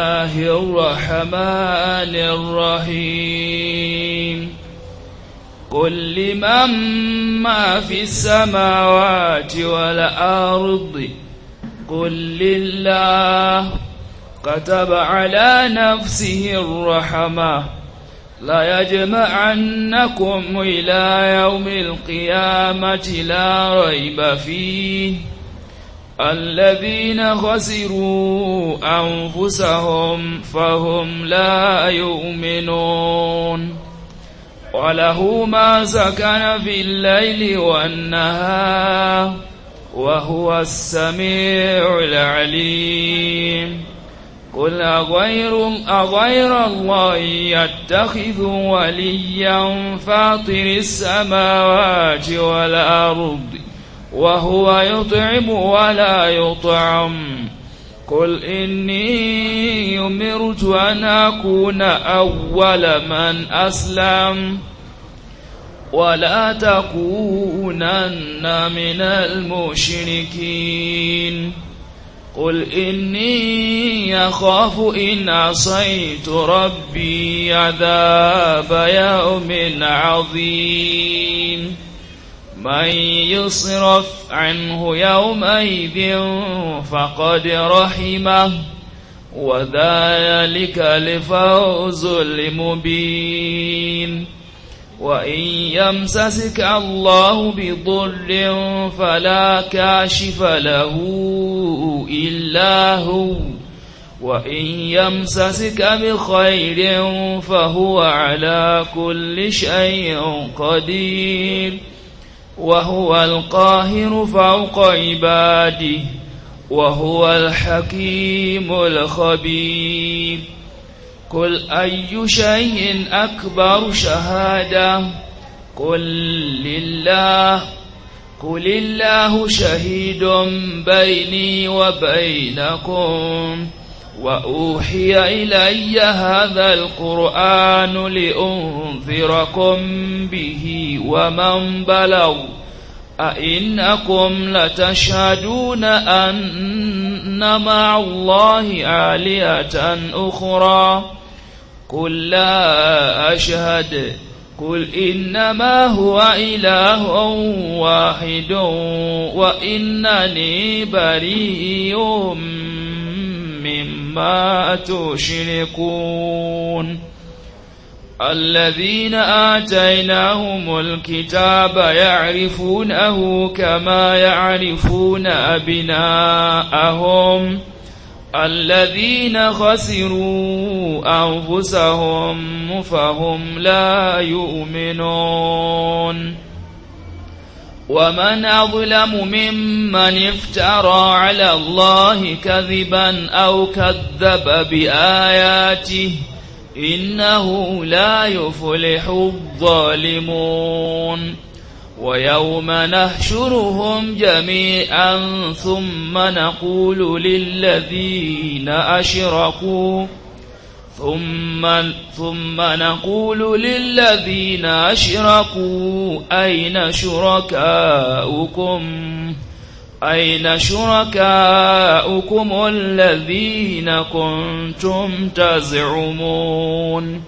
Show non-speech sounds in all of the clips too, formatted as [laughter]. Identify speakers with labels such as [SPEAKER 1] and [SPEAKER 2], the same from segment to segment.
[SPEAKER 1] الله الرحمن الرحيم قل لمن ما في السماوات والأرض قل لله كتب على نفسه الرحمة لا يجمعنكم إلى يوم القيامة لا ريب فيه الذين خسروا أنفسهم فهم لا يؤمنون وله ما سكن في الليل والنهار وهو السميع العليم قل أغير, أغير الله يتخذ وليا فاطر السماوات والأرض وهو يطعم ولا يطعم قل إني أمرت أن أكون أول من أسلم ولا تكونن من المشركين قل إني أخاف إن عصيت ربي عذاب يوم عظيم من يصرف عنه يومئذ فقد رحمه وذلك لفوز المبين وإن يمسسك الله بضر فلا كاشف له إلا هو وإن يمسسك بخير فهو على كل شيء قدير وهو القاهر فوق عباده وهو الحكيم الخبير قل أي شيء أكبر شهادة قل لله قل الله شهيد بيني وبينكم وأوحي إلي هذا القرآن لأنذركم به ومن بلغ أئنكم لتشهدون أن مع الله آلهة أخرى قل لا أشهد قل إنما هو إله واحد وإنني بريء مما تشركون الذين آتيناهم الكتاب يعرفونه كما يعرفون أبناءهم الذين خسروا أنفسهم فهم لا يؤمنون ومن أظلم ممن افترى على الله كذبا أو كذب بآياته إنه لا يفلح الظالمون ويوم نحشرهم جميعا ثم نقول للذين أشركوا ثم, ثم نقول للذين أشركوا أين شركاؤكم؟ أين شركاؤكم الذين كنتم تزعمون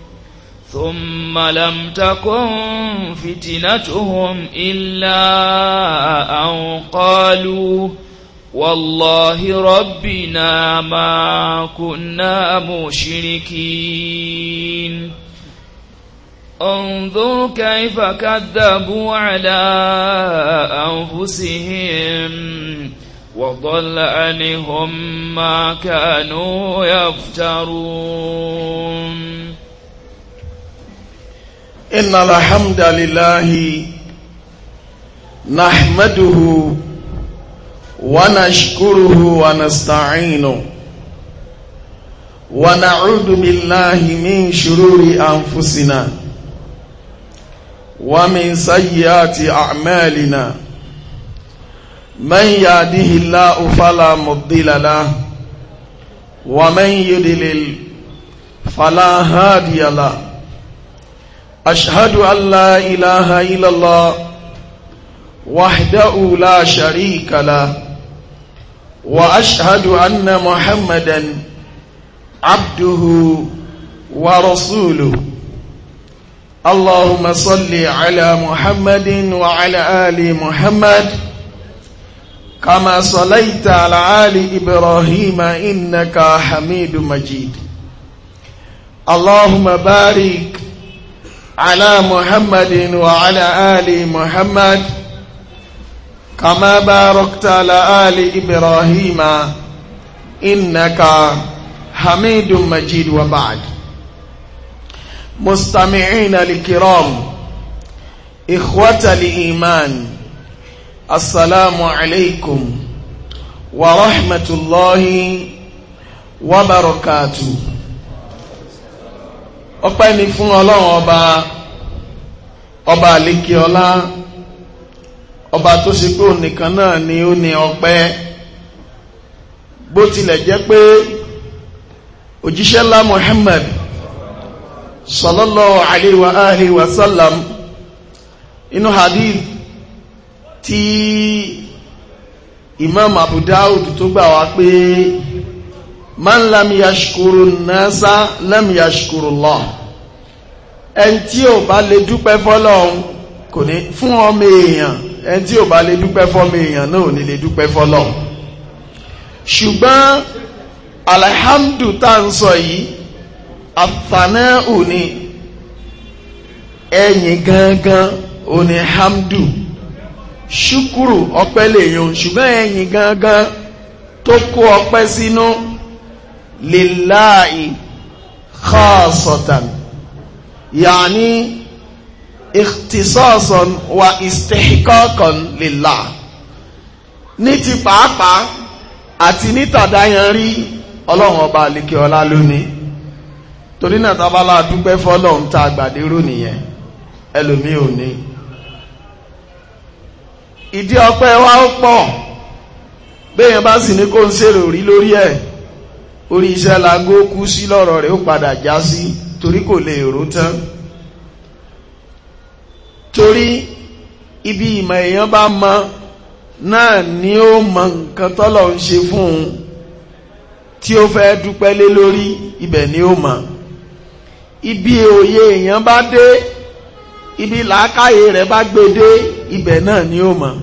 [SPEAKER 1] ثم لم تكن فتنتهم إلا أن قالوا والله ربنا ما كنا مشركين انظر كيف كذبوا على أنفسهم وضل عنهم ما كانوا يفترون إن الحمد
[SPEAKER 2] لله نحمده ونشكره ونستعينه ونعوذ بالله من شرور أنفسنا ومن سيئات أعمالنا من يهده الله فلا مضل له ومن يدلل فلا هادي له أشهد أن لا إله إلا الله وحده لا شريك له وأشهد أن محمدا عبده ورسوله اللهم صل على محمد وعلى آل محمد كما صليت على آل إبراهيم إنك حميد مجيد اللهم بارك على محمد وعلى آل محمد كما باركت على آل إبراهيم إنك حميد مجيد وبعد مستمعين الكرام إخوة الإيمان السلام عليكم ورحمة الله وبركاته ọpẹ́ ni fún ọlọ́run ọba ọba àlékè ọlá ọba tó ṣe pé ònìkan náà ni ó ní ọpẹ́ bó tilẹ̀ jẹ́ pé òjíṣẹ́ ńlá Muhammad sallallahu alayhi wa alihi wa sallam inú hadith tí imam abu dawud tó gbà wá pé man lam yashkuru nasa lam yashkuru Allah ẹni tí ò bá lè dúpẹ́ fọ́lọ́hun kò ní fún ọmọ èèyàn ẹni tí ò bá lè dúpẹ́ fọ́mọ èèyàn náà ò ní lè dúpẹ́ fọ́lọ́hun ṣùgbọ́n alhamdu tá ń sọ yìí Afana ni ẹ̀yìn gangan ó hamdu ṣúkúrù ọpẹ́ lèyàn ṣùgbọ́n ẹ̀yìn gangan tó kó ọpẹ́ sínú lillahi khasatan yàní ikhtisasan wa istihqaqan lillah ní ti pàápàá àti nítàdáyàn rí ọlọ́run ọba àlekè lónìí torí náà tábálá dúpẹ́ fọ́lọ́hun tá àgbàdérò nìyẹn ẹlòmí ò ní ìdí ọpẹ́ wa ó pọ̀ béèyàn bá sì ní kó ń ṣèrò rí lórí ẹ̀ orí iṣẹ́ lagó kú sí lọ́rọ̀ rẹ̀ ó padà já sí torí kò lè rò tán torí ibi ìmọ̀ èèyàn bá mọ náà ni ó mọ nǹkan tọ́lọ̀ ń ṣe fún un tí ó fẹ́ dúpẹ́ lé lórí ibẹ̀ ni ó mọ̀ ibi òye èèyàn bá dé ibi làákàyè rẹ̀ bá gbé dé ibẹ̀ náà ni ó mọ̀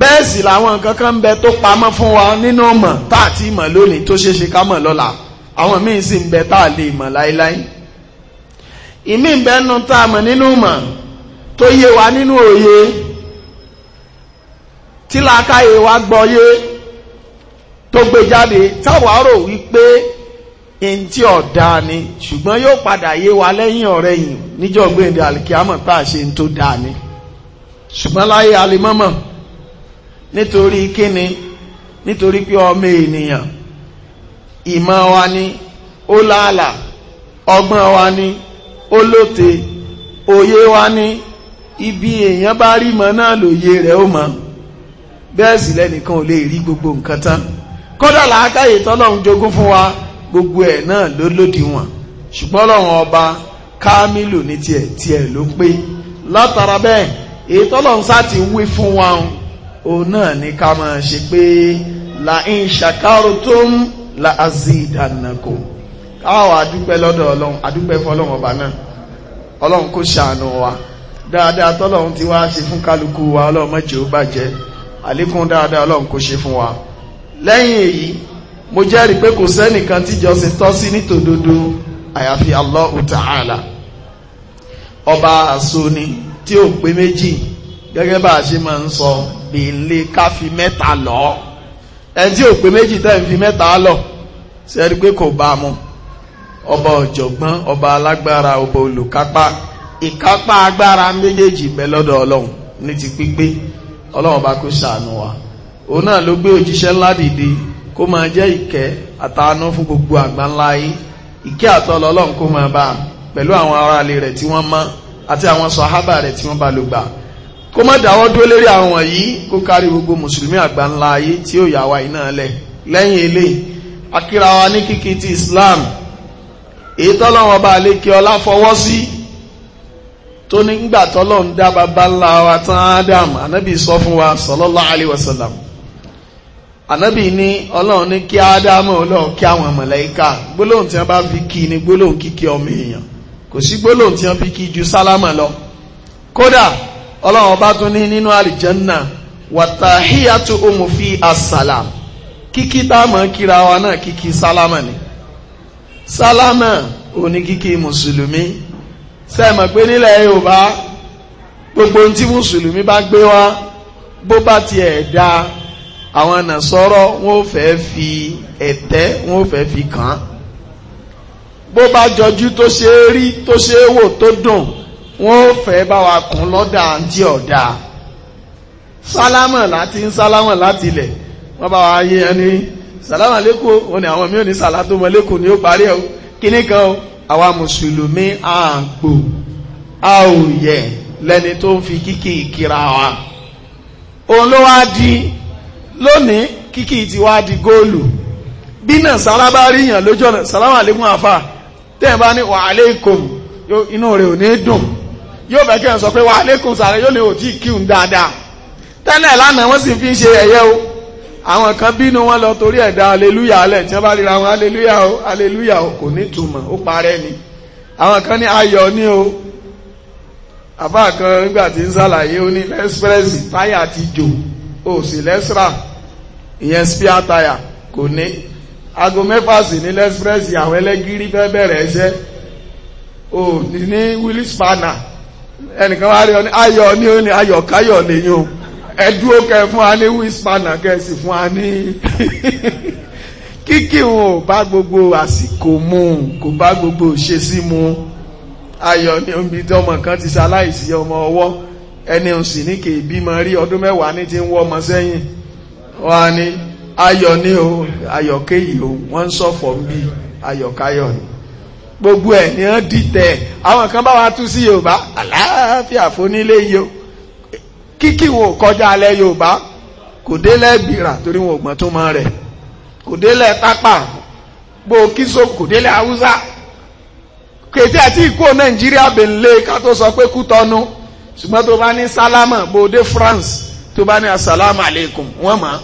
[SPEAKER 2] bẹ́ẹ̀ sì làwọn nǹkan kan ń bẹ tó pamọ́ fún wa nínú ọmọ tá a ti mọ̀ lónìí tó ṣeé ṣe ká mọ̀ lọ́la àwọn míì sì ń bẹ tá a lè mọ̀ láéláé ìmí ń bẹ tá a mọ̀ nínú mọ̀ tó yé wa nínú òye tí làákàyè wa gbọ́ yé tó gbé jáde táwa rò wípé in tí ọ̀dá ni ṣùgbọ́n yóò padà yé wa lẹ́yìn ọ̀rẹ́ yìí níjọ́ gbẹ̀ndẹ̀ alikiamọ̀ tá a ṣe ń tó dá ni ṣùgbọ́n láyé alimọ́mọ̀ nítorí kíni nítorí pé ọmọ ènìyàn ìmọ̀ wa ni ó láàlà ọgbọ́n wa ni ó lóte òye wa ni ibi èèyàn bá rí mọ náà lòye rẹ ó mọ bẹ́ẹ̀ sì lẹ́nìkan ò lè rí gbogbo nǹkan tán kódà làákàyè tọ́lọ́run jogún fún wa gbogbo ẹ̀ náà ló lòdìwọ̀n ṣùgbọ́n Ọlọ́run ọba kámílù ní tiẹ̀ tiẹ̀ ló pé látara bẹ́ẹ̀ èyí tọ́lọ́run sá ti wí fún wa òun náà ní ká máa ṣe pé la in shakartum la azidannakum káwọn àdúpẹ́ lọ́dọ̀ Ọlọ́run àdúpẹ́ fún Ọlọ́run ọba náà Ọlọ́run kò ṣàánú wa dáadáa tọ́lọ́run ti wá ṣe fún kálukú wa Ọlọ́run má jẹ́ bàjẹ́ àlékún dáadáa Ọlọ́run kò ṣe fún wa lẹ́yìn èyí mo jẹ́rìí pé kò sẹ́nìkan tíjọsìn tọ́ sí nítòdodo àyàfi Allahu Ta'ala ọba àsóni tí ò pé méjì gẹ́gẹ́ bá a ṣe máa ń sọ gbèǹlé ká fi mẹ́ta lọ ẹni tí ò pé méjì tẹ́ ń fi mẹ́ta lọ sẹ́rí pé kò bá a mu ọba ọ̀jọ̀gbọ́n ọba alágbára ọba olùkápá ìkápá agbára méjèèjì bẹ lọ́dọ̀ ọlọ́run ní ti pípé ọlọ́run bá kó ṣàánú wa òun náà ló gbé òjíṣẹ́ ńlá dìde kó máa jẹ́ ìkẹ́ àtàánú fún gbogbo àgbáńlá ayé ìkẹ́ àtọ́lọ ọlọ́run kó máa bá pẹ̀lú àwọn aráalé rẹ̀ tí wọ́n mọ́ àti àwọn sọ̀hábà rẹ̀ tí wọ́n bá lò gbà kó má dáwọ́ dúró lérí àwọn wọ̀nyí kó kárí gbogbo mùsùlùmí àgbáńlá tí ó yà wá iná lẹ̀ lẹ́yìn eléyìí akíra wa ní kíkí ti Islam èyí tọ́lọ́wọ́n bá lè kí ọlá fọwọ́ sí tó nígbà tọ́lọ́run dá baba wa sallallahu alaihi wasallam ànábì ní ọlọ́run ní kí ádámù ọlọ́run kí àwọn mọ̀lẹ́kà gbólóhùn tí wọ́n bá fi kí ni gbólóhùn kíkí ọmọ èèyàn kò sí gbólóhùn tí wọ́n fi kí ju sálámà lọ kódà ọlọ́run ọba tún ní nínú àlìjẹ́nà wàtàhíyàtú ohun fi kíkí táàmù kíra wa náà kíkí sálámà ni sálámà òní kíkí mùsùlùmí sẹ́ẹ̀mọ̀ pé nílẹ̀ yorùbá gbogbo ohun tí mùsùlùmí bá gbé wá bó bá tiẹ̀ dáa àwọn nàṣọ́rọ́ wọn ò fẹ́ fi ẹ̀tẹ́ wọn ò fẹ́ fi kàn án bó bá jọjú tó ṣe é rí tó ṣe é wò tó dùn wọn fẹ́ bá wa kún lọ́dà àǹtí ọ̀dà sálámà láti ń sálámà láti ilẹ̀ wọ́n bá wa yé ẹni sàlámà lẹ́kọ̀ọ́ wọn ni àwọn mi ò ní sàlá tó mọ lẹ́kọ̀ọ́ ni ó parí ẹ̀ kíní kan o àwa mùsùlùmí àgbò a ò yẹ lẹ́ni tó ń fi kíkì ìkira wa òun ló wá di lónìí kíkì ti wá di góòlù bí náà sára bá rí yàn lójú ọ̀nà sàlámà lékún àfà tẹ́ẹ̀ bá ní wà aléìkòm inú rẹ̀ ò ní dùn yóò bẹ̀ kẹ́hìn sọ pé wà aléìkòm sàrẹ̀ yóò ní òtí kíhùn dáadáa tẹ́lẹ̀ lánàá wọ́n sì fi ń ṣe ẹ̀yẹ o àwọn kan bínú wọn lọ torí ẹ̀dá aleluya alẹ̀ tí wọ́n bá ríra wọn aleluya o aleluya o kò ní túmọ̀ ó parẹ́ ni àwọn kan ní ayọ̀ ni o àbá kan nígbà tí ń sàlàyé ó ní express táyà ti jò o sì lẹ́sìrà ìyẹn spia tire kò ní aago mẹ́fà ní lẹ́sìrẹ́sì àwọn ẹlẹ́gìrì fẹ́ bẹ̀rẹ̀ o ní wílí spanner ẹnìkan wá rí ọ ní ayọ̀ ní ó ní ayọ̀ káyọ̀ lẹ́yìn o ẹdúró kẹ fún wa ní kẹ sì fún wa ní [laughs] kíkì o bá gbogbo àsìkò mu kò bá gbogbo òṣèṣì mu ayọ̀ ní omi tí ọmọ kan ti ṣaláìsí ọmọ ọwọ́ ẹni òsì ní kì í bímọ rí ọdún mẹ́wàá ní ti ń wọ́ ọmọ sẹ́yìn wọ́n á ní ayọ̀ ní o ayọ̀kéyìí o wọ́n ń sọ̀fọ̀ ń bí ayọ̀káyọ̀ ni gbogbo ẹ̀ ni wọ́n dìtẹ̀ àwọn kan bá wa tú sí yorùbá àlàáfíà fónílé yìí o kíkì wọn kọjá alẹ́ yorùbá kò délẹ̀ bìrà torí wọn ò gbọ́n tó mọ rẹ̀ kò délẹ̀ tápà gbó kíso kò délẹ̀ haúsá kètí àti ìkó nàìjíríà bèlè ká tó sọ pé kú tọ́nu ṣùgbọ́n tó bá ní sálámà bó dé France tó bá ní asàlámà àlékún wọ́n mọ̀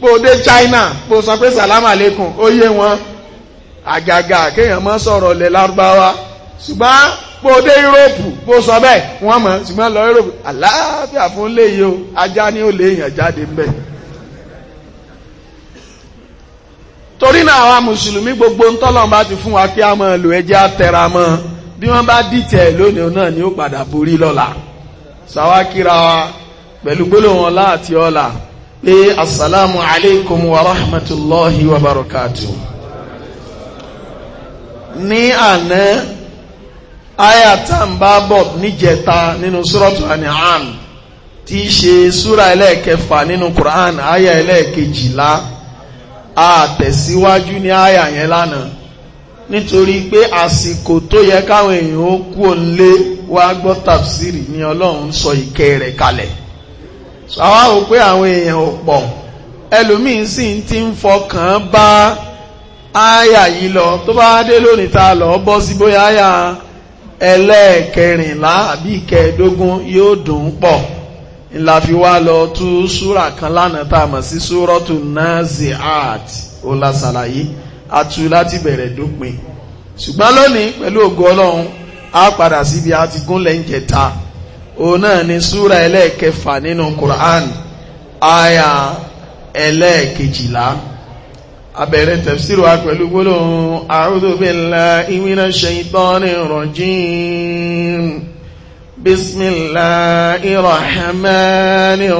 [SPEAKER 2] bó China bó sọ pé sàlámà àlékún ó yé wọn àgàgà kéèyàn mọ́ sọ̀rọ̀ lè lárúbáwá ṣùgbọ́n bó dé Europe bó sọ bẹ́ẹ̀ wọ́n mọ̀ ṣùgbọ́n lọ Europe àlàáfíà fún léyìí o ajá ni ó léèyàn jáde ń bẹ̀. torí náà àwa mùsùlùmí gbogbo ń tọ́lọ̀ bá ti fún wa kí a máa lò ẹjẹ́ àtẹ̀ra mọ́ ọ bí wọ́n bá dìtẹ̀ lónìí náà ni ó padà borí lọ́la sàwákìra wa pẹ̀lú gbólóhùn ọlá àti ọlà pé assalamu alaikum wa rahmatullahi wa barakatuh ní àná ayatan babob níjẹta nínú suratu an'am tí í ṣe súra ẹlẹ́ẹ̀kẹfà nínú Qur'an aya ẹlẹ́ẹ̀kejìlá a tẹ̀síwájú ní aya yẹn lánàá nítorí pé àsìkò tó yẹ káwọn èèyàn ó kú òǹlé wá gbọ́ tàfsírì ni ọlọ́run sọ ìkẹ́ rẹ̀ kalẹ̀ ṣàwá ò pé àwọn èèyàn ò pọ̀ ẹlòmíín sì ti ń fọkàn bá áyà yìí lọ tó bá dé lónìí ta lọ bọ́ sí bóyá áyà ẹlẹ́ẹ̀kẹrìnlá àbí ìkẹẹ̀ẹ́dógún yóò dùn ún pọ̀ ńlá fi wá lọ tú súrà kan lánàá tá a mọ̀ sí súrọ́tù Nazi'at ó lásàlàyé atu láti bẹ̀rẹ̀ dópin ṣùgbọ́n lónìí pẹ̀lú ògo ọlọ́run a padà síbi a ti gúnlẹ̀ ń jẹta òun náà ni súra ẹlẹ́ẹ̀kẹfà nínú Qur'an aya ẹlẹ́ẹ̀kejìlá abẹ̀rẹ̀ tafsiru wa pẹ̀lú gbólóhùn a'udhu billahi minash shaitanir rajim bismillahir rahmanir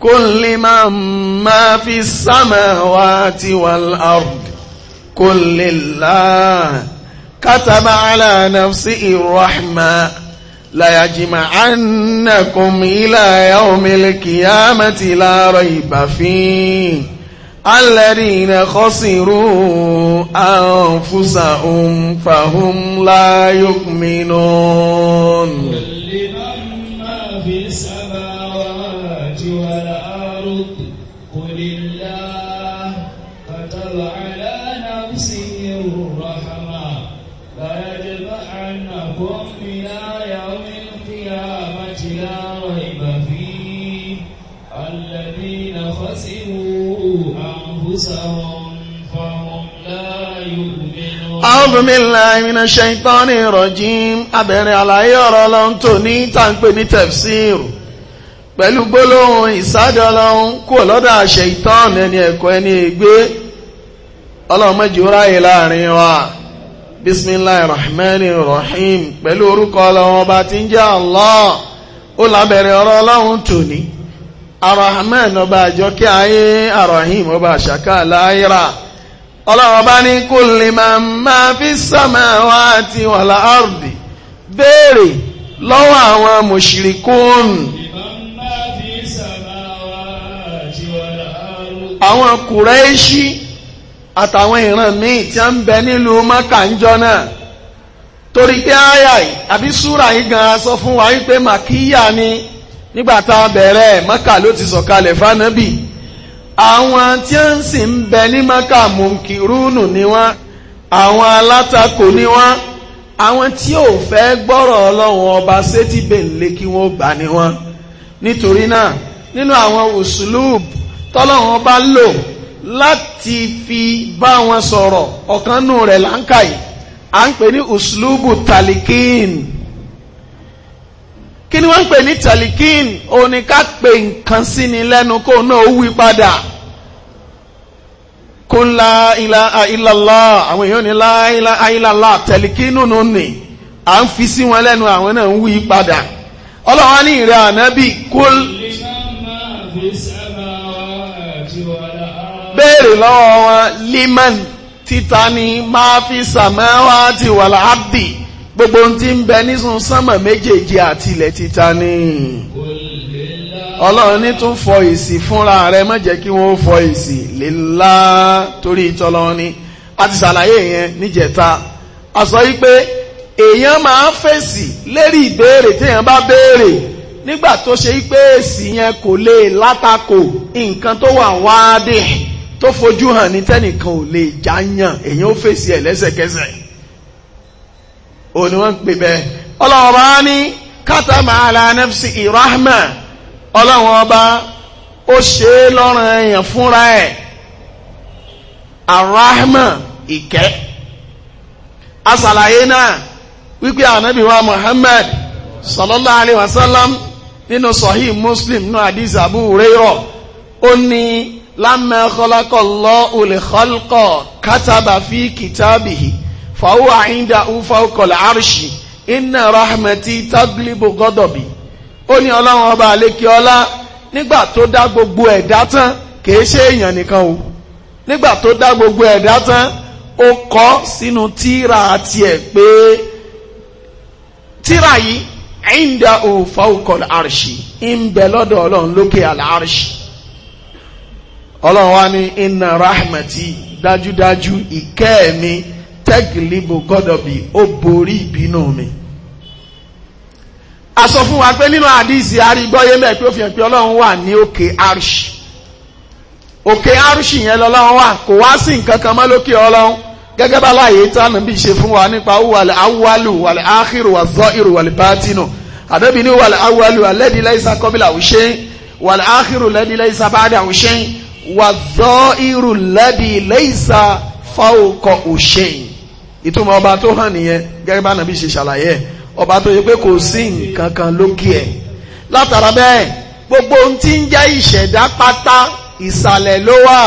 [SPEAKER 2] كل من ما في السماوات والأرض كل الله كتب على نفسه الرحمة ليجمعنكم إلى يوم القيامة لا ريب فيه الذين خسروا أنفسهم فهم لا يؤمنون
[SPEAKER 1] أعوذ بالله
[SPEAKER 2] من الشيطان الرجيم abẹ̀rẹ̀ على ọ̀rọ̀ ọlọ́run tó ní tàǹpẹ̀ ní tafsir pẹ̀lú gbólóhùn ìsáde ọlọ́run kúrò lọ́dọ̀ àṣẹ ìtàn ẹni ẹ̀kọ́ ẹni ègbé ọlọ́run mẹ́jọ ráyè láàrin wa bisimilahi rahman rahim pẹ̀lú orúkọ ọlọ́run ọba tí ń jẹ́ Allah ó lábẹ̀rẹ̀ ọ̀rọ̀ ọlọ́run tó arahman ọba àjọkẹ́ ayé arahim ọba àṣàkà láyéra ọlọ́run bá ní kulli man ma fi samawati wal ardi béèrè lọ́wọ́ àwọn mushrikun àwọn kùrẹ́ṣí àtàwọn ìran míì tí a ń bẹ nílùú Mákà ń jọ náà torí pé àyà yìí àbí súra yìí gan sọ fún wa wípé màkíyà ni nígbà tá a bẹ̀rẹ̀ Mákà ló ti sọ̀kalẹ̀ fánàbì àwọn tí ó ń sì ń bẹ ní maka munkirunu ni wọ́n àwọn alátakò ni wọ́n àwọn tí ò fẹ́ gbọ́rọ̀ ọlọ́run ọba sétí bèlè kí wọ́n gbà ni wọ́n nítorí náà nínú àwọn usulub tọ́lọ́run ọba lò láti fi bá wọn sọ̀rọ̀ ọ̀kan nù rẹ̀ láǹkà yìí à ń pè ní usulubu talikin kí ni wọ́n ń pè ní tẹ̀líkìn òní ká pè nǹkan sí ni lẹ́nu kó náà ó wí padà kó ńlá ilá ilàlá àwọn èèyàn ní láìlá ilàlá tẹ̀líkínú nù ní à ń fi sí wọn lẹ́nu àwọn náà ń wí padà ọlọ́run ní ìrẹ́ ànábì kó béèrè lọ́wọ́ wọn liman títà ní máa fi sàmáwá ti wà láàbì gbogbo ohun tí ń bẹ nísun sánmà méjèèjì àti ilẹ̀ títa ni ọlọ́run ní tún fọ èsì fúnra rẹ̀ má jẹ́ kí wọ́n fọ èsì lélá torí ìtọ́lọ́ ni a ti ṣàlàyé yẹn níjẹta a sọ yí pé èèyàn máa ń fèsì lérí ìbéèrè téèyàn bá béèrè nígbà tó ṣe yí pé èsì yẹn kò lè látakò nǹkan tó wà wáádìí tó fojú hàn ní tẹ́nìkan ò lè jáyàn èèyàn ó fèsì ẹ̀ lẹ́sẹ̀kẹsẹ̀ ó ní wọ́n ń pè bẹ́ẹ̀ ọlọ́run ọba ní kátàmà alánẹ́fsì ìrahmà ọlọ́run ọba ó ṣe é lọ́rùn èèyàn fúnra ẹ̀ arahmà ìkẹ́ asàlàyé náà wípé ànábì wa Muhammad sallallahu alayhi wa sallam nínú sahih Muslim nínú hadith Abu ó ní lamma khalaqallahu al-khalqa kátàbà fi kìtàbìhì fàwọ́ àyíndà ufa ọkọ̀lá àrùsì iná rahmeti tágìlìbò gọdọbi ó ní ọlọ́run ọba àlékè ọlá nígbà tó dá gbogbo ẹ̀dá tán kìí ṣe èèyàn nìkan o nígbà tó dá gbogbo ẹ̀dá tán ó kọ́ sínú tíra tiẹ̀ pé tíra yìí àyíndà ufa ọkọ̀lá àrùsì ń bẹ lọ́dọ̀ ọlọ́run lókè àlà àrùsì ọlọ́run wá ní iná rahmatí dájúdájú ìkẹ́ mi. tẹ́gìlìbò gọ́dọ̀bì ó borí ìbínú mi a sọ fún wa pé nínú àdíìsì arígbọ́yé mẹ́ pé ó fi hàn pé ọlọ́run wà ní òkè arṣì òkè arṣì yẹn lọ́lọ́run wà kò wá sí nǹkan kan mọ́ lókè ọlọ́run gẹ́gẹ́ bá láàyè tánà bí ṣe fún wa nípa wàlẹ̀ awwalu wàlẹ̀ áhìrù wà zọ́ ìrù wàlẹ̀ bátínù àdóbi ní wàlẹ̀ awwalu alẹ́dí lẹ́sà kọ́bílà òṣè wàlẹ̀ áhìrù lẹ́dí lẹ́sà báàdà òṣè wà zọ́ ìrù lẹ́dí lẹ́sà fáwọkọ òṣèyìn ìtumọ̀ ọba tó hàn nìyẹn gẹ́gẹ́ bá nàbí ṣe ṣàlàyé ẹ̀ ọba tó yẹ pé kò sí nǹkan kan lókè ẹ̀ látara bẹ́ẹ̀ gbogbo ohun tí ń jẹ́ ìṣẹ̀dá pátá ìsàlẹ̀ ló wà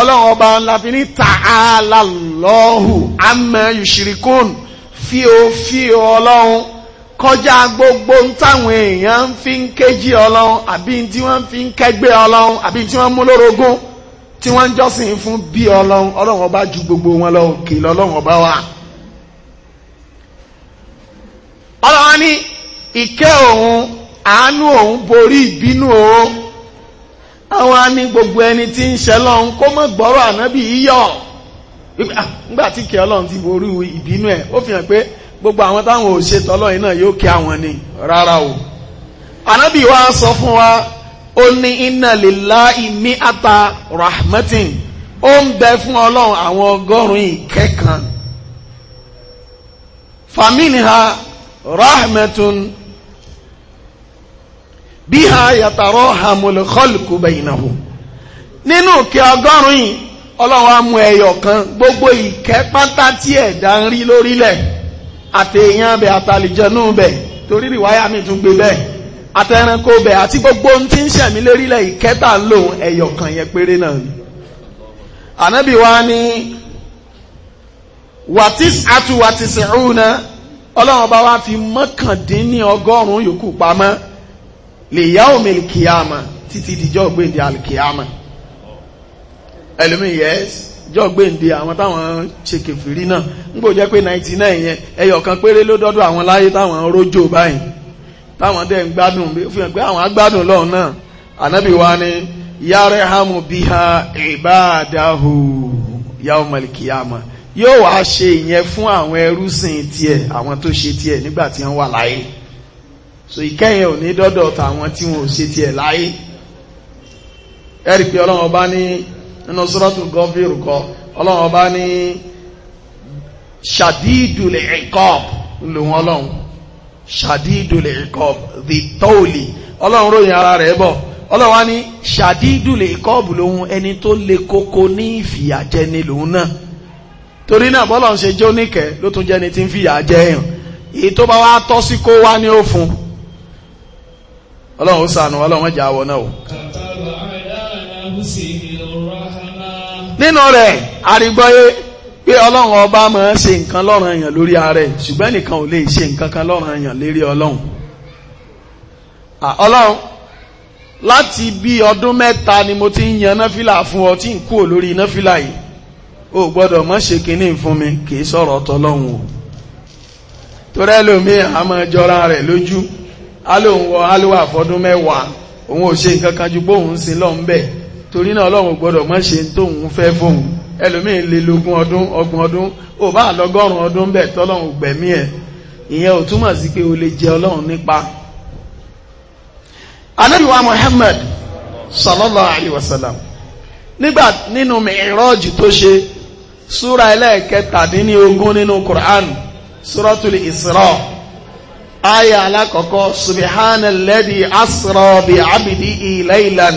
[SPEAKER 2] ọlọ́run ọba ńlá fi ní ta'ala Allahu amma yushirikun fíò fíò ọlọ́run kọjá gbogbo ń táwọn èèyàn ń fi ń kéjì ọlọ́run àbí tí wọ́n fi ń kẹgbẹ́ ọlọ́run àbí tí wọ́n mú lórogún tí wọ́n ń jọ́sìn fún bí ọlọ́run ọlọ́run ọba ju gbogbo wọn lọ òkè lọ́lọ́run ọba wà. ọlọ́run ní ìkẹ́ òun àánú òun borí ìbínú o àwọn á ní gbogbo ẹni tí ń ṣe lọ́run kó mọ̀ gbọ́rọ̀ ànábì yíyọ̀ ah, nígbà tí kẹ́ ọlọ́run ti borí ìbínú ẹ̀ ó fi pé gbogbo àwọn táwọn ò ṣe tọ́lọ́run náà yóò kí àwọn ni rárá o ànábì wa sọ fún wa. ó ní inna lillahi mi'ata rahmatin ó ń bẹ fún ọlọ́run àwọn ọgọ́rùn-ún ìkẹ́kan faminha rahmatun biha yatarahamul ha bainahum nínú kí ọgọ́rùn Ninu yìí ọlọ́run á mú ẹyọ kan gbogbo ìkẹ́ pátá tí ẹ̀dá ń rí lórílẹ̀ àtẹ̀yàn bẹ̀ àtàlìjọ́nù bẹ̀ torí rìwáyà mi tún gbé bẹ́ẹ̀ ẹranko bẹ̀ àti gbogbo ohun tí ń ṣẹ̀mí lérílẹ̀ ìkẹta lòun ẹ̀yọ̀kan yẹn péré náà ni ànábì wa wàtís wàtís ọlọ́run wa fi mọ́kàndínní ọgọ́rùn-ún yòókù pamọ́ lè omi kìámà títí dìjọ́ gbèdé alìkìámà ẹlòmí yẹs jọ gbèǹde àwọn táwọn náà ń gbòjẹ́ pé 99 yẹn ẹyọ̀kan péré àwọn láyé táwọn rójò báyìí táwọn dẹ̀ ń gbádùn bí fi hàn pé àwọn agbádùn lọ́hùn náà ànábì wa ni yarhamu biha ibadahu yawmal yóò wá ṣe ìyẹn fún àwọn ẹrúsìn tiẹ̀ àwọn tó ṣe tiẹ̀ nígbà tí wọ́n wà láyé so ìkẹyìn ò ní dọ́dọ̀ tàwọn tí wọn ò ṣe tiẹ̀ láyé ẹ̀rì pé ọba ní nínú kọ ọba ní wọn ṣàdídùlè ìkọ́bù the tọ́ọ̀lì ọlọ́run ròyìn ara rẹ̀ bọ̀ ọlọ́run á ní ṣàdídùlè ìkọ́bù lòun ẹni tó le koko ní ìfìyàjẹni lòun náà torí náà bọ́lọ̀ ń ṣe jó níkẹ́ ló tún jẹ́ni tí ń fìyà jẹ èèyàn èyí tó bá wá tọ́ sí kó wá ní òfun ọlọ́run sànù ọlọ́run ẹ̀jẹ̀ àwọ̀ náà o. nínú rẹ̀ àrígbọ́yé pé ọlọ́run ọba máa ṣe nǹkan lọ́ràn èèyàn lórí ààrẹ ṣùgbọ́n nìkan ò lè ṣe nǹkan kan lọ́ràn èèyàn lérí ọlọ́run ọlọ́run láti bí ọdún mẹ́ta ni mo ti ń yan náfìlà fún ọ tí ń kú lórí náfìlà yìí o gbọ́dọ̀ mọ́ ṣe kínní fún mi kì í sọ̀rọ̀ tọlọ́run o torí ẹlòmíì àmọ́ jọra rẹ̀ lójú alóhùn wọ alówà fọdún mẹ́wàá òun ò ṣe nǹkan kan ju bóun ń sin lọ́nbẹ̀ torí náà ọlọ́run gbọ́dọ̀ mọ́ ṣe tóun fẹ́ fóun ẹlòmíì lè lógún ọdún ọgbọ̀n ọdún ò bá lọ́gọ́rùn ọdún bẹ́ẹ̀ tọ́lọ́run gbẹ̀mí ẹ̀ ìyẹn ò túmọ̀ sí pé o lè jẹ ọlọ́run nípa anábìwá Muhammad sallallahu alayhi wa sallam nígbà nínú mìíràjì tó ṣe súra ẹlẹ́ẹ̀kẹtàdínlógún nínú Qur'an Suratul Isra aya alákọ̀ọ́kọ́ subhanalladhi asra bi abdihi laylan.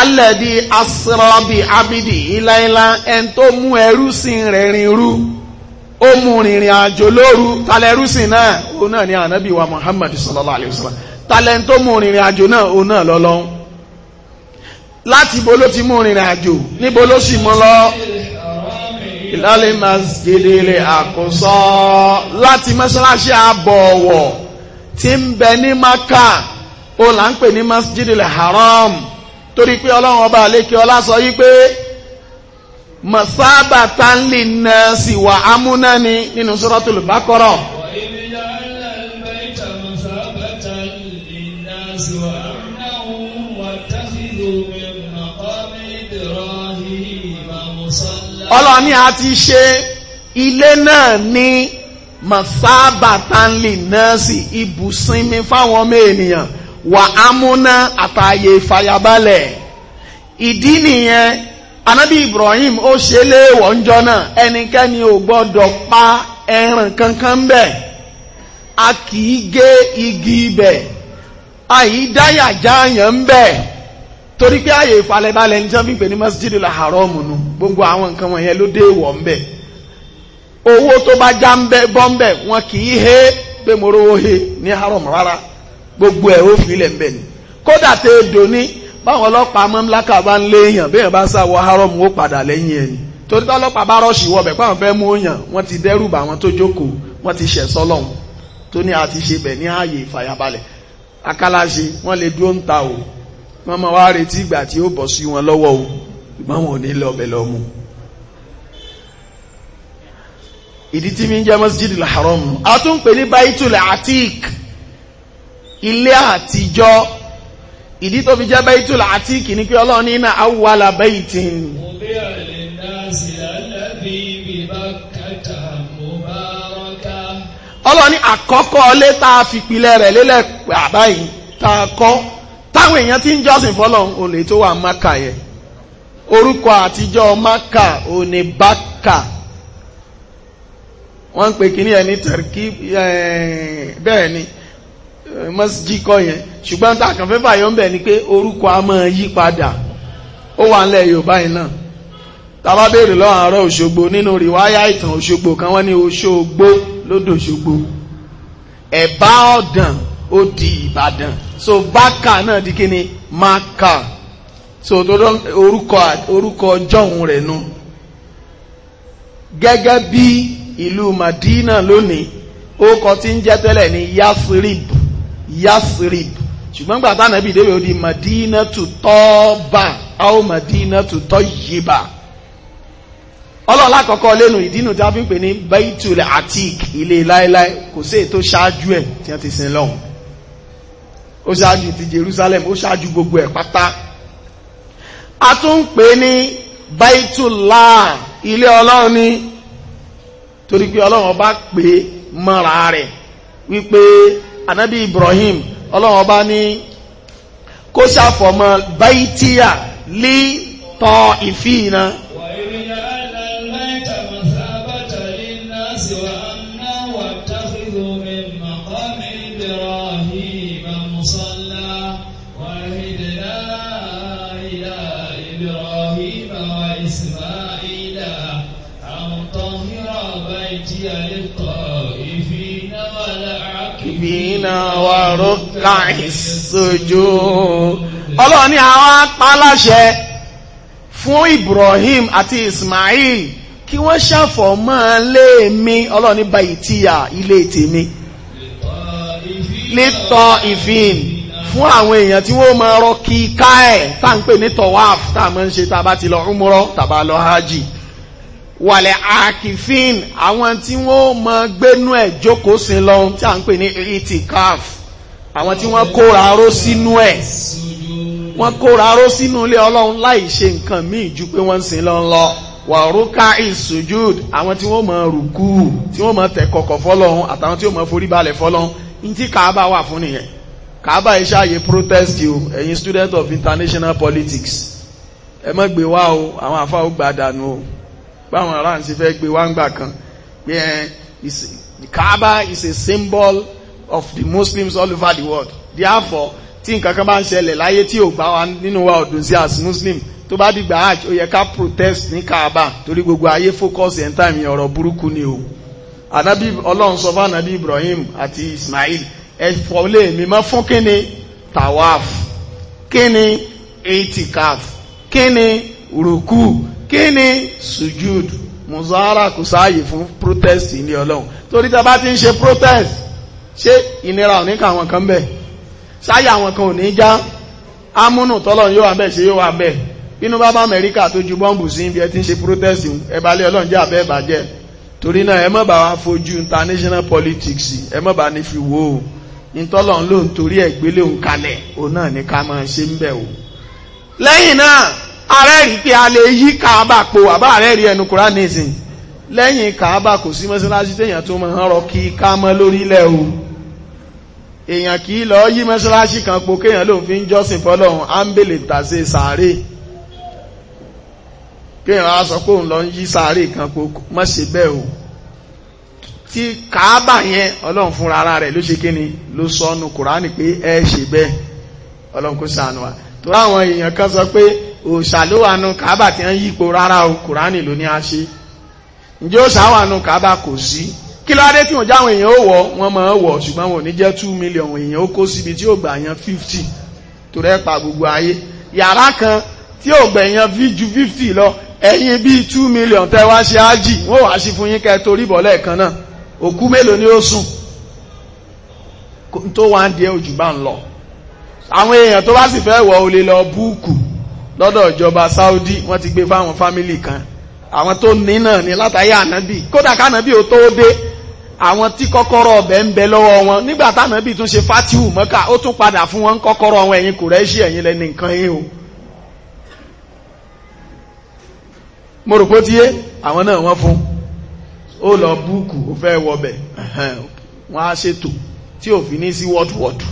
[SPEAKER 2] alẹ́dí asrabi abidi iláilá ẹni tó mú ẹrúsìn rẹ̀ rìn rú ó mú rìnrìn àjò lóru talẹ̀ ẹrúsìn náà ó náà ní ànábì wa muhammad sallallahu alayhi wa sallam talẹ̀ ẹni tó mú rìnrìn àjò náà ó náà lọ́lọ́hún láti ibo ló ti mú rìnrìn àjò níbo ló sì mú lọ ìlàlẹ̀ masjidele àkóso láti mọ́ṣáláṣí àbọ̀wọ̀ tí ń bẹ ní maka ó là ń pè ní masjidele haram torí pé ọlọ́run ọba àlékè ọlá sọ yí pé masaba tanli na si wa amuna ni nínú suratul Baqara. ọlọ́ni a ti ṣe ilé náà ní masaba tanli na si ibùsinmi fáwọn ọmọ ènìyàn wà ámúná àtàyè ìfàyàbalẹ̀ ìdí nìyẹn anábì Ibrahim ó ṣe léèwọ̀ ńjọ́ náà ẹnikẹ́ni ò gbọ́dọ̀ pa ẹran kankan bẹ́ẹ̀ a kì í gé igi ibẹ̀ àyídáyà jáàyàn ń bẹ́ẹ̀ torí pé àyè ìfàlẹ̀balẹ̀ ní sọ́fí pè ní masjid haram gbogbo àwọn nǹkan wọ̀nyẹn ló déèwọ̀ ń bẹ̀ owó tó bá já wọn kì í hé pé he ní haram gbogbo ẹ̀ ó fi ilẹ̀ ń bẹ̀ ni kódà tẹ́ ẹ dò ní báwọn ọlọ́pàá mọ́ńláka bá ń lé èèyàn béèyàn bá sá wọ haram ó padà lẹ́yìn ẹni torí tá ọlọ́pàá bá rọ́ọ̀ṣì wọbẹ̀ pàwọn fẹ́ mú èèyàn wọ́n ti dẹ́rù bá wọn tó jókòó wọ́n ti ṣẹ̀ sọ́lọ́hún tó ní àti ṣe bẹ̀ ní ààyè ìfàyàbalẹ̀ akálàṣe wọ́n lè dúró ń ta o wọ́n máa wá retí ìgbà tí ó bọ̀ sí wọn lọ́wọ́ o ìgbà ò ní lọ ọbẹ̀ lọ́mú. ìdí tí mi ń jẹ́ mọ́sídìí làárọ̀ mu a tún pè ní baitul atik ilé àtijọ́ ìdí tó fi jẹ́ baitul atik ní pé ọlọ́run ní iná awwala baitin ọlọ́run àkọ́kọ́ ilé tá a fi pilẹ̀ rẹ̀ lélẹ̀ àbáyìí tá a kọ́ táwọn èèyàn ti ń jọ́sìn fọ́lọ́run olè tó wà máka yẹ orúkọ àtijọ́ máka òní wọ́n ń pè kíní ẹni tẹ̀rkí bẹ́ẹ̀ Eh, mọ́síjì kọ́ yẹn ṣùgbọ́n tá a kàn fẹ́ fàyọ́ ń bẹ̀ ni pé orúkọ a máa yí padà ó wà nílẹ̀ yorùbá yìí náà tàbá béèrè lọ́wọ́ àárọ̀ òṣogbo nínú rìwáyà ìtàn òṣogbo kan wọ́n ní òṣogbo lódò òṣogbo ẹ̀bá ọ̀dàn ó di ìbàdàn so bákà náà di kí ni máka so orúkọ orúkọ jọ̀hún rẹ̀ nu gẹ́gẹ́ bí ìlú madina lónìí ó kọ tí ń jẹ́ tẹ́lẹ̀ ní yasrib Yasrib ṣùgbọ́n gbà tá nàbí ìdébẹ̀ odi Madina tu tọ́ba aw Madina tu tọ́yìbà ọlọ́ọ̀lá kọ̀ọ̀kọ́ lẹ́nu ìdínú tí a fi ń pè ní Baitul Atik ilé láéláé kò sí ètò ṣáájú ẹ̀ tí wọ́n ti sin lọ́hùn ó ṣáájú ti Jerusalem ó ṣáájú gbogbo ẹ̀ pátá a tún ń pè ní Baitullah ilé ọlọ́run ni. torí pé ọlọ́run ọba pè mọ́ra rẹ̀ wípé anabi ibrahim ọlọ́run ọba ní kó ṣàfọ̀mọ́ báyìtíyà lí tọ́ ìfìyìnà
[SPEAKER 1] ìnà wà rúkà ìsojú
[SPEAKER 2] ọlọ́run ní àwọn apáláṣẹ fún Ibrahim àti Ismail kí wọ́n ṣàfọ̀mọ́ lé mi ọlọ́run ní báyìí tíyà ilé tèmi lítọ́ ìfín fún àwọn èèyàn tí wọ́n máa rọ kíká ẹ̀ tá à ń pè ní tọ́wáf tá à máa ń ṣe tá a bá ti lọ rúmúrọ́ tàbá lọ hájì wàlẹ̀ àkìfín àwọn tí wọ́n mọ gbénú ẹ̀ jókòó sí lọ tí a ń pè ní itikaf àwọn tí wọ́n kóra ró sínú ẹ̀ wọ́n kóra ró sínú ilé ọlọ́run láì ṣe nǹkan míì ju pé wọ́n ń sin lọ lọ wàrúkà ìsùjúd àwọn tí wọ́n mọ rùkú tí wọ́n mọ tẹ̀ kọ̀kọ̀ fọ́lọ́run àtàwọn tí wọ́n mọ forí balẹ̀ fọ́lọ́run ní tí kàábà wà fún nìyẹn kàábà iṣẹ́ àyè protest o ẹ̀yin student of international politics ẹ má gbé wá o àwọn àfáà gbà dànù o báwọn ará ń ṣe fẹ́ gbé wá ń gbà kan pé ẹ eh, Kaaba is a symbol of the Muslims all over the world therefore tí nǹkan kan bá ń ṣẹlẹ̀ láyé tí ò bá wa nínú wa ọ̀dùn sí as Muslim tó bá dìgbà hajj ó yẹ ká protest ní Kaaba torí gbogbo ayé focus ẹ̀ ń tà mí ọ̀rọ̀ burúkú ni o anabi ọlọ́run sọ fún anabi Ibrahim àti Ismail ẹ̀fọ́ lè mímọ́ fún kíni tawaf kíni eighty calf kíni ruku kí ni sujud muzara kò sáàyè fún protest ilé ọlọ́run torí tá bá ti ń ṣe protest ṣé ìnira ò ní ká àwọn kan bẹ̀ sáyà àwọn kan ò ní já amúnù tọ́lọ̀ yóò wà bẹ́ẹ̀ ṣe yóò wà bẹ́ẹ̀ inú bá bá amẹ́ríkà tó ju bọ́ǹbù sí ibi ẹ ti ń ṣe protest ẹ̀bà ilé ọlọ́run jẹ́ àbẹ́ ìbàjẹ́ torí náà ẹ má bá wa fojú international politics ẹ má bá ní fi wò ó nítọ́lọ̀ ló ń torí ẹ̀gbélé òǹkalẹ̀ òun náà ní ká máa ṣe ń bẹ̀ o lẹ́yìn náà ààrẹ rí pé a lè yí kàábà po àbá ààrẹ rí ẹnu kúrá nìsín lẹ́yìn kàábà kò sí mọ́sálásí téèyàn tó máa ń rọ kí ká mọ́ lórílẹ̀ o èèyàn kì í lọ yí mọ́sálásí kan po kéèyàn lòun fi ń jọ́sìn fọ́lọ́run á tàṣe sàárè kéèyàn á sọ pé òun lọ ń yí sàárè kan po mọ́ ṣe bẹ́ẹ̀ o tí kàábà yẹn ọlọ́run fúnra ara rẹ̀ ló ṣe kí ló sọ ọ́nù kùránì pé ẹ ṣe bẹ́ẹ̀ ọlọ́run kó ṣàánú wa tó láwọn èèyàn kan sọ pé òòṣà ló wà nù kàábà tí wọ́n yípo rárá o kùránì ló ní a ṣe ǹjẹ́ òòṣà wà nù kàábà kò sí kí ló dé tí wọ́n jáwọn èèyàn ó wọ̀ wọ́n máa wọ̀ ṣùgbọ́n wọn ò ní jẹ́ two million èèyàn ó kó síbi tí ó gbà yan fifty torí ẹ̀ pa gbogbo ayé yàrá kan tí ó gbà yan ju fifty lọ ẹ̀yin bíi two million tẹ́ wá ṣe ájì wọ́n wá sí fún yín kẹ́ torí bọ̀ lẹ́ẹ̀kan náà òkú mélòó ni ó sùn tó wá ń di ẹ̀ ń lọ àwọn èèyàn tó bá sì fẹ́ wọ̀ ó lọ búùkù lọ́dọ̀ ìjọba Saudi wọ́n ti gbé fáwọn fámílì kan àwọn tó ní náà ní látàyé ànábì kódà kánábì ó tó dé àwọn tí kọ́kọ́rọ́ ọbẹ̀ ń bẹ lọ́wọ́ wọn nígbà tánábì tún ṣe fatihu mọ́kà ó tún padà fún wọn kọ́kọ́rọ́ wọn ẹ̀yin Kùrẹ́ṣì ẹ̀yin lẹ́ni nǹkan yín o. mo rò pé ó ti yé àwọn náà wọ́n fún ó lọ búùkù ó fẹ́ wọbẹ̀ wọ́n á ṣètò tí òfin ní sí wọ́dùwọ́dù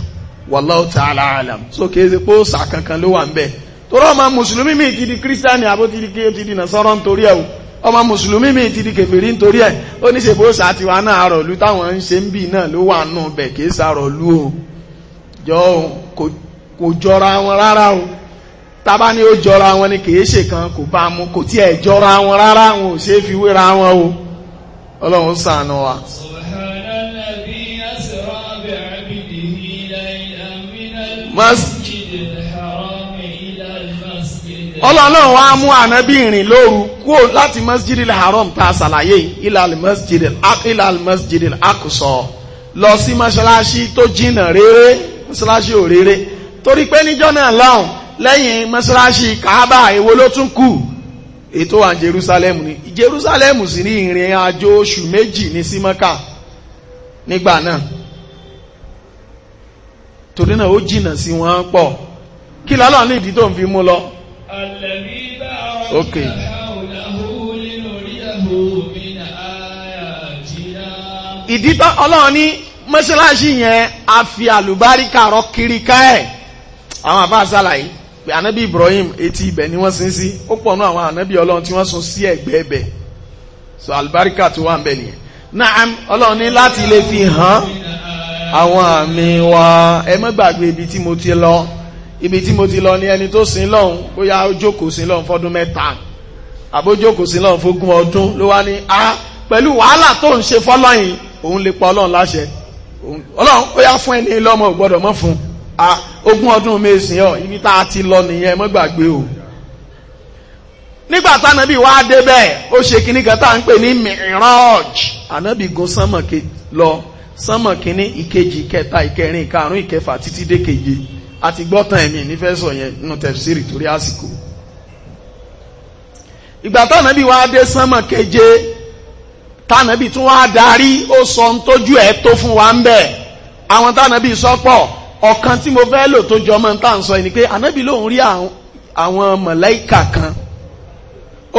[SPEAKER 2] wallahu ta'ala alam so kankan ló wà ń bẹ́ẹ̀. torọ́ ọmọ mùsùlùmí mi ti di kírísítánì àbó ti di kí ti di nàṣọ́rọ́ nítorí ẹ̀ ọmọ mùsùlùmí mi ti di kèfèrí nítorí ẹ̀ ó ní ṣe bóṣà tiwa náà àrọ̀lú táwọn ń ṣe ń bì náà ló wà nù bẹ̀ kì í sàrọ̀lú o jọ kò jọra wọn rárá o tábà ní ó jọra wọn ni kì ṣe kan kò bá mu kò tiẹ̀ jọra wọn rárá wọn ò ṣe fi wéra wọn o ọlọ́run ṣàánú wa.
[SPEAKER 1] masjid ọlọ́run wá mú ànábì rìn
[SPEAKER 2] lóru kúrò láti masjidil haram ta ṣàlàyé ilal masjidil ilal masjidil akusọ lọ sí mọ́ṣáláṣí tó jìnnà rere masalasi ò rere torí pé níjọ́ náà lọ́hùn lẹ́yìn mọ́ṣáláṣí kaaba èwo ló tún kù ètò wà jerusalem ni jerusalem sì ní ìrìn àjò oṣù méjì ní símọ́kà nígbà náà torí náà ó jìnnà sí wọn pọ̀ kí lọ́lọ́ ní ìdí tó ń fi mú lọ Okay. ìdíbà ọlọ́run ní mọ́ṣáláṣí yẹn a fi àlùbáríkà rọ kiri ká ẹ̀ àwọn àbá àṣàlàyé pé ànábì Ibrahim etí ibẹ̀ ni wọ́n sin sí ó pọ̀ nú àwọn ànábì ọlọ́run tí wọ́n sun sí ẹ̀gbẹ́ ẹ̀bẹ̀ so àlùbáríkà tó wà ń bẹ̀ nìyẹn náà ọlọ́run ní láti lè fi hàn àwọn àmì wa ẹ má gbàgbé ibi tí mo ti lọ ibi tí mo ti lọ ní ẹni tó sin lọ́hun bóyá ó jókòó sin lọ́hun fọ́dún mẹ́ta àbójókòó sin lọ́hun fógún ọdún ló wá ní a ah, pẹ̀lú wàhálà tó ń ṣe fọ́lọ́yìn òun lè pa ọlọ́run láṣẹ ọlọ́run ó yá fún ẹni lọ́mọ ò mọ́ fún a ah, ogún ọdún mẹ́sìn ọ ibi tá a ti lọ nìyẹn mọ́ gbàgbé o nígbà tánábì wá dé bẹ́ẹ̀ ó ṣe kinní kan tá ń pè ní miraj ànábì gun sánmọ̀ lọ sánmọ̀ kínní ìkejì ìkẹta ìkẹrin ìkarùn-ún ìkẹfà títí dé keje àti gbọ́tàn ẹ̀mí nífẹ́ sọ yẹn nínú tẹ̀fsírì torí àsìkò ìgbà tánàbí wá dé sánmọ̀ keje tánàbí tún wá darí ó sọ ń tójú ẹ̀ tó fún wa ń bẹ̀ àwọn tánàbí sọ́pọ̀ ọ̀kan tí mo fẹ́ lò tó jọmọ́ tá à ń sọ ẹni pé ànábì lòun rí àwọn mọ̀lẹ́ìkà kan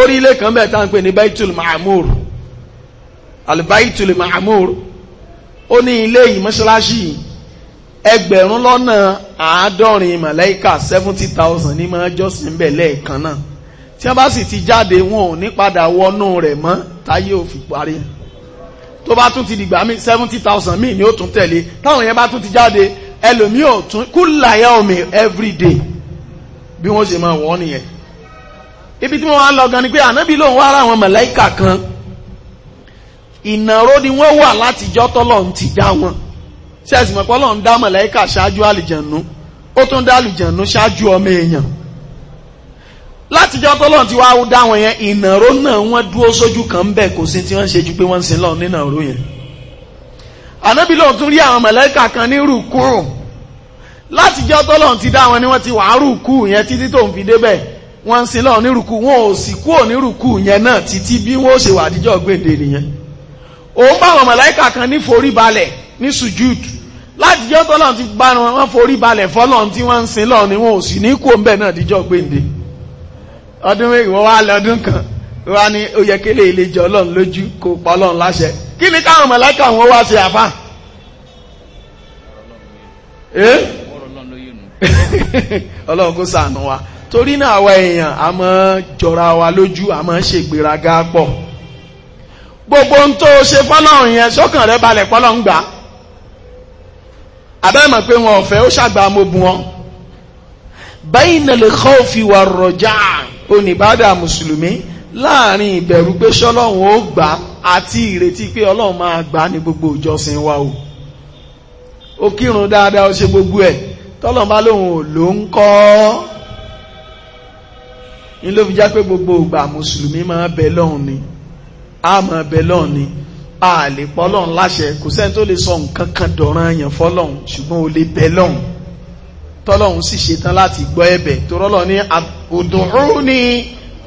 [SPEAKER 2] orí kan bẹ̀ tá à ní baitul ma'amur albaitul ma'amur ó ní ilé yìí ẹgbẹ̀rún lọ́nà àádọ́rin màláíkà seventy thousand ní máa jọ́sìn bẹ̀ lẹ́ẹ̀kan náà tí wọ́n bá sì ti jáde wọn ò ní padà wọnú rẹ̀ mọ́ táyé ò fi parí tó bá tún ti dìgbà mí seventy thousand míì ni ó tún tẹ̀lé táwọn yẹn bá tún ti jáde ẹlòmíì ò tún kúlà yá omi every day bí wọ́n ṣe máa wọ́ nìyẹn ibi tí wọ́n wá lọ gan ni pé ànábì lòun wá ara àwọn màláíkà kan ìnáró ni wọ́n wà látijọ́ tọ́lọ̀ ń ti dá wọn ṣe ẹ̀sìn mọ̀ pé ọlọ́run dá mọ̀lẹ́kà ṣáájú àlìjànú ó tún dá àlìjànú ṣáájú ọmọ èèyàn látijọ́ tọ́lọ́run ti wá dá wọn yẹn ìnàró náà wọ́n dúró sójú kan bẹ́ẹ̀ kò sí tí wọ́n ń ṣe ju pé wọ́n ń sin lọ́run nínàró yẹn ànábì lóun tún rí àwọn mọ̀lẹ́kà kan ní rùkúrù látijọ́ tọ́lọ́run ti dá wọn ni wọ́n ti wà á rùkú yẹn títí tó ń fi débẹ̀ wọ́n ń sin lọ́run ní rùkú wọn ò sì kúrò ní rùkú yẹn náà títí bí wọ́n ó ṣe wà àdíjọ́ gbèdè nìyẹn òun bá àwọn mọ̀lẹ́kà kan ní balẹ̀ ní sujud láti jẹ́ tọ́lọ̀ ti bá wọn wọ́n forí balẹ̀ fọ́lọ̀ tí wọ́n ń sin lọ ni wọn ò sì ní kó ń bẹ̀ náà díjọ́ gbéǹde ọdún ìwọ wá lọ́dún kan wá ní ó yẹ kélé ilé jọ ọlọ́run lójú kó pa ọlọ́run láṣẹ kí ni káwọn mọ̀lẹ́kà wọn wá ṣe àfà. ọlọ́run kó ṣàánú wa torí náà àwa èèyàn a máa jọra wa lójú a máa ṣègbéraga pọ̀ gbogbo ohun tó ṣe fọ́lọ́run yẹn sọ́kàn rẹ balẹ̀ pọ́lọ́run àbẹ́mọ̀ pé wọn ọ̀fẹ́ ó ṣàgbà mo bu wọn bayna al-khawfi war-raja' oníbàdà mùsùlùmí láàrin ìbẹ̀rù pé ṣọ́lọ́run ó gbà àti ìrètí pé ọlọ́run máa gbà ní gbogbo ìjọsìn wa o ó kírun dáadáa ó ṣe gbogbo ẹ̀ tọ́lọ̀ bá lóun ò ló ń kọ́ ní ló fi já pé gbogbo ìgbà mùsùlùmí máa bẹ lọ́hùn ni a máa bẹ lọ́hùn ni a lè pọ́ lọ́run láṣẹ kò sẹ́ni tó lè sọ nǹkan kan dọ̀ràn èèyàn fọ́lọ́run ṣùgbọ́n o lè bẹ lọ́run tọ́lọ́run sì ṣetán láti gbọ́ ẹ̀bẹ̀ tó rọ́lọ́ ní ud'uni ní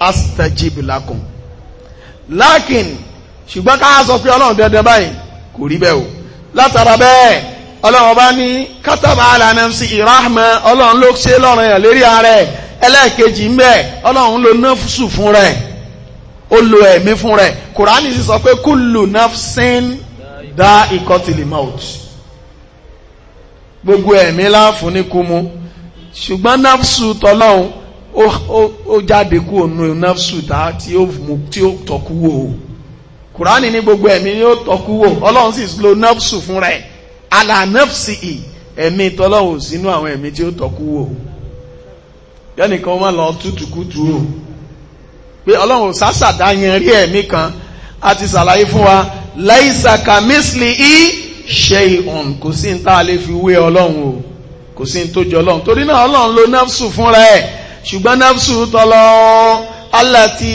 [SPEAKER 2] astajib lakum lákìn ṣùgbọ́n ká sọ pé ọlọ́run dandan báyìí kò rí bẹ́ẹ̀ o látara bẹ́ẹ̀ ọlọ́run ọba ní kátàbà ala nafsi ìrahmà ọlọ́run ló ṣe lọ́rùn yàn lérí ara ẹ̀ ẹlẹ́ẹ̀kejì ń bẹ ọlọ́run ló náfùsù fún rẹ̀ ó lo ẹ̀mí fún rẹ̀ kùránì sì sọ pé kúlù nafsin dá ikọ́tìlì maut gbogbo ẹ̀mí láàfún ní kúmu ṣùgbọ́n nafsu tọ́lọ́hún ó jáde kú òun nafsu tá tí ó tọ́kú wò ó kùránì ní gbogbo ẹ̀mí ni ó tọ́kú wò ọlọ́run sì lo nafsu fún rẹ̀ àlà nafsi ì ẹ̀mí tọ́lọ́hún sínú àwọn ẹ̀mí tí ó tọ́kú wò yẹ́nìkan ó má lọ tútùkútù o pé ọlọ́run sásàdá yẹn rí ẹ̀mí kan a ti ṣàlàyé fún wa laisa kamisli i shay'un kò sí ní tá a lè fi wé ọlọ́run o kò sí ní tó jọ ọlọ́run torí náà ọlọ́run ló nafsu fúnra ẹ̀ ṣùgbọ́n nafsu tọ́lọ́ allati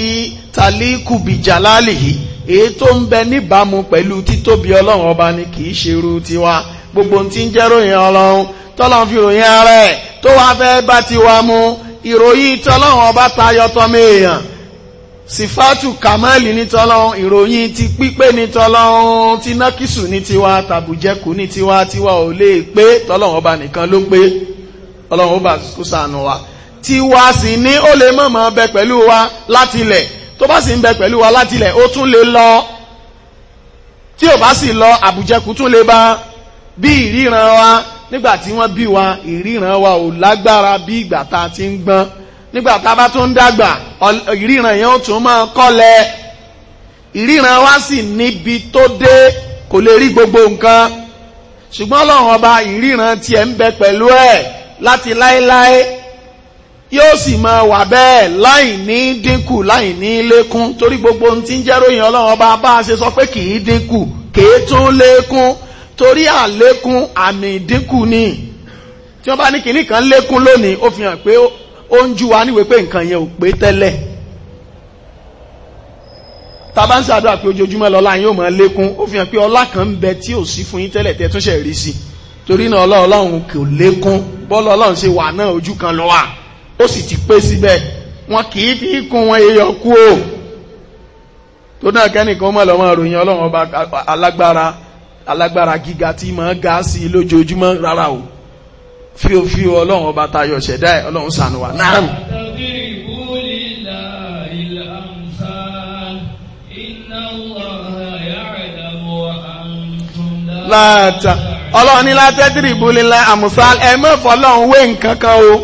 [SPEAKER 2] taliku bi jalalihi èyí tó ń bẹ níbàámu pẹ̀lú títóbi ọlọ́run ọba ni kì í ṣerú tiwa gbogbo ohun tí ń jẹ́ ròyìn ọlọ́run tọ́lọ́run fi ròyìn ara ẹ̀ tó wá fẹ́ bá tiwa mu ìròyìn tọ́lọ́run ọba tayọ tọ́mọ èèyàn sifatu kamali ní tọ́lọ́hún ìròyìn ti pípé ní tọ́lọ́hún ti nákìsù ní tiwa tàbùjẹ́kù ní tiwa tiwa ò lè pé tọ́lọ́hún ọba nìkan ló pé ọlọ́hún ọba kó sànù wa tiwa sì ní ó lè mọ̀mọ́ bẹ pẹ̀lú wa látilẹ̀ tó bá sì ń bẹ pẹ̀lú wa látilẹ̀ ó tún lè lọ tí ò bá sì lọ àbùjẹ́kù tún lè bá bí ìríran wa nígbà tí wọ́n bí wa ìríran wa ò lágbára bí ìgbà tá ti ń gbọ́n nígbà tá a bá tún dàgbà ìríran yẹn ó tún máa kọ́lẹ̀ ìríran wa sì níbi tó dé kò lè rí gbogbo nǹkan ṣùgbọ́n ọlọ́run ọba ìríran tiẹ̀ ń bẹ pẹ̀lú ẹ̀ láti láéláé yóò sì máa wà bẹ́ẹ̀ láì ní dínkù láì ní lékún torí gbogbo ohun tí ń jẹ́ ròyìn ọlọ́run ọba bá a ṣe sọ pé kì í dínkù kì í tún lékún torí àlékún àmì ìdínkù ni tí wọ́n bá ní kinní kan lékún lónìí ó fi hàn pé ó ń jú wa níwèé pé nǹkan yẹn ò pé tẹ́lẹ̀ tàbá ń ṣàdúrà pé ojoojúmọ́ lọ́lá yín ó máa lékún ó fi hàn pé ọlá kan ń bẹ tí ò sí fún yín tẹ́lẹ̀ tẹ́ túnṣe rí sí torí náà ọlọ́run kò lékún bọ́ọ̀lù ọlọ́run ṣe wà náà ojú kan ló ó sì ti pé síbẹ̀ wọn kì í fi kún wọn èèyàn kú o tó náà kẹ́nìkan mọ̀ lọ́mọ ìròyìn ọlọ́run ọba alágbára alágbára gíga tí máa ga sí lójoojúmọ́ rárá o fíofíò ọlọ́run ọba tayọ ṣẹ̀dá ẹ̀ ọlọ́run ṣàánú wa náà. láàtà ọlọ́run ní látẹ́tìrì ìbúlélá àmùsàl ẹ̀mọ́ fọlọ́run wé nǹkan kan o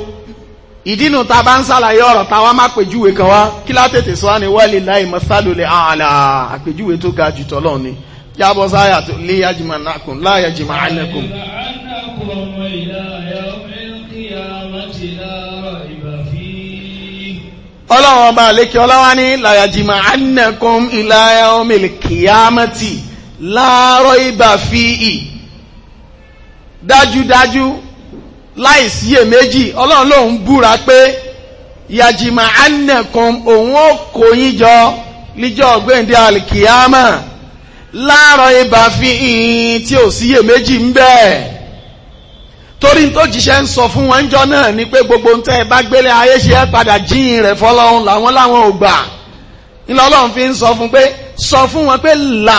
[SPEAKER 2] ìdínú ta bá ń ṣàlàyé ọ̀rọ̀ táwa má pèjúwe kan wá kí látètè sọ ni wọ́ọ̀lì láì mọ́sálòlẹ̀ àlà àpèjúwe tó ga jù tọ́lọ́ ni yàbọ̀ sáyà tó léyàjìmọ̀ nàkùn láyàjìmọ̀ àlẹ́kùn. ọlọ́run ọba àlékè ọlọ́wà ní làyàjìmọ̀ ànẹ́kùn ìlàyà omìlì kìyàmẹ́tì láàárọ̀ ibà fi ì dájúdájú láìsí èméjì ọlọ́run lòun búra pé yàjìmọ̀ ànẹ́kùn òun ó kó yín jọ níjọ́ ọ̀gbẹ́ndé àlìkìyàmẹ́ láàárọ̀ ibà fi ì tí ò síyèméjì ń bẹ́ẹ̀ torí tó jíṣẹ́ ń sọ fún wọn jọ náà ni pé gbogbo ń tẹ́ ẹ bá gbélé ayé ṣe é padà jíyìn rẹ̀ fọlọ́run làwọn láwọn ò gbà ńlọ ọlọ́run fi ń sọ fún pé sọ fún wọn pé là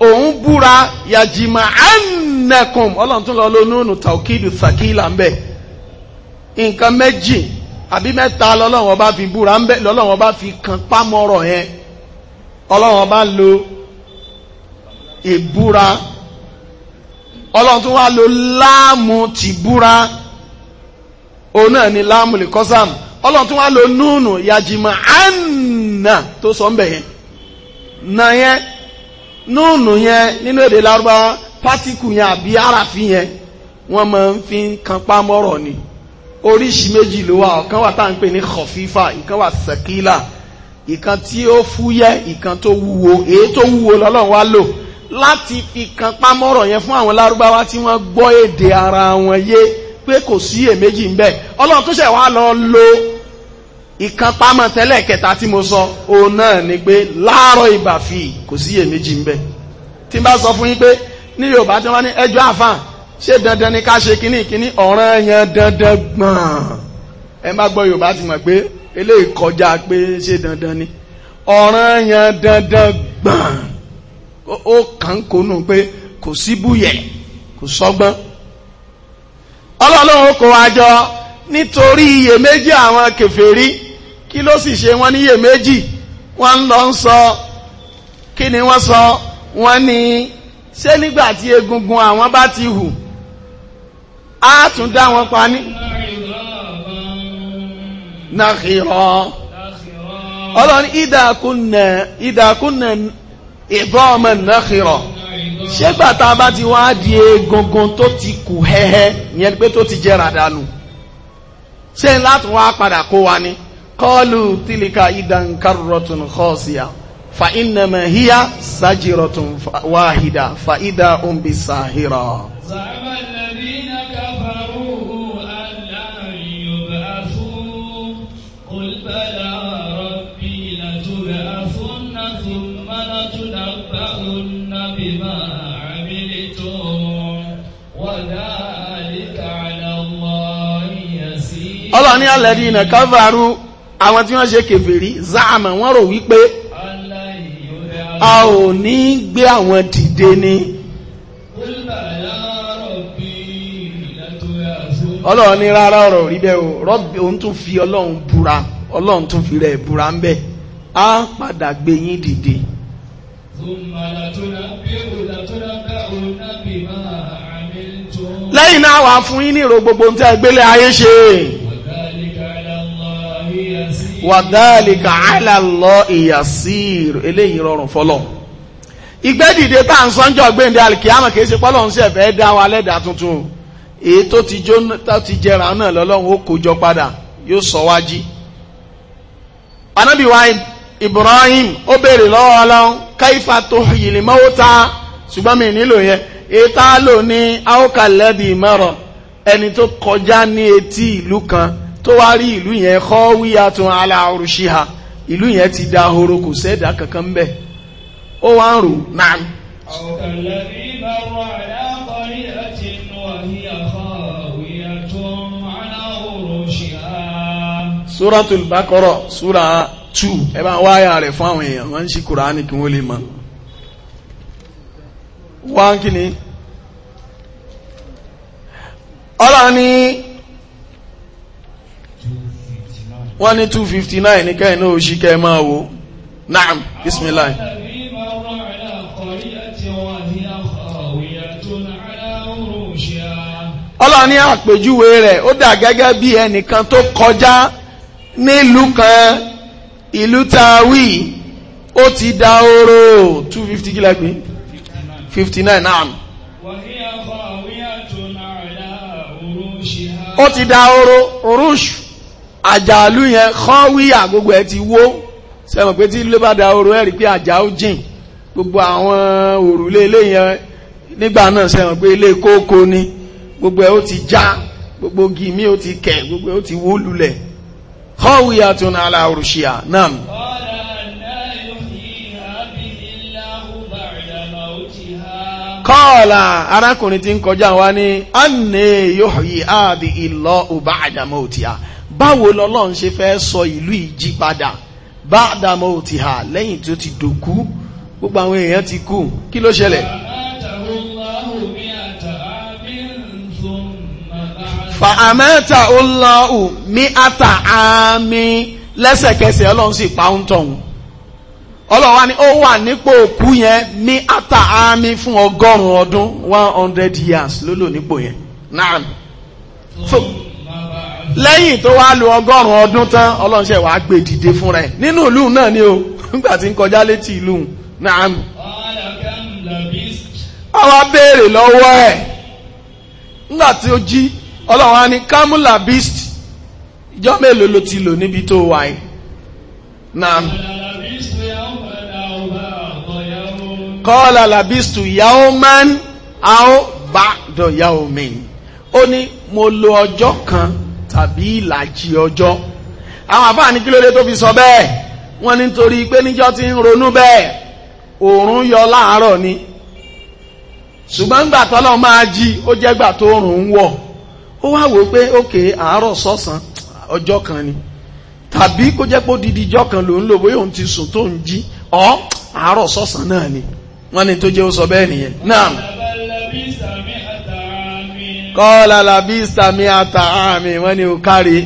[SPEAKER 2] òun búra yàjìmọ̀ ánẹkùn ọlọ́run tún lọ lónúùnù tàókìdù sàkílà ń bẹ̀ nǹkan méjì àbí mẹ́ta lọ́lọ́run ọba fi búra ń lọ́lọ́run ọba fi kan pámọ́rọ̀ yẹn ọlọ́run ọba lo ìbúra ọlọ́run tún wá lo láàmù ti búra òun náà ni láàmù lè kọ́sàm ọlọ́run tún wá lo núùnù yajima anna tó sọ ń bẹ̀ yẹn nà yẹn núùnù yẹn nínú èdè lárúbáwá pátíkù yẹn àbí àràfin yẹn wọ́n máa ń fi kan pámọ́rọ̀ ni oríṣi méjì ló wà ọ̀kan wà tá à ń pè ní kọ̀fífà ìkan wà sẹ̀kílà ìkan tí ó fúyẹ́ ìkan tó wúwo èyí tó wúwo lọ́lọ́run wá lò láti fi kan pamọ́rọ̀ yẹn fún àwọn lárúbáwá tí wọ́n gbọ́ èdè ara wọn yé pé kò sí èméjì ń ọlọ́run tó ṣẹ̀ wá lọ lo ìkanpamọ́ tẹ́lẹ̀ kẹta tí mo sọ òun náà ni pé láàárọ̀ ìbàfì kò sí èméjì ń bẹ tí n bá sọ fún yín pé ní yorùbá tí wọ́n ní ẹjọ́ àfàn ṣé dandan ni ká ṣe kíní kíní ọ̀ràn yẹn dandan gbọ̀n ẹ má gbọ́ yorùbá ti mọ̀ pé eléyìí kọjá pé ṣé dandan ni ọ̀ràn yẹn dandan gbọ̀n ó kàn kónú pé kò síbúyẹ̀ kò sọ́gbọ́n ọlọ́lọ́run kò àjọ nítorí iyèméjì àwọn kèfèrí kí ló sì ṣe wọ́n ní iyèméjì wọ́n ń lọ ń sọ kí ni wọ́n sọ wọ́n ní ṣé nígbà tí egungun àwọn bá ti hù á tún dá wọn pa ní nàkìrọ̀ ọlọ́run ìdàkúnnà ìdàkúnnà ìbọ́ọ̀mọ̀ náàkìrọ̀ ṣégbà tá a bá ti wá di egungun tó ti kù hẹ́hẹ́ yẹn pé tó ti jẹ́ra dànù ṣé láti wá padà kó wa ni kọ́ọ̀lù tìlíkà ìdánkarọ̀tún kọ́ọ̀sìyà fa innama hiya sajiratun wahida fa ida umbi sahira.
[SPEAKER 1] بما عملتم وذلك على الله يسير
[SPEAKER 2] àwọn tí wọ́n ṣe kèfèrí záàmà wọ́n rò wípé a ò ní gbé àwọn dìde ní. ọlọ́run ní rárá ọ̀rọ̀ rí bẹ́ẹ̀ o rọ́bì òun tún fi ọlọ́run búra ọlọ́run tún fi rẹ̀ búra ń bẹ̀ á padà gbé yín dìde. lẹ́yìn náà wà fún yín ní ìrò gbogbo tí a gbélé ayé ṣe wàdálìkà àìlàlọ́ ìyàsír eléyìí rọrùn fọ́lọ̀ ìgbẹ́dìde tá à ń sọ́njọ́ gbẹ̀ndẹ̀ alìkíyàmọ̀ kìí ṣe pọ́lọ̀ ń ṣe ẹ̀fẹ́ dá wa lẹ́dàá tuntun èyí tó ti jó tó ti jẹrà náà lọ́lọ́run ó kójọ padà yóò sọ wájí anábìwá Ibrahim ó béèrè lọ́wọ́ ọlọ́run káífà tó yìlì mọ́wó ta ṣùgbọ́n mi nílò yẹn ètà lò ní aókàlẹ́dì mọ́rọ̀ ẹni tó kọjá ní etí ìlú kan tó wá rí ìlú yẹn kọ́ wíyá tún aláhùrùṣíhà ìlú yẹn ti da horo kò sẹ́dá kankan bẹ́ẹ̀ ó wá ń rò náà.
[SPEAKER 1] aókàlẹ́dì mọ́rọ̀ aláàkọ́rí
[SPEAKER 2] two ẹ bá wáyà rẹ̀ fún àwọn èèyàn wọ́n ń ṣí kùránì kí wọ́n lè wọ́n kí ni ní 259 ní náà máa wo naam bismillah a ní àpèjúwe rẹ̀ ó dà gẹ́gẹ́ bí ẹnìkan tó kọjá nílùú kan ìlú tàwí ó ti dá oró 250 kílá pé 59 náà ó ti dá oró orúṣù àjàlú yẹn kọ́wíyà gbogbo ẹ̀ ti wó sẹ́mọ̀ pé tí ló bá dá oró ẹ̀rí pé àjà ó jìn gbogbo àwọn òrùlé ilé yẹn nígbà náà sẹ́mọ̀ pé ilé kókó ni gbogbo ẹ̀ ó ti já gbogbo gìmí ó ti kẹ̀ gbogbo ẹ̀ ó ti wó lulẹ̀ khawiyatun ala urushiha naam. kọ́ọ̀lá arákùnrin tí ń kọjá wa ní anne yuhyi hadhihi Allahu ba'da mawtiha báwo lọ́lọ́run ṣe fẹ́ sọ ìlú ìjì padà ba'da mawtiha lẹ́yìn tó ti dòkú gbogbo àwọn èèyàn ti kú kí ló ṣẹlẹ̀. fàámẹ́ta ọlọ́ọ̀ mi àtà àmì lẹ́sẹ̀kẹsẹ̀ ọlọ́run sì pa ń tọ̀hún ni ó wà nípò òkú yẹn mi ata àmì fún ọgọ́rùn-ún ọdún one hundred years ló lò nípò yẹn náà so lẹ́yìn tó wá lo ọgọ́rùn-ún ọdún tán ọlọ́run ṣe wàá gbé dìde fúnra ẹ̀ nínú ìlú náà ni o [laughs] nígbà tí ń kọjá létí ìlú náà àwa béèrè lọ́wọ́ ẹ̀ nígbà tí ó jí ọlọ́run ni ní kamula beast mélòó ló ti lò níbi tó wà yìí kọ́ọ̀lá ó ní mo ọjọ́ kan tàbí ìlàjì ọjọ́ àwọn àbá tó fi sọ bẹ́ẹ̀ wọ́n ní torí pé níjọ́ ti ń ronú bẹ́ẹ̀ yọ láàárọ̀ ni ṣùgbọ́n máa jí ó jẹ́ tó ń wọ̀ ó wá wò pé òkè àárọ̀ sọ́sàn ọjọ́ kan ni tàbí kó jẹ́ pé odidi ọjọ́ kan ló ń lò bóyá òun ti sùn tó ń jí ọ́ àárọ̀ sọ́sàn náà ni wọ́n ní tó jẹ́ ó sọ bẹ́ẹ̀ nìyẹn náà. kọ́lá làbí ìsàmì àtàámi wọ́n ní ó kárí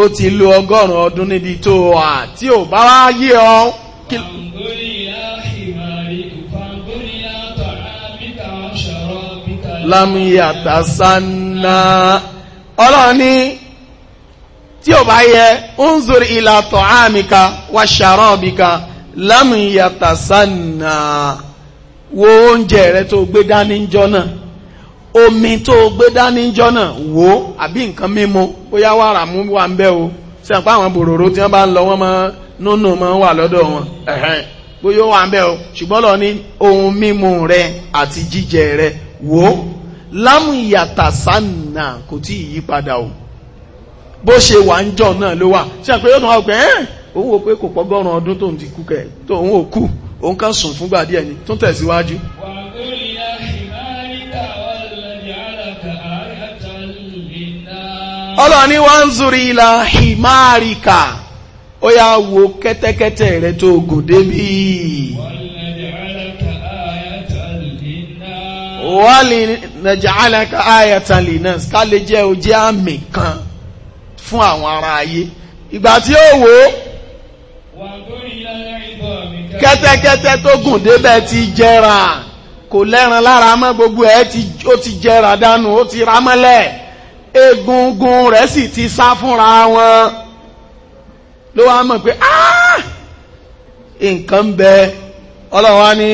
[SPEAKER 2] ó ti lo ọgọ́rùn-ún ọdún níbi tó wà tí ò bá wá yé ọ.
[SPEAKER 1] lámìyàtà
[SPEAKER 2] sáà náà ọlọ́run ní tí ò bá yẹ unzur ila ta'amika wa sharabika lam yatasanna wo oúnjẹ rẹ tó gbé dání jọ náà omi tó gbé dání jọ náà wo àbí nǹkan mímu bóyá wàrà mú wà ń bẹ o ṣe àpá àwọn bòròró tí wọ́n bá ń lọ wọ́n máa nùnù máa ń wà lọ́dọ̀ wọn bóyá wà ń bẹ o ṣùgbọ́n lọ ní ohun mímu rẹ àti jíjẹ rẹ wo lámù ìyàtà sánà kò tí ì yípadà o bó ṣe wà ń jọ náà ló wà ṣe àpẹẹrẹ ọ̀nà ọ̀pẹ ẹ́ òun wò pé kò pọ́gọ́rùn ọdún tóun ti kú kẹ̀ tóun ò kú òun kàn sùn fúngbà díẹ̀ ni tó tẹ̀síwájú.
[SPEAKER 1] ọlọ́ni wọ́n ń zuri ilà
[SPEAKER 2] himarika ó yà wo kẹ́tẹ́kẹ́tẹ́ rẹ̀ tó gòdè bíi. wọ́lì nàìjíríà ayatan linus ká lè jẹ́ ojé àmì kan fún àwọn ará ayé ìgbà tí ó wò ó kẹ́tẹ́kẹ́tẹ́ tó gùn débẹ̀ ti jẹrà kò lẹ́ran lára mọ́ gbogbo ẹ̀ ó ti jẹrà dànù ó ti rámọ́lẹ̀ egungun rẹ̀ sì ti sá fúnra wọn ló wá mọ̀ pé nǹkan bẹ ọlọ́wọ́ ni.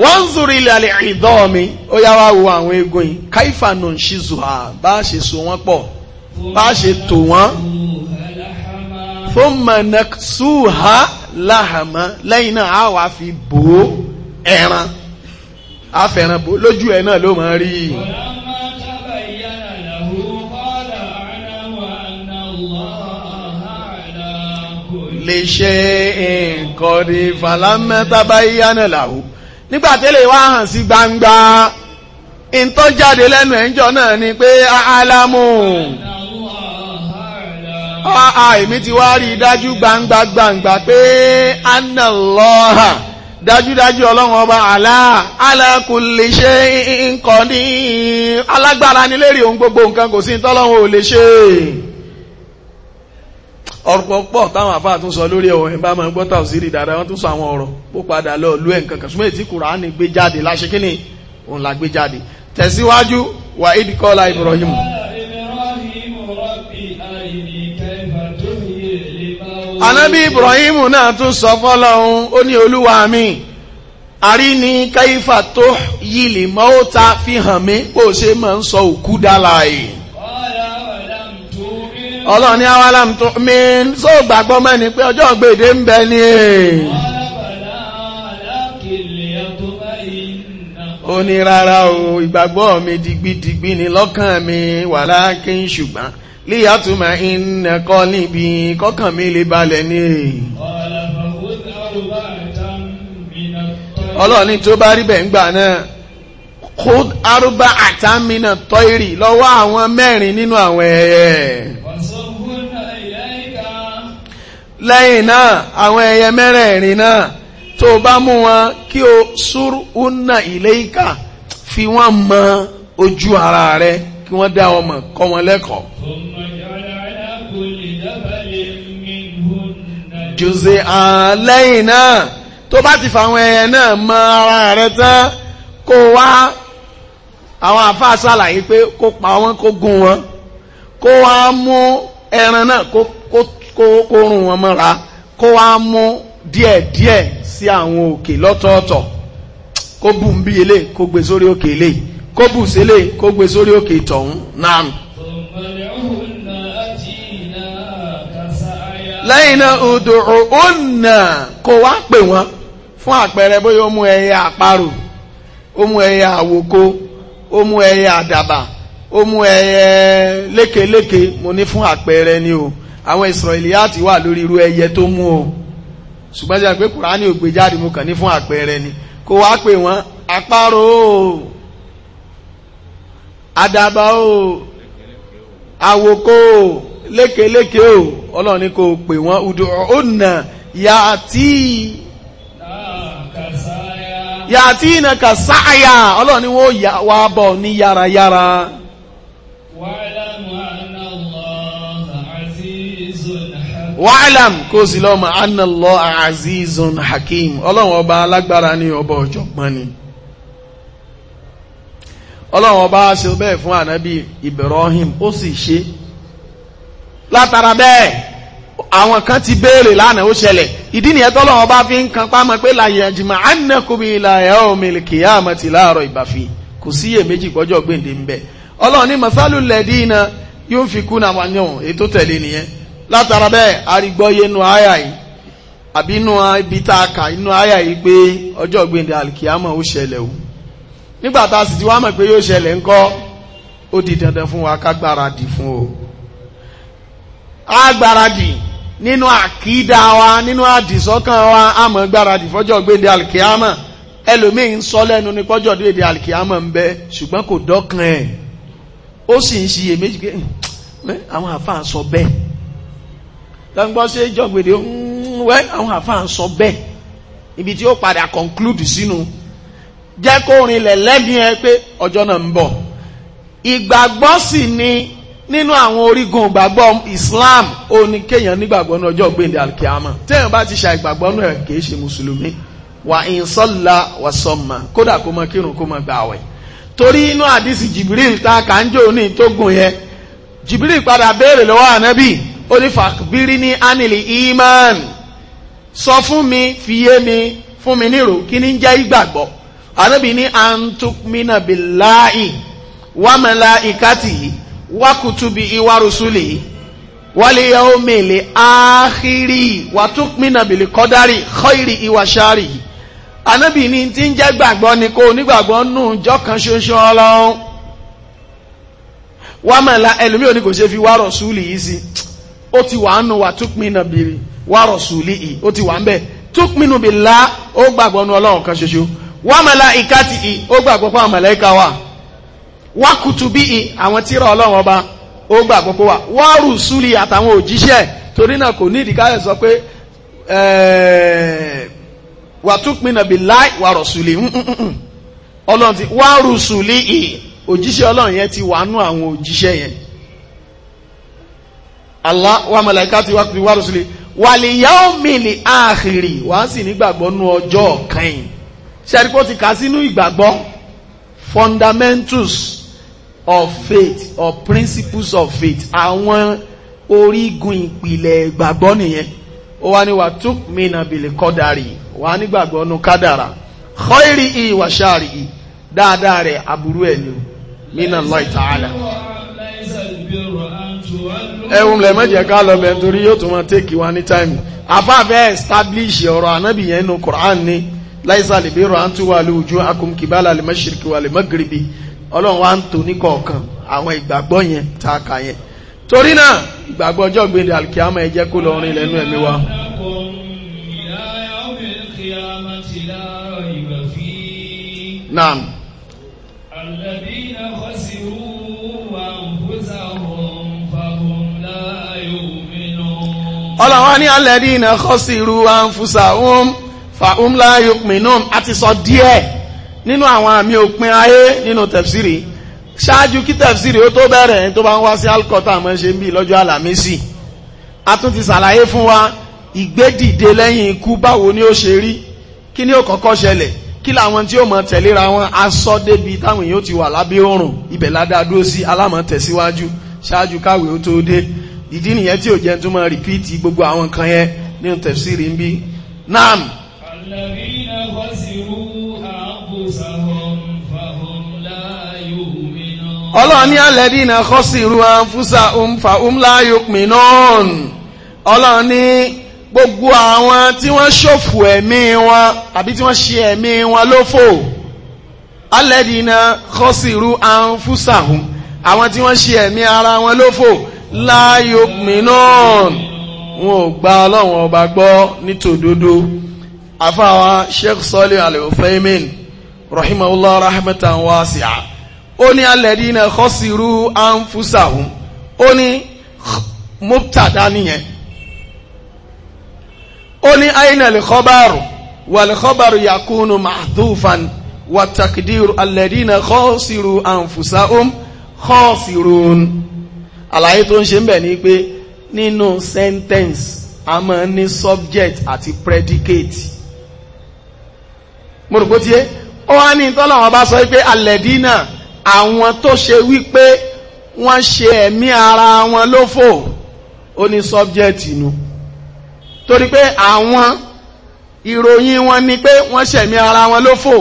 [SPEAKER 1] wọ́n ń zòrò ilẹ̀ àlẹ́
[SPEAKER 2] ìdọ́ mi ó yá wá wo àwọn egun yìí káífà nù ń ṣí zuha bá a ṣe so wọ́n pọ̀ bá a ṣe tò wọ́n fún mọ̀nàṣúhà láhàmọ́ lẹ́yìn náà a wá fi bò ó ẹran afẹ́ràn bò lójú ẹ̀ náà ló máa rí i. lè ṣe nǹkan ní falámẹ́tábáyánà làwọn nígbà tẹ́lẹ̀ wá hàn sí gbangba ìtọ́ jáde lẹ́nu ẹ̀ńjọ́ náà ni pé alamu àà èmi ti wá rí dájú gbangba gbangba pé analọ́ha dájúdájú ọlọ́run ọba àlá alákùnlé ṣe nǹkan ní alágbára nílé rí ohun gbogbo nǹkan kò sí tọ́lọ́run ò lè ṣe é ọ̀rọ̀ pọ̀ táwọn àfáà tún sọ lórí ọ̀hún ẹ̀bá máa gbọ́ tàùsírì dáadáa wọ́n tún sọ àwọn ọ̀rọ̀ pó padà lọ lú ẹ̀ǹkan kan súnmọ́ ètí Kùránì gbé jáde láṣẹ kí ni òun là gbé jáde tẹ̀síwájú wà ìdíkọ́lá Ibrahim.
[SPEAKER 1] anábì Ibrahim
[SPEAKER 2] náà tún sọ fọ́lọ́hún ó ní olúwa mi àrí ni káyífà tó yìlì mọ́ta fi hàn mí bó ṣe máa ń sọ òkú dáláyé ọlọ́run ní awalam tó min só gbàgbọ́ mẹ́ni pé ọjọ́ gbèdé ń bẹ ní e. ó ní rárá o ìgbàgbọ́ mi digbidigbi ni lọ́kàn mi wàlá kí n ṣùgbọ́n líyàtúmọ̀ ìnẹ̀kọ́ níbi kọ́kàn mi lè balẹ̀ ní e. ọlọ́run ní tó bá rí bẹ̀ ń gbà náà khud arúbá àtàmínà tọ́ ìrì lọ́wọ́ àwọn mẹ́rin nínú àwọn ẹ̀yẹ lẹ́yìn náà àwọn ẹyẹ mẹ́rẹ̀ẹ̀rin náà tó bá mú wọn kí o súrù únà ilé ìkà fi wọ́n mọ ojú ara rẹ kí wọ́n dá ọmọ kọ́ wọn lẹ́kọ̀ọ́. jùzẹ̀ àn lẹ́yìn náà tó bá ti fa àwọn ẹyẹ náà mọ ara rẹ tán kó wá àwọn àfáà ṣàlàyé pé kó pa wọn kó gún wọn kó wá mú ẹran náà kó kó rùn wọn mọ́ra kó wá mú díẹ̀díẹ̀ sí àwọn òkè lọ́tọ̀ọ̀tọ̀ kó bù ń bí ilé kó gbé sórí òkè ilé kó bù sílé kó gbé sórí òkè ìtọ̀hún náà. lẹ́yìn náà odò kó wá pè wọ́n fún àpẹẹrẹ bóyá ó mú ẹyẹ àparò ó mú ẹyẹ ó mú ẹyẹ àdàbà ó mú ẹyẹ lékeléke o. àwọn Israiliyati wà lórí irú ẹyẹ tó mú o ṣùgbọ́n ṣe pé Kùránì ò gbé jáde mo kàn fún àpẹẹrẹ ni kó wá pè wọ́n àparò o àdàbà o àwòkọ́ o lékeléke o Ọlọ́run ní kó pè wọ́n udu ọ̀nà yàtí yàtí ìnà kà sáàyà wọ́n wá bọ̀ ní yárayára. Yara. wa'lam kó sì lọ́mọ annallahu azizun hakim ọlọ́run ọba alágbára ní ọba ọ̀jọ̀gbọ́n ni ọlọ́run ọba ṣe bẹ́ẹ̀ fún ànábì Ibrahim ó sì ṣe látara bẹ́ẹ̀ àwọn kan ti béèrè lánàá ó ṣẹlẹ̀ ìdí nìyẹn tọ́lọ́run ọba fi ń kan pámọ́ pé la yajma'annakum ila yawmil qiyamati la rayba fi kò síyèméjì pọ́jọ́ gbèǹde ń bẹ ọlọ́run ní masalul ladina yunfikuna tẹ̀lé látara bẹ́ẹ̀ arígbọ́yé inú àyà yìí àbí inú ibi tá a kà inú àyà yìí pé ọjọ́ gbèndé alkiyama ó o nígbà tá a sì ti wá mọ̀ pé yóò ṣẹlẹ̀ ńkọ́ ó di dandan fún wa ká fún o a nínú wa nínú àdìsọ́kàn wa a máa gbáradì fọ́jọ́ ẹlòmíín sọ lẹ́nu ní pọ́jọ́ gbèndé alkiyama ń bẹ ṣùgbọ́n kò tọ́gbọ́n ṣe jọ̀gbèdè hmm, wẹ́ àwọn àfáà ń sọ bẹ́ẹ̀ ibi tí ó padà conclude sínú jẹ́ kó rinlẹ̀ lẹ́mìí ẹ pé ọjọ́ náà ń bọ̀ ìgbàgbọ́ sì ni nínú àwọn orígun ìgbàgbọ́ Islam ó ní kéèyàn nígbàgbọ́ ní ọjọ́ gbèndé alkiama. téèyàn bá ti ṣe ìgbàgbọ́ náà kì í ṣe mùsùlùmí wà ń sọ́la wà sọ́mà kódà kó máa kírun kó máa gbààwẹ̀ torí inú àdìsí Jibril ta kàńjọ́ ní tó gùn yẹn Jibril padà béèrè lọ́wọ́ ànábì ó ní fàkbírí iman sọ fún mi fiyé mi fún mi nírò kí ní jẹ́ ìgbàgbọ́ anábì ní antukmina billahi wa malaikatihi wa kutubi wa rusulihi wal yawmil akhiri wa tukmina bil qadari khairi wa shari anábì ní tí ń jẹ́ gbàgbọ́ ni kó onígbàgbọ́ nù jọ́ kan ṣoṣo ọlọ́run wà mọ̀lá ẹlòmí kò ṣe fi wá rọ̀súlì yìí sí ó ti wà nù wà túpinnu bìrì wà rọ̀sùlì ì ó ti wà ń bẹ̀ túpinnu bì lá ó gbàgbọ́ nu ọlọ́run kan ṣoṣo wà mẹ́la ìka ti ì ó gbàgbọ́ fún àmàlẹ́ ìka wà wà kùtù bí ì àwọn tíra ọlọ́run ọba ó gbàgbọ́ pé wà wà rùsùlì àtàwọn òjíṣẹ́ torí náà kò ní ìdíkà sọ pé wà túpinnu bì lá wà rọ̀sùlì ọlọ́run ti wà rùsùlì ì òjíṣẹ́ ọlọ́run yẹn ti wà nù àwọn òjíṣẹ́ yẹn Allah wa malaikati wa wa rusuli wal yawmil akhiri wà á sì nígbàgbọ́ nú ọjọ́ kẹ́yìn ṣẹ́ríkó ti kà sínú ìgbàgbọ́ fundamentals of faith or principles of faith àwọn orígun ìpìlẹ̀ ìgbàgbọ́ nìyẹn ó wá ní wà tó mìíràn bìlẹ̀ kọ́dárì wà á nígbàgbọ́ nú kádàrà khairi ìwàṣàrì dáadáa rẹ̀ aburú ẹ̀ ni mìíràn ta'ala
[SPEAKER 1] ẹ̀hún lẹ̀ mẹ́jẹ̀
[SPEAKER 2] ká lọ bẹ̀ nítorí yóò tún máa tẹ́kì wa ní táìmù afáfẹ́ establish ọ̀rọ̀ anábì yẹn nínú Quran ni láìsà lè bẹ̀rọ à ń tún wà lójú akùnkìbálà lè mẹ́ṣirikì wà lè mẹ́gìrìbì ọlọ́run wa ń tò ní kọ̀ọ̀kan àwọn ìgbàgbọ́ yẹn tá a kà yẹn torí náà ìgbàgbọ́ ọjọ́ gbèdé alkiyama ẹ jẹ́ kó lọ rìn lẹ́nu ẹ̀mí wa. naam. ọlọ́wọ́ ní alladina khasiru anfusahum fahum la yu'minun àti sọ díẹ̀ nínú àwọn àmì òpin ayé nínú tafsiri ṣáájú kí tafsiri ó tó bẹ̀rẹ̀ tó bá ń wá sí alkọta àmọ́ ṣe ń bí lọ́jọ́ àlàmísì a tún ti ṣàlàyé fún wa ìgbédìde lẹ́yìn ikú báwo ni ó ṣe rí kí ni ó kọ́kọ́ ṣẹlẹ̀ kí làwọn tí ó mọ̀ tẹ̀léra wọn aṣọ débi táwọn èèyàn ti wà lábẹ́ òrùn ibẹ̀ ládàá dúró sí alámọ̀ tẹ̀síwájú ṣáájú káwé ó tó dé ìdí nìyẹn tí ò jẹ́ tó máa rìpíìtì gbogbo àwọn kan yẹn nínú tẹ̀síìrì ń bí naam.
[SPEAKER 1] alladhina khasiru anfusahum fahum la yu'minun. ọlọ́run ní alladhina khasiru
[SPEAKER 2] anfusahum fahum la yu'minun. ọlọ́run ní gbogbo àwọn tí wọ́n ṣòfò ẹ̀mí wọn àbí tí wọ́n ṣe ẹ̀mí wọn lófò alladhina khasiru anfusahum àwọn tí wọ́n ṣe ẹ̀mí ara wọn lófò la yu'minun wọn ò gba ọlọ́run ọba gbọ́ nítòdodo àfàwọn sheikh sọ́lé al-Uthaymin rahimahullah rahmatan wasi'a ó ní alladina khasiru anfusahum ó ní mubtada nìyẹn ó ní aina al-khabaru wal-khabaru yakunu mahdhufan wa takdiru alladina khasiru anfusahum khasirun àlàyé tó ń ṣe ń bẹ̀ ni pé nínú sentence a máa ní subject àti predicate mo rò pé tiẹ́ ó wá ní tọ́lọ́wọ́n bá sọ pé alẹ́dínà àwọn tó ṣe wípé wọ́n ṣe ẹ̀mí ara wọn lófò ó ní subject inú torí pé àwọn ìròyìn wọn ni pé wọ́n ṣẹ̀mí ara wọn lófò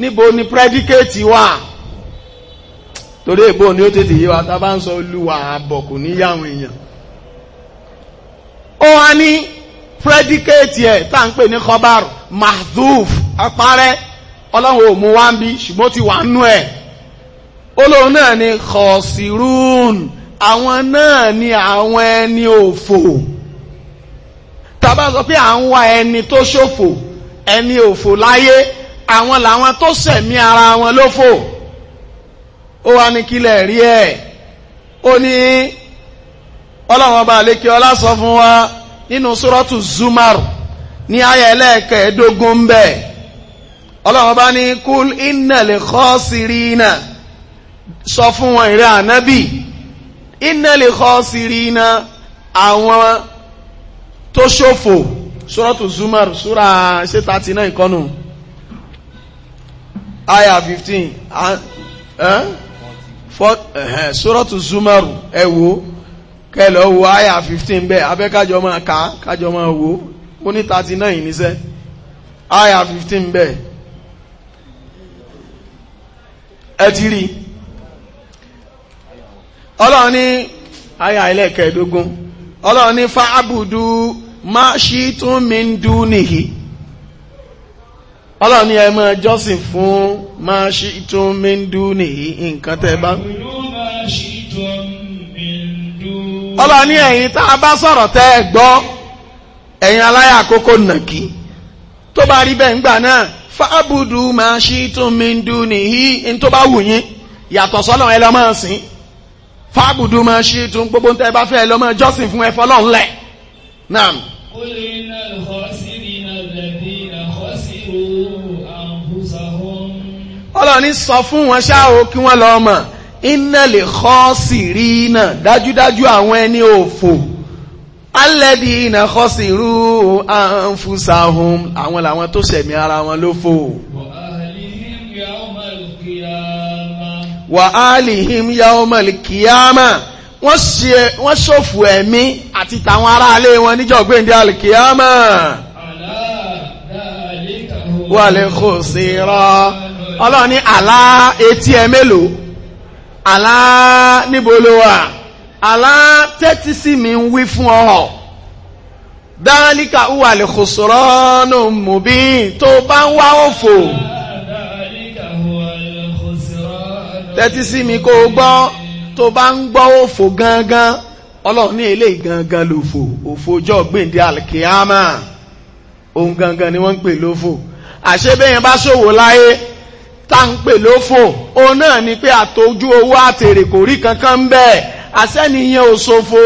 [SPEAKER 2] níbo ni predicate wà torí èbó ni ó tètè yé wa tá bá ń sọ olúwa àbọ̀ ní yáwọn èèyàn ó wá ní predicate ẹ̀ tá ń pè ní khabar mahzuf apárẹ́ ọlọ́run ò mú wá ń bí ṣùgbọ́n ti wà nú ẹ̀ olóhùn náà ni khosirun àwọn náà ni àwọn ẹni òfò tá bá sọ pé à ń wá ẹni tó ṣòfò ẹni òfò láyé àwọn làwọn tó sẹ̀mí ara wọn lófò ó wá ní kílẹ̀ rí ẹ̀ ó ní ọlọ́run ọba àlékè ọlá sọ fún wa nínú sọ́rọ́tù zumar ní ayẹ ẹlẹ́ẹ̀kẹ́ẹ̀dógún ń bẹ̀ ọlọ́run ọba ní kúl ìnàlẹ̀ kọ́ sírínà sọ fún wọn ìrẹ́ ànábì ìnàlẹ̀ kọ́ sírínà àwọn tó ṣòfò sọ́rọ́tù zumar súra ṣé thirty nine kọ́nù aya fifteen sọ́rọ̀tù zumaru ẹwò kẹlọ wo àyà 15 bẹ́ẹ̀ abẹ́ kájọ máa ká kájọ máa wo ó ní 39 níṣẹ́ àyà 15 bẹ́ẹ̀ ẹ ti rí ọlọ́run ní àyà ẹlẹ́kẹ̀ẹ́dógún ọlọ́run ní fa'abudu ma ṣí tún mi ń dún nìyí ọlọ́run ni ẹ máa jọ́sìn fún máa ṣí tún mẹ́ndú nìyí nǹkan tẹ́ bá ọlọ́run ni ẹ̀yin tá a bá sọ̀rọ̀ tẹ́ ẹ gbọ́ ẹ̀yin aláya àkókò nàkí tó bá rí bẹ́ẹ̀ ńgbà náà fábùdù máa ṣí tún mẹ́ndú nìyí ní tó bá wù yín yàtọ̀ sọ́lọ́run ẹ lọ́ máa sìn fábùdù máa ṣí tún gbogbo tẹ́ bá fẹ́ ẹ lọ́ máa jọ́sìn fún ẹ fọlọ́run lẹ̀ náà. ọlọ́ni sọ fún wọn ṣá o kí wọ́n lọ mọ̀ iná lè kọ́ sí rí iná dájúdájú àwọn ẹni òfò alẹ́dí iná kọ́ sí irú àǹfùsàhùn àwọn làwọn tó ṣẹ̀mí ara wọn lófò. wà á lè him ya ọmọlì kìámà wọ́n ṣòfò ẹ̀mí àti tàwọn aráalé wọn níjọ́ gbéǹde àlìkìámà. wà lè kò sí rọ́ọ́ ọlọ́run ní àlá etí ẹ mélòó àlá níbo ló wà àlá tẹ́tí sí mi ń wí fún ọ dáríkà wà lè kò sọ̀rọ̀ nù mùbí tó bá ń wá òfò tẹ́tí sí mi kó gbọ́ tó bá ń gbọ́ òfò gangan ọlọ́run ní ilé gangan lòfò òfò ọjọ́ gbèǹdé alkiyama ohun gangan ni wọ́n ń pè lófò àṣẹ bẹ́yẹn bá ṣòwò láyé táǹpè lófò òun náà ni pé àtọ́jú owó àtèrè kò rí kankan ń bẹ́ẹ̀ àṣẹ́niyàn ò ṣòfò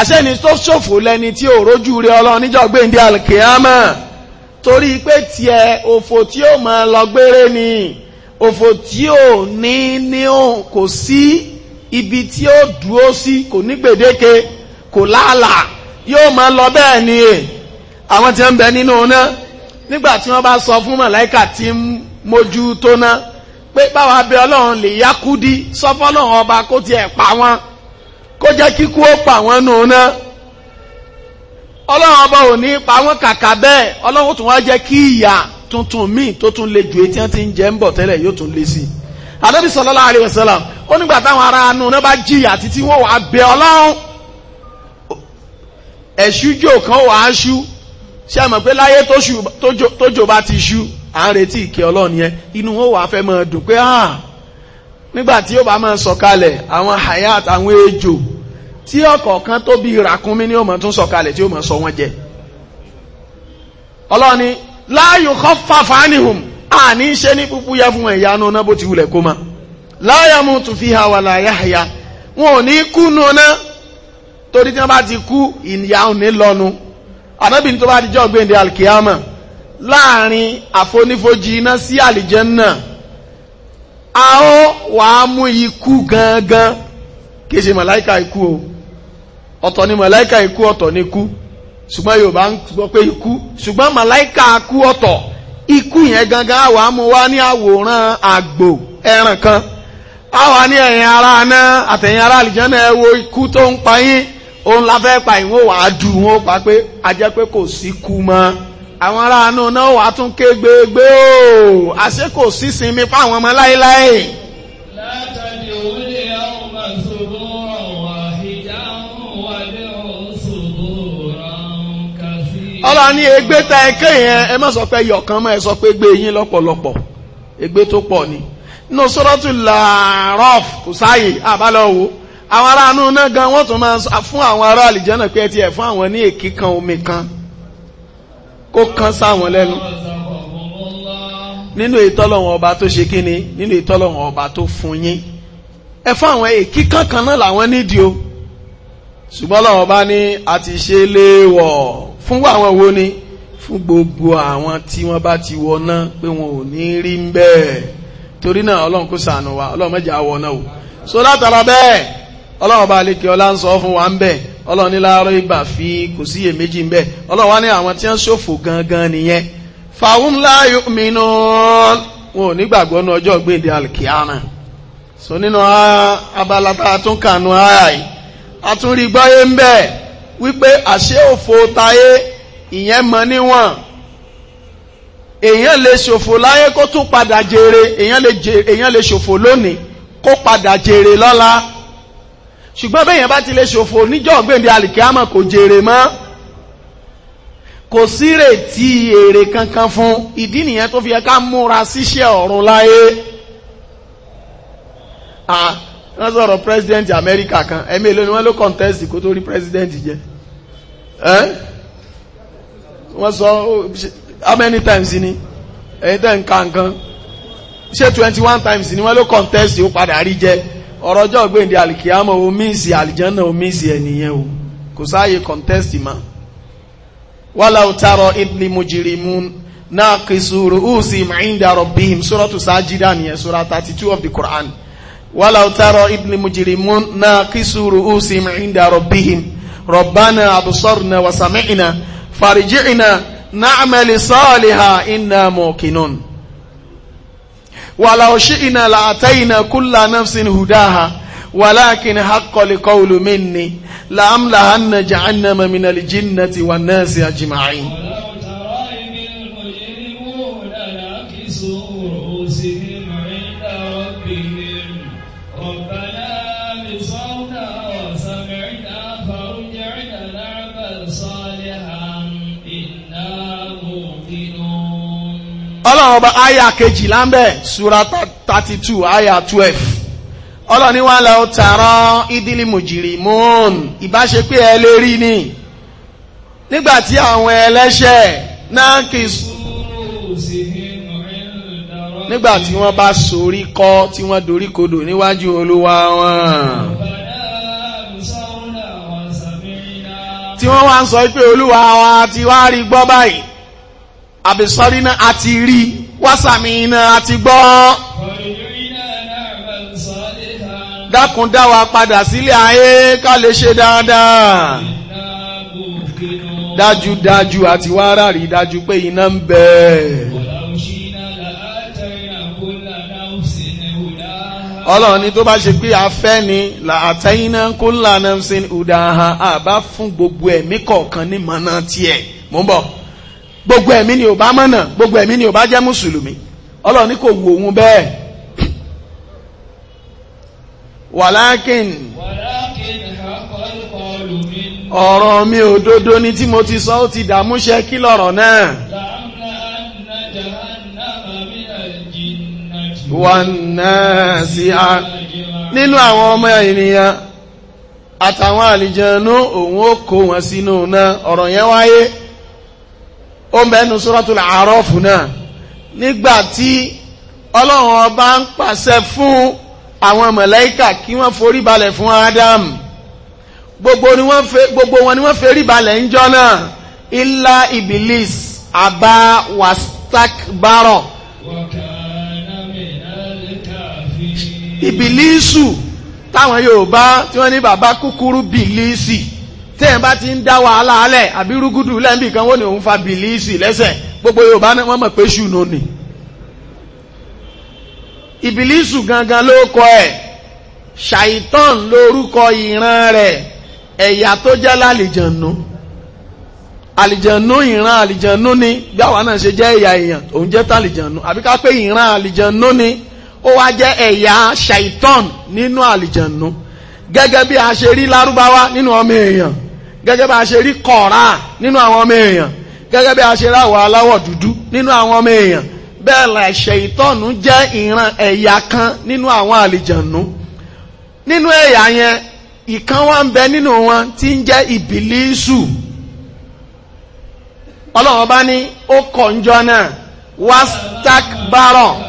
[SPEAKER 2] àṣẹ́ni tó ṣòfò lẹni tí ò rójú rẹ ọlọ́run níjọ́ gbéǹdé alkeama torí pé tiẹ̀ òfò tí ó mọ̀ lọ gbére ni òfò tí ò ní ní kò sí ibi tí ó dúró sí kò ní gbèdéke kò láàlà yóò mọ̀ lọ bẹ́ẹ̀ ni àwọn tí ń bẹ nínú náà nígbà tí wọ́n bá sọ fún màláìkà tí ń mójú tó pé báwa bẹ ọlọ́run lè yakudi sọ fọlọ́run ọba kó tiẹ̀ pa wọ́n kó jẹ́ kíkú ó pa wọ́n nù ná ọlọ́run ọba ò ní pa wọ́n kàkà bẹ́ẹ̀ ọlọ́run tún wá jẹ́ kí ìyà tuntun míì tó tún le ju etí wọn ti ń jẹ ń bọ̀ tẹ́lẹ̀ yóò tún le sí i àdébí sọlọ́lá àríwẹ̀sọ́lá ó nígbà táwọn ará nù náà bá jìyà títí wọ́n wàá bẹ ọlọ́run ẹ̀ṣújò kan wàá ṣú ṣe àmọ̀ pé láyé tójò bá ti ṣú à ń retí ìkẹ́ ọlọ́run yẹn inú ó wàá fẹ́ máa dùn pé ah nígbà ó bá máa sọ̀kalẹ̀ àwọn hayat àwọn ejò tí ọ̀kọ̀ọ̀kan tó bí ìràkúnmí ni ó máa tún sọ̀kalẹ̀ tí ó máa sọ wọ́n jẹ ọlọ́ni láàyò kọ́fàfà ánìhùn àní ṣe ní púpú yá fún ẹ̀yánu náà bó ti wulẹ̀ kó ma láyàmú ànábì ní tó bá dijọ́ gbẹ̀ndẹ̀ alkiyama láàrin àfonífojì iná sí àlìjẹ́nà a ó wà á mú ikú gangan kìí ṣe màláìka ikú o ọ̀tọ̀ ni màláìka ikú ọ̀tọ̀ ni ikú ṣùgbọ́n yorùbá ń gbọ́ pé ikú ṣùgbọ́n màláìka kú ọ̀tọ̀ ikú yẹn gangan a á mú wá ní àwòrán àgbò ẹran kan a wà ní ẹ̀yìn ara náà àtẹ̀yìn ara àlìjẹ́nà ẹ wo ikú tó ń pa yín òun la fẹ́ pa ìwọ̀n wàá dù wọ́n pa pé a jẹ́ pé kò sí kú mọ́ àwọn aráàánú náà wàá tún ké gbégbé o àṣé kò sí sinmi fáwọn ọmọ láéláé.
[SPEAKER 1] látàdé ní
[SPEAKER 2] ẹgbẹ́ ta ẹ̀kẹ́ yẹn ẹ má sọ pé yọ̀kan mọ́ ẹ sọ pé gbé yín lọ́pọ̀lọpọ̀ ẹgbẹ́ tó pọ̀ ni. nínú sọ́dọ̀tún làárọ̀ kò sáàyè àbálọ̀ wo àwọn ará inú náà gan wọ́n tún máa fún àwọn ará àlìjẹ́nà pé ẹtì ẹ̀ fún àwọn ní èkì kan omi kan kó kan sáwọn lẹ́nu nínú ìtọ́lọ̀wọ̀n ọba tó ṣe kí ni nínú ìtọ́lọ̀wọ̀n ọba tó fún yín ẹ fún àwọn èkì kankan náà làwọn nídìí o ṣùgbọ́n lọ́wọ́ bá ní a ti ṣe léèwọ̀ fún àwọn wo ni fún gbogbo àwọn tí wọ́n bá ti wọná pé wọn ò ní rí ń bẹ́ẹ̀ torí náà ọlọ́run kó ṣàánú wa ọlọ́run mẹ́jẹ̀ àwọ̀ náà o so látara bẹ́ẹ̀ ọlọ́run bá lè kí ọlá ń sọ fún wa ń bẹ̀ ọlọ́run ní láàárọ̀ ìgbà fi kò sí iyèméjì ń bẹ̀ ọlọ́run wá ní àwọn tí wọ́n ṣòfò gangan nìyẹn fàwọn láàyò mìíràn wọn ò nígbàgbọ́ ní ọjọ́ gbèdé alkiana so nínú abala tá a tún kànú ara yìí a tún rí gbọ́yé ń bẹ̀ wípé àṣé òfò táyé ìyẹn mọ níwọ̀n èèyàn lè ṣòfò láyé kó tún padà jèrè èèyàn lè ṣòfò lónìí kó padà jèrè lọ́la ṣùgbọ́n bẹ́yẹn bá ti lè ṣòfò níjọ́ gbèǹde àlìkíámọ̀ kò jèrè mọ́ kò sírètí èrè kankan fún ìdí nìyẹn tó fi yẹ ká múra síṣẹ́ ọ̀run láyé wọ́n sọ̀rọ̀ president America kan ẹ̀mí èlò ni wọ́n ló contest kó tó rí president jẹ́ wọ́n sọ how many times ni ẹ̀yin tẹ́ ń ka nǹkan ṣé twenty one times ni wọ́n ló contest ó padà rí jẹ́ ọ̀rọ̀jọ́ gbèǹde alìkìyàmọ̀ omíìsì àlìjánà omíìsì ẹnìyẹn o kò sáàyè contest ma wàláwù tààrọ̀ ìdílé mujrimun náà kìsùrù ùsì mìíràn rabbihim suratu sajida nìyẹn sura thirty two of the Quran wàláwù tààrọ̀ ìdílé mujrimun náà kìsùrù ùsì mìíràn rabbihim rabbana absorna wasamina farijina na'amali wàlá òṣìṣìnà làtẹ́yìnà kúlà nafsin hudaha wàlákin haqqal qawlu minni làmlàhánà ja'annama minal jinnati wan nasi ajma'in. ọlọ́run ọba àyà kejìlá ń bẹ̀ sura thirty two àyà twelve ọlọ́run ní wàá lọ tààrọ́ ìdílé mùjìrì mọ́ọ̀n ìbáṣepé ẹ lè ni nígbà tí àwọn ẹlẹ́ṣẹ̀ náà kì nígbà tí wọ́n bá sorí kọ́ tí wọ́n dorí kodò níwájú olúwa wọn. tí wọ́n wá ń sọ pé olúwa wa ti wá rí gbọ́ báyìí àbẹ̀sọ́rí náà a ti rí wásàmì náà a gbọ́. dákun dá wa padà sílé ayé ká lè ṣe dáadáa. dájúdájú àti wá rárí dájú pé iná ń bẹ. ọlọ́run ni tó bá ṣe pé afẹ́ ni làtẹ́yìnà kó lànà sí ìdáhà àbá fún gbogbo ẹ̀mí kọ̀ọ̀kan ní mọ̀nà tiẹ̀ mò ń bọ̀ gbogbo ẹ̀mí ni ò bá mọ̀nà gbogbo ẹ̀mí ni ò bá jẹ́ mùsùlùmí ọlọ́run ní kò wù òun bẹ́ẹ̀ wàlákìn ọ̀rọ̀ mi òdodo ni tí mo ti sọ ó ti dàmúṣẹ kí lọ̀rọ̀ náà wànàásí a nínú àwọn ọmọ ènìyàn àtàwọn àlìjẹnú òun ó kó wọn sínú náà ọ̀rọ̀ yẹn wáyé ó ń bẹ nínú Suratul A'raf náà nígbà tí ọlọ́run ọba ń pàṣẹ fún àwọn mọ̀lẹ́kà kí wọ́n forí balẹ̀ fún Adam gbogbo ni wọ́n fẹ́ gbogbo wọn ni wọ́n forí balẹ̀ ń jọ́ náà illa Iblis abba wastakbaro Ibilisu táwọn Yorùbá tí wọ́n ní bàbá kúkúrú bìlísì tẹ́yìn bá ti ń dá wàhálà alẹ̀ àbí rúgúdù lẹ́ǹbì kan wọ́n ní òun fa bìlíìsì lẹ́sẹ̀ gbogbo yorùbá náà wọ́n mọ̀ pé ṣùnà ni ìbìlísù gangan ló kọ ẹ̀ ṣàìtàn lórúkọ ìran rẹ̀ ẹ̀yà tó jẹ́ lálìjànú àlìjànú ìran àlìjànú ni bí àwa náà ṣe jẹ́ ẹ̀yà èèyàn òun jẹ́ tàlìjànú àbí ká pé ìran àlìjànú ni ó wá jẹ́ ẹ̀yà ṣàìtàn nínú àlìjànú gẹ́gẹ́ bí a ṣe rí lárúbáwá nínú ọmọ èèyàn gẹ́gẹ́ bí a ṣe rí kọ̀ọ̀rá nínú àwọn ọmọ èèyàn gẹ́gẹ́ bí a ṣe ráwọ̀ aláwọ̀ dúdú nínú àwọn ọmọ èèyàn bẹ́ẹ̀ la ìtọ́nù jẹ́ ìran ẹ̀yà kan nínú àwọn àlìjànú nínú ẹ̀yà yẹn ìkan wá ń wọn tí ń jẹ́ ìbílísù ọlọ́run bá ní ó náà wá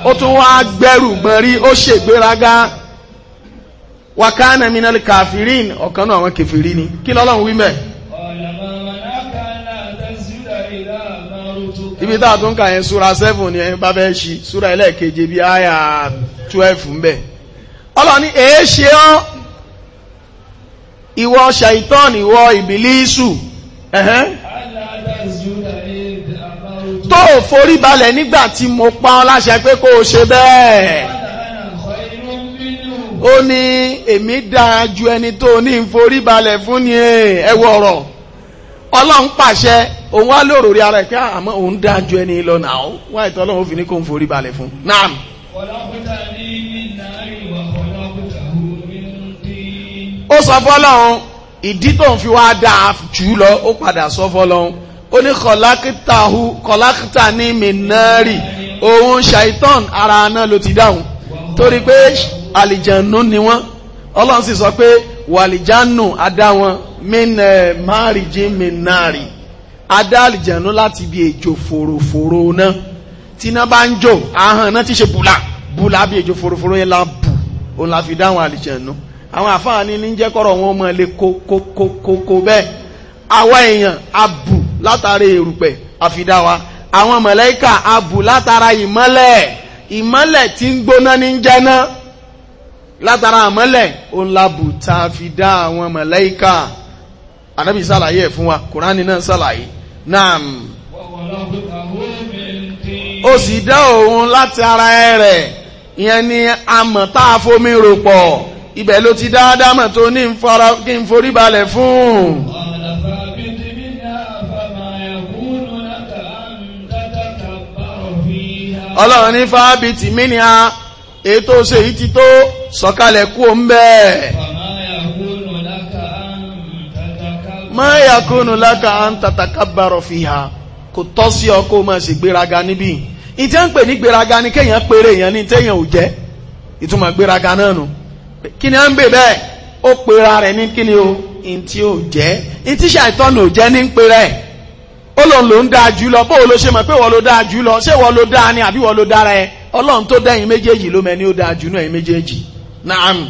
[SPEAKER 2] ó tún wá wakana kafirin ọ̀kan náà ni kí lọ́lọ́run wí ibi tá tún kà yẹn súra seven ni ẹni bá fẹ́ ṣí súra ẹlẹ́ẹ̀keje bíi àyà twelve ń bẹ̀ ni èé ṣe ọ́ ìwọ ṣàìtọ́n ìwọ ìbílísù tó forí balẹ̀ nígbà tí mo pa ọ́ láṣẹ pé kó o ṣe bẹ́ẹ̀ ó ní èmi dáa ju ẹni tó ní forí balẹ̀ fún ni ẹ ọ̀rọ̀ ọlọ́run pàṣẹ òun wá lóró rí ara ẹ̀ pé ah, àmọ́ òun dájú ẹni lọ náà ó wá ìtọ́ ọlọ́run fi ní kó ń forí balẹ̀ fún náà. ó sọ fọlọ́run ìdí tó ń fi wá dáa jù lọ ó padà sọ fọlọ́run ó ní kọlákítàhu kọlákítà ní mìnárì òun ṣàìtàn ara náà ló ti dáhùn torí pé àlìjànú ni wọ́n ọlọ́run sì sọ pé wàlìjánù adáwọn mínẹ eh, márìjí mínárì adáàlìjánù láti bí ejò fòròfòrò náà tí iná bá ń jò ahọ́n náà ti ṣe bùlà bùlà bí ejò fòròfòrò yẹn la bù òun la fi dáwọn àlìjánù àwọn àfáàní ní jẹ́ kọ́rọ̀ wọn mọ̀ lé kókókókó bẹ́ẹ̀ àwa èèyàn abù látara èrùpẹ̀ àfidáwa àwọn mọ̀lẹ́kà abù látara ìmọ́lẹ̀ ìmọ́lẹ̀ tí ń gbóná ní jẹ́ná látara àmọ́lẹ̀ ó ń labù fi dá àwọn màláíkà ànábì sàlàyé ẹ̀ fún wa kùránì náà sàlàyé náà ó sì dá òun láti ara rẹ̀ ìyẹn ni amọ̀ tá a fomi rò pọ̀ ibẹ̀ ló ti dá dámọ̀ tó ní kí n forí balẹ̀ fún. ọlọ́run ní fábítì mí ni a ètò òṣèyí ti tó sọkalẹ kú o ń bẹ́ẹ̀ ma laka an tatakabbaro fiha kò tọ́ sí ọ si máa ṣe gbéraga níbí ìtẹ́ ń pè ní gbéraga ni kéèyàn péré èèyàn ní téèyàn ò jẹ́ ìtumọ̀ gbéraga náà nù kí ni à ń bè bẹ́ẹ̀ ó pera rẹ̀ ní o ò jẹ́ ò jẹ́ ní ń pera ẹ̀ ó lòun ló ń dáa jù lọ ṣe mọ̀ pé wọ́n ló jù lọ ṣé wọ́n ló ni àbí wọ́n ló dára ẹ ọlọ́run tó dẹ́yìn méjèèjì ló ó
[SPEAKER 1] Naam.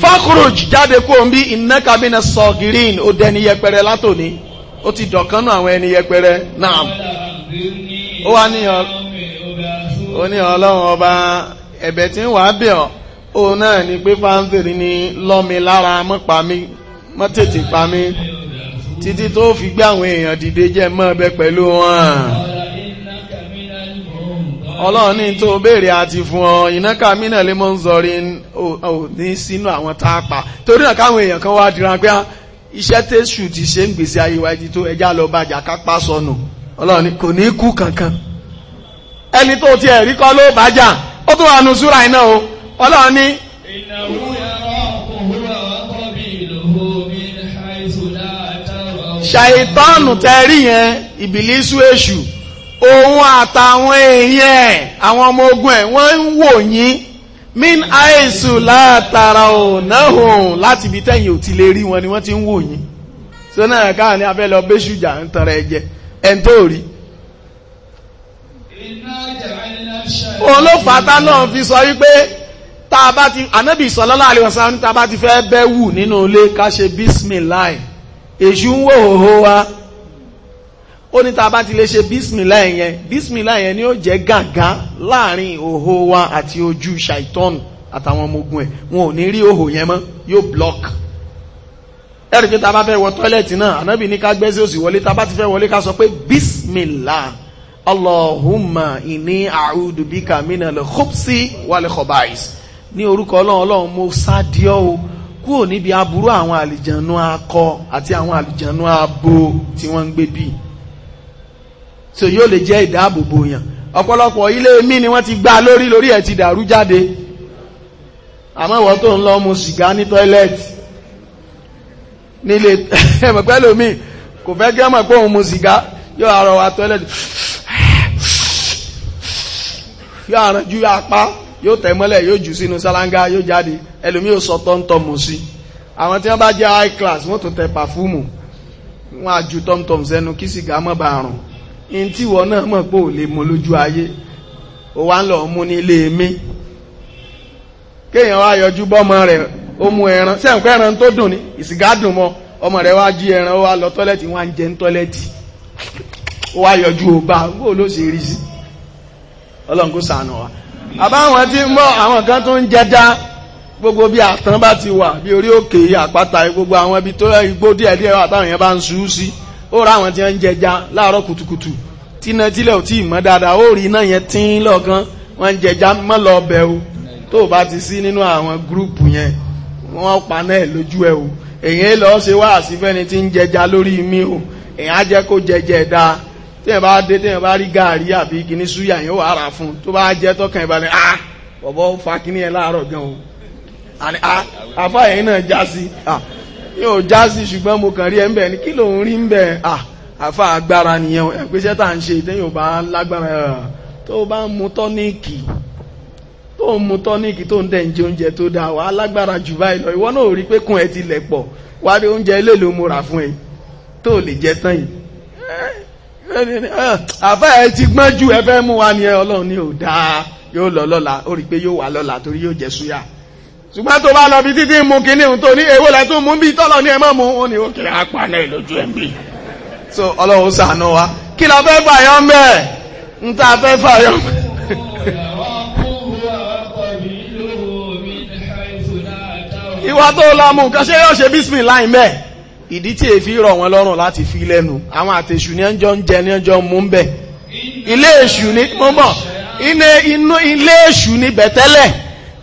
[SPEAKER 1] Fakhruj
[SPEAKER 2] jáde kú omi innaka mina sagirin ó dẹni yẹpẹrẹ látòní. Ó ti dọ̀kánú àwọn ẹni yẹpẹrẹ. Naam. Ó wá ní ọlọ́run ọba ẹ̀bẹ̀ tí ń wà á bẹ̀ ọ́. Òun náà ni pé fáńsìrì ni lọ́mi lára mọ́pa mi, mọ́ Títí tó fi gbé àwọn èèyàn dìde jẹ́ mọ́ ọbẹ̀ pẹ̀lú wọn. ọlọ́run ní tó béèrè àti fún ọ ìnáka mínà lè mọ́ ń sọrí ò ní sínú àwọn táàpà torí náà káwọn èèyàn kan wá dìran pé ah, iṣẹ́ tẹ̀sù ti ṣe ń gbèsè ayé wa ti tó ẹja lọ bàjá kápá sọnù ọlọ́run kò ní kú kankan ẹni tó ti ẹ̀rí kọ́ ló bàjá ó tó wà nù súra iná o ọlọ́run ní. ṣàìtọ́nù tẹ́rí yẹn ìbílísù èṣù òun àtàwọn èèyàn ẹ̀ àwọn ọmọ ogun ẹ̀ wọ́n ń wò yín min àìsù látara ònáhùn láti ibi tẹ́yìn ò ti lè rí wọn ni wọ́n ti ń wò yín sọ́nà ẹ̀ká ní abẹ́ lọ bẹ́ ṣùjà ń tọrọ ẹ̀jẹ̀ ẹ̀ń tó rí òun ló fàtà náà fi sọ wípé tá a bá ti ànábì sallallahu alaihi wasallam ní tá a bá ti fẹ́ bẹ́ wù nínú ilé ká ṣe bísmìláì èṣù ń wò ó wa ó ní tá a bá ti lè ṣe bísmìlá yẹn bísmìlá yẹn ni ó jẹ́ gàgá láàrin òhò wa àti ojú ṣàìtọ́nù àtàwọn ọmọ ẹ̀ wọn ò ní rí òhò yẹn mọ́ yóò block ẹ̀rì pé tá a bá fẹ́ wọ tọ́ẹ̀lẹ̀tì náà ànábì ní ká gbẹ́sẹ̀ òsì wọlé tá ti fẹ́ wọlé ká sọ pé bísmìlá allahumma inni a'udu bika minal khubsi wal khaba'is ní orúkọ ọlọ́run ọlọ́run mo sádìọ́ o kúrò níbi aburú àwọn àlìjànú akọ àti àwọn àlìjànú abo tí so yóò lè jẹ́ ìdáàbòbò yàn ọ̀pọ̀lọpọ̀ ilé mi ni wọ́n ti gbá lórí lórí ẹ̀ ti dàrú jáde àmọ́ ìwọ tó ń lọ mu sìgá ní tọ́ílẹ̀tì nílé [laughs] ẹ̀mọ̀pẹ́lòmí kò fẹ́ kí ọmọ ìpóhun mu sìgá yóò àrọ̀ wà tọ́ílẹ̀tì [sighs] yóò àrọ̀ ju apá yóò tẹ̀mọ́lẹ̀ yóò àwọn tí wọ́n bá jẹ́ high class wọ́n tún tẹ pàfúmù wọ́n á ju tọ́mtọ́m sẹ́nu kí sìgá mọ́ bá rùn in tí wọ́n náà mọ̀ pé ò lè mú lójú ayé ó wá ń lọ mú nílé mi kéèyàn wá yọjú bọ́mọ rẹ̀ ó mú ẹran sí ẹ̀kọ́ ẹran tó dùn ní ìsìgá dùn mọ́ ọmọ rẹ̀ wá jí ẹran ó wá lọ tọ́lẹ́tì wọ́n á ń jẹun tọ́lẹ́tì ó wá yọjú ó ó ló ṣe rí sí ọlọ́run kó wa àbáwọn tí ń bọ̀ àwọn kan tó ń jẹja gbogbo bí àtàn bá ti wà bí orí òkè àpáta gbogbo àwọn ibi tó igbó díẹ̀díẹ̀ wà táwọn yẹn bá ń sùú sí ó rá àwọn tí wọ́n ń jẹja láàárọ̀ kùtùkùtù na tílẹ̀ ò tí ì mọ́ dáadáa ó rí iná yẹn tín lọ́gán wọ́n ń jẹja mọ́ lọ bẹ̀ o tó o bá ti sí nínú àwọn gúrùpù yẹn wọ́n paná ẹ̀ lójú ẹ o èyàn lọ ṣe wá àsìfẹ́ni tí ń jẹja lórí mi o èyàn á jẹ́ kó jẹjẹ dáa téèyàn bá dé téèyàn bá rí gàárì àbí kíní súyà yẹn wà rà fún tó bá jẹ́ tọkàn ìbàlẹ̀ ah bọ̀bọ̀ fa kíní yẹn láàárọ̀ gan o ah àfáà yẹn náà já sí ah yóò já sí ṣùgbọ́n mo kàn rí ẹ ń bẹ̀ ní kí lòun rí ń bẹ̀ àfa agbára nìyẹn ẹgbẹ́sẹ́ tà ń ṣe ìtẹ́yìn ò bá lágbára ẹ̀ tó bá ń mu tọ́níìkì tó ń mu tọ́níìkì tó ń dẹ̀ǹjẹ oúnjẹ tó dáa wà á lágbára jù báyìí lọ ìwọ náà rí pé kún ẹ ti lẹ̀ pọ̀ wá rí oúnjẹ ilé ló mo fún ẹ tó lè jẹ tán
[SPEAKER 1] yìí
[SPEAKER 2] àfa ẹ ti gbọ́n ju ẹ fẹ́ mú wa ni ọlọ́run ni ò dáa yóò lọ lọ́la ó rí pé yóò wà lọ́la torí yóò jẹ súyà ṣùgbọ́n tó bá lọ bí títí mú kí ní ohun ní èwo lẹ́ mú bí tọ́lọ ní ẹmọ́ mú ó ní òkè apá náà lójú ẹ̀mí so ọlọ́run ṣàánú wa kí la fẹ́ fàyọ́ ń bẹ́ẹ̀ ń ta fẹ́ fàyọ́
[SPEAKER 1] ìwà tó lámù kan ṣe yóò ṣe
[SPEAKER 2] bísmì láì mẹ́ ìdí tí èfi rọ̀ wọn lọ́rùn láti fi lẹ́nu àwọn àtẹ̀ṣù ní ẹjọ́ ń jẹ ní ẹjọ́ mú ń bẹ̀ ilé èṣù ní mọ́mọ́ ilé èṣù ní bẹ̀tẹ́lẹ̀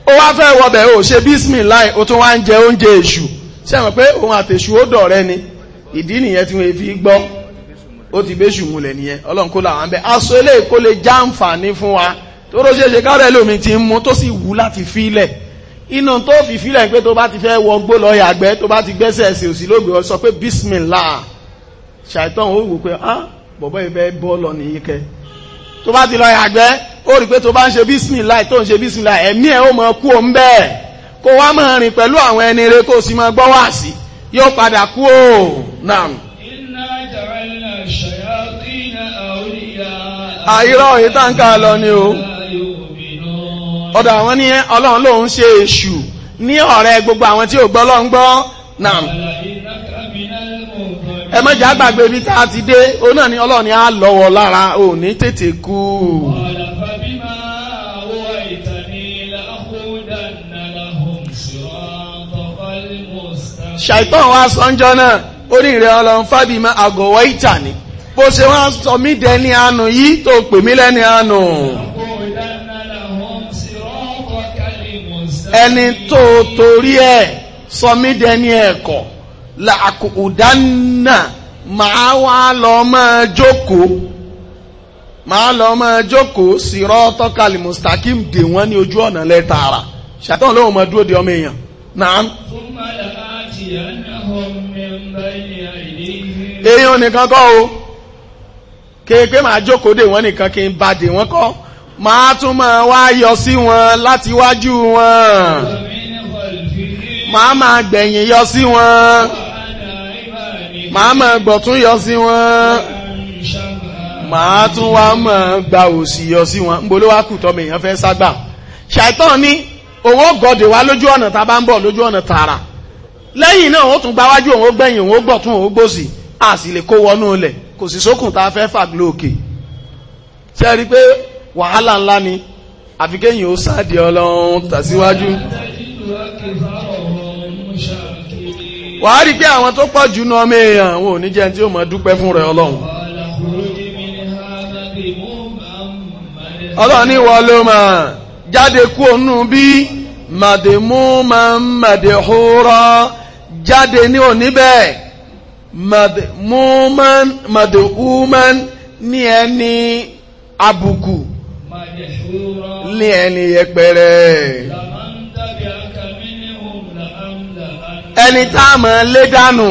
[SPEAKER 2] ó wá fẹ́ wọbẹ̀ ó ṣe bísmìláì ó tún wá ń jẹ oúnjẹ èṣù sẹ́wọ̀n pé òun àtèṣù ó dọ̀rẹ́ ni ìdí nìyẹn tí wọ́n fi gbọ́ ó ti béṣù múlẹ̀ nìyẹn ọlọ́run kó làwọn bẹ́ aṣọ ilé kó lè jàǹfààní fún wa tó ró ṣeéṣe kárẹ̀ lómi ti ń mú tó sì wú láti fílẹ̀ inú tó fi fílẹ̀ pé tó bá ti fẹ́ wọ gbó lọ yàgbẹ́ tó bá ti gbẹ́sẹ̀ ẹ̀sẹ̀ òsì lóògbé ọ sọ pé bísmìlá ṣàìtàn ó wò pé ah bọ̀bọ́ ìfẹ́ bọ́ lọ nìyí kẹ tó bá ti lọ yàgbẹ́ ó rí pé tó bá ń ṣe bísmìláì tó ń ṣe bísmìláì ẹ̀mí ẹ̀ o ń bẹ́ẹ̀ kó wá mọ̀ rìn pẹ̀lú àwọn ẹni rẹ kó o sì mọ̀ gbọ́ wá sí yóò padà kú o náà. lọ ni o ọ̀dọ̀ àwọn ní ọlọ́run lòun ṣe èṣù ní ọ̀rẹ́ gbogbo àwọn tí ò gbọ́ lọ́n gbọ́ náà ẹ mọ̀jà gbàgbé tá a ti dé òun náà ọlọ́run lára ò ní tètè kú. ṣàìtàn wa sọ́njọ́ náà orí ọlọ́run fábímọ́ àgọ̀wọ́ ìtà ni bó ṣe wá sọ mí dẹni àánú yìí tó pè mí lẹ́ni àánú. ẹni tó torí ẹ̀ sọ mí dẹni ẹ̀kọ́ làkùdánà màá wá lọ máa jókòó màá lọ máa jókòó sírọ́ tọ́kàlì mustakim dè wọ́n ní ojú ṣàtọ́ lóhùn mọ̀ dúró de ọmọ èèyàn náà. èèyàn nìkan kọ́ o kéèké máa jókòó dè wọ́n nìkan kí n bá dè wọ́n kọ́ máa yọ sí wọn láti wájú wọn máa máa gbẹ̀yìn yọ sí wọn máa máa gbọ̀tún yọ sí wọn Ma tún wá gba òsì yọ sí wọn ń bolówá kù èèyàn fẹ́ ṣàìtàn ni òun ó gọ̀dẹ̀ wá lójú ọ̀nà tá a bá ń bọ̀ lójú ọ̀nà tààrà lẹ́yìn náà òun tún gbáwájú òun ó gbẹ̀yìn òun ó gbọ̀tún òun ó gbòsì a sì lè kó wọnú ilẹ̀ kò sì sókùn tá a fẹ́ fàgbélé òkè ṣe rí i pé wàhálà ńlá ni àfi kéyìn ó sáàdì ọlọ́run tàsíwájú wàá rí pé àwọn tó pọ̀ jù náà mẹ́yàn àwọn òní jẹ́ tí ó mọ̀ dúpẹ́ fún rẹ̀ ọlọ́run ọlọ́run ní wọ́n ló máa jáde kú ònú bí màdèmú máa ń màdèhúrọ́ jáde ní òní bẹ́ẹ̀ màdèmú máa ń màdèhú máa ń ní ẹni àbùkù ní ẹni yẹpẹrẹ. ẹni tá a máa lé dànù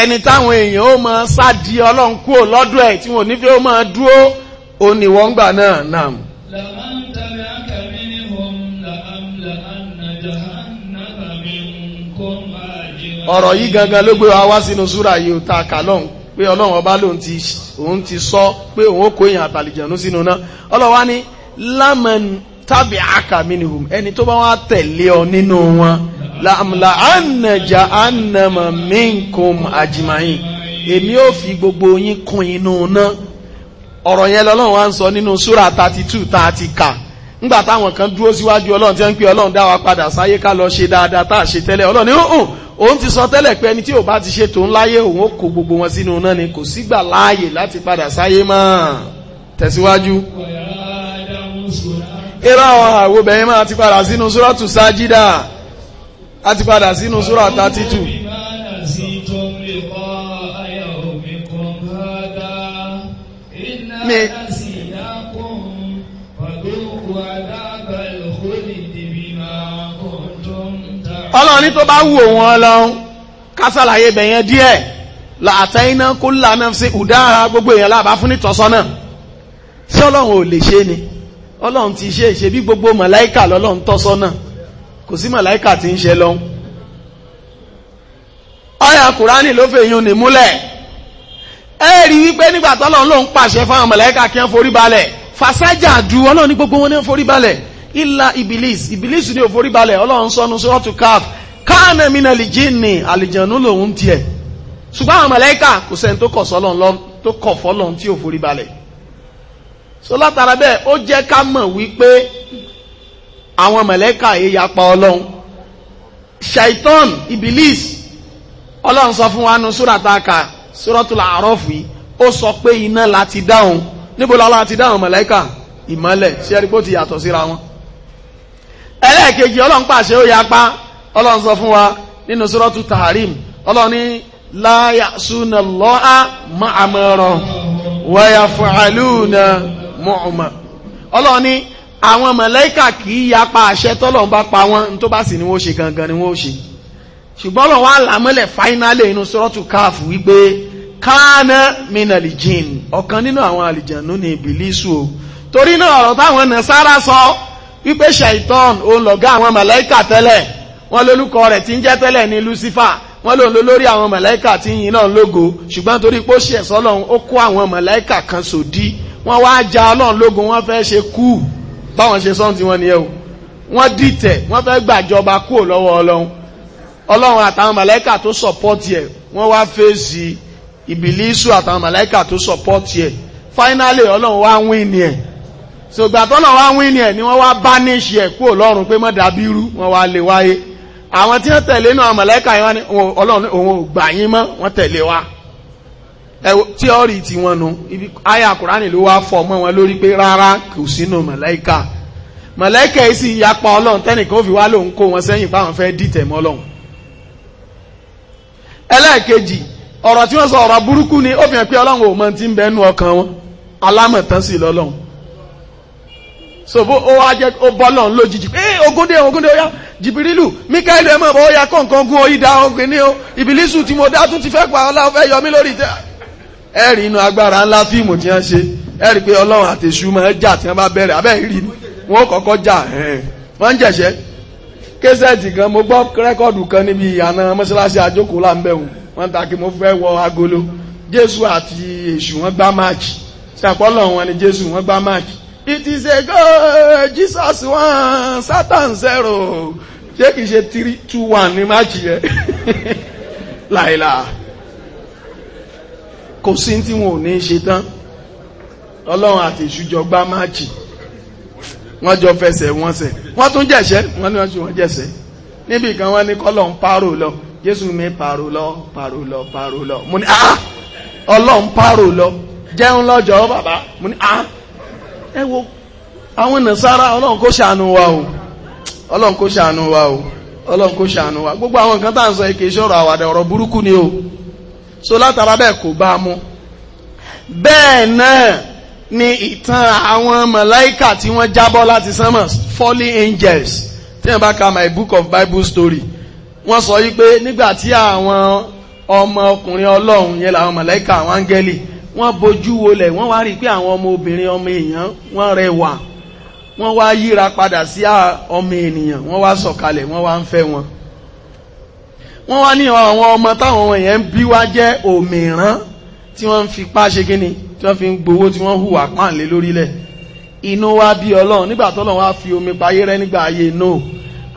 [SPEAKER 2] ẹni táwọn èèyàn ó máa sádi ọlọ́run kúrò lọ́dọ̀ ẹ̀ tí wọn ò ní fẹ́ ó máa dúró ó wọ́n gbà náà nàm. ọ̀rọ̀ yìí gangan ló gbé wa wá sínú súra yìí ó ta kà lọ́hùn pé ọlọ́run ọba lòun ti òun ti sọ pé òun ó kó èèyàn àtàlìjànú sínú náà ọlọ́wà ní lámàn tàbí àkàmínihùn ẹni tó bá wá tẹ̀lé ọ nínú wọn láàmùlà ànàjà ànàmà minkum àjìmáyìn èmi ó fi gbogbo yín kún inú náà ọ̀rọ̀ yẹn lọ́lọ́run wá ń sọ nínú súra 32 tá a kà nígbà táwọn kan dúró síwájú ọlọ́run tí wọ́n ń pè ọlọ́run dá wa padà sáyé ká lọ ṣe dáadáa tá a ṣe tẹ́lẹ̀ ọlọ́run ní òun ti sọ tẹ́lẹ̀ pé ẹni tí ò bá ti ṣe tòun láyé òun ó kó gbogbo wọn sínú náà ni kò sígbà láàyè láti padà sáyé mọ́ tẹ̀síwájú. irọ́ àwọn àwòbẹ̀yìn máa ti padà sínú súrọ́tù sájídà a ti padà sínú súrọ̀ tátítù.
[SPEAKER 1] mi ọlọ́run ní tó bá wù
[SPEAKER 2] òun ọlọ́run kásàlàyé bẹ̀yẹn díẹ̀ làtẹ́ iná kó lànà sí ìdára gbogbo èèyàn lábá fún ìtọ́sọ́nà ṣé ọlọ́run ò lè ṣe ni ọlọ́run ti ṣe ṣe bí gbogbo màláìkà lọ́lọ́run tọ́sọ́nà kò sí màláìkà tí ń ṣe lọ́hun ọ̀yà kùránì ló fẹ́ yún ní múlẹ̀ ẹ rí wípé nígbà tọ́lọ́run ló ń pàṣẹ fáwọn màláìkà kí wọ́n forí balẹ̀ fàṣájà ju ọlọ́run ní gbogbo wọn ní forí balẹ̀ ìlà ibilis ibilis ni òforí balẹ̀ ọlọ́run sọ́nu sọ́tù káf káàmẹ́ mi náà lè jí ní àlìjànú lòun tiẹ̀ ṣùgbọ́n àwọn mọ̀lẹ́kà kò sẹ́ni tó kọ̀ sọ́lọ́n tó kọ̀ fọ́lọ́n tí òforí balẹ̀ so látara bẹ́ẹ̀ ó jẹ́ ká mọ̀ wípé àwọn mọ̀lẹ́kà yìí yapa ọlọ́run shaitan ibilis ọlọ́run sọ fún wa nu súrata ka súratul A'raf yìí ṣe é rí pé ti yàtọ̀ síra wọn ẹlẹ́ẹ̀kejì ọlọ́run pàṣẹ ó yapa ọlọ́run sọ fún wa nínú sọ́rọ́tù taharim ọlọ́run ní láyà súnà lọ́á má àmọ́rọ̀ wọ́yà fàálùnà mọ́ọ̀mà ọlọ́run ní àwọn mọ̀lẹ́kà kì í yapa àṣẹ tọ́lọ́run bá pa wọ́n tó bá sì gangan ni wọ́n ṣe ṣùgbọ́n ọlọ́run wá làmọ́lẹ̀ fáínálẹ̀ inú sọ́rọ́tù wípé ọ̀kan nínú àwọn o torí sọ wípé ṣàìtàn òun lọ̀gá àwọn màláíkà tẹ́lẹ̀ wọ́n lórúkọ rẹ̀ tí ń jẹ́ tẹ́lẹ̀ ní Lucifer wọ́n lòun ló lórí àwọn màláíkà tí yìn náà lógo ṣùgbọ́n torí pé ó ṣe ẹ̀sọ́ lọ́hun ó kó àwọn màláíkà kan sòdí wọ́n wá ja Ọlọ́run lógun wọ́n fẹ́ ṣe kú báwọn ṣe sọ́n tí wọ́n nìyẹn o wọ́n dìtẹ̀ wọ́n fẹ́ gbàjọba kúrò lọ́wọ́ Ọlọ́run Ọlọ́run àtàwọn màláíkà tó sọ̀pọ́tì ẹ̀ wọ́n wá fèsì ìbìlísù àtàwọn màláíkà tó sọ̀pọ́tì ẹ̀ fáínálì Ọlọ́run wá wín ni ẹ̀ so gbàtọ́nà wá wí ni ẹ̀ ni wọ́n wá bá ní ṣe ẹ̀ kúrò lọ́rùn pé mọ́ dàbí irú wọ́n wá lè wáyé àwọn tí wọ́n tẹ̀lé náà mọ̀lẹ́kà yẹn wá ní ọlọ́run òun ò mọ́ wọ́n tẹ̀lé wa ẹ̀wọ̀ tíọ́rì tí wọ́n nu ibi àyà kùránì ló wá fọ́ mọ́ wọn lórí pé rárá kò sínú mọ̀lẹ́kà mọ̀lẹ́kà yìí sì yapa ọlọ́run tẹ́nìkan ó fi wá lòun kó wọn sẹ́yìn báwọn fẹ́ dìtẹ̀ mọ́ ọlọ́run ẹlẹ́ẹ̀kejì ọ̀rọ̀ tí wọ́n sọ ọ̀rọ̀ burúkú ni ó fi hàn pé ọlọ́run ò mọ ti ń bẹ́nu ọkàn wọn alámọ̀tán sì lọ́lọ́run so bó eh, ó wá jẹ́ ó bọ́ lọ́n lójijì pé ogúndé ogúndé óyá jìbìrìlù Míkáílù ẹ̀mọ́ bó óyá kọ̀ọ̀kan gún orí da ọ̀gbìn ní o ìbílísù tí mo dá tún ti fẹ́ pa ọlá ọ̀fẹ́ yọmí lórí tẹ́ ẹ̀rì inú agbára ńlá fíìmù tí wọ́n ṣe ẹ̀rì pé ọlọ́run àtẹ̀sù máa jà tí wọ́n bá bẹ̀rẹ̀ abẹ́ ìrì ni wọ́n kọ́kọ́ jà wọ́n ń jẹ̀ṣẹ́ késẹ̀tì kan mo gbọ́ rẹ́kọ̀dù kan níbi ìyànà mọ́ṣáláṣí àjókòó láńbẹ̀wò wọ́n ta kí mo fẹ́ wọ agolo Jésù àti èṣù wọ́n gbá máàkì ṣàpọ́lọ̀ wọn ni Jésù wọ́n gbá máàkì it is a goal Jesus one Satan zero ṣé kìí ṣe three two one ní máàkì yẹn [laughs] láìláà kò sí tí wọn ò ní ṣe tán ọlọ́run àti ìṣújọgbá máàkì wọ́n jọ fẹsẹ̀ wọ́n sẹ̀ wọ́n tún jẹ̀ṣẹ́ wọ́n ní wọ́n ṣe wọ́n jẹ̀ṣẹ́ níbi kan wọ́n ní kọ́lọ̀ ń pààrò lọ Jésù mi pààrò lọ pààrò lọ pààrò lọ mo ní ah ọlọ́run pààrò lọ jẹun lọ́jọ́ bàbá mo ní ah ẹ wo àwọn nàṣàrà ọlọ́run kó ṣàánú wa o ọlọ́run kó ṣàánú wa o ọlọ́run kó ṣàánú wa gbogbo àwọn nǹkan tá à ń sọ èké ìṣòro ọ̀rọ̀ burúkú ni o so látara bẹ́ẹ̀ kò bá mú bẹ́ẹ̀ náà ni ìtàn àwọn màláíkà tí wọ́n jábọ́ láti sánmọ̀ fallen angels tí wọ́n bá ka my book of bible story wọ́n sọ yí pé nígbà tí àwọn ọmọ ọkùnrin ọlọ́run yẹn làwọn màláíkà àwọn áńgẹ́lì wọ́n bojú wolẹ̀ wọ́n wá rí pé àwọn ọmọ obìnrin ọmọ èèyàn wọ́n rẹwà wọ́n wá yíra padà sí ọmọ ènìyàn wọ́n wá sọ̀kalẹ̀ wọ́n wá ń fẹ́ wọn wọ́n wá ní àwọn ọmọ táwọn ọmọ yẹn ń bí wá jẹ́ òmìrán tí wọ́n ń fi pá ṣe kíni tí wọ́n fi ń gbowó tí wọ́n hùwà páàlé lórílẹ̀ inú wa bí ọlọ́run nígbà tọ́lọ́run wá fi omi payé rẹ́ nígbà ayé no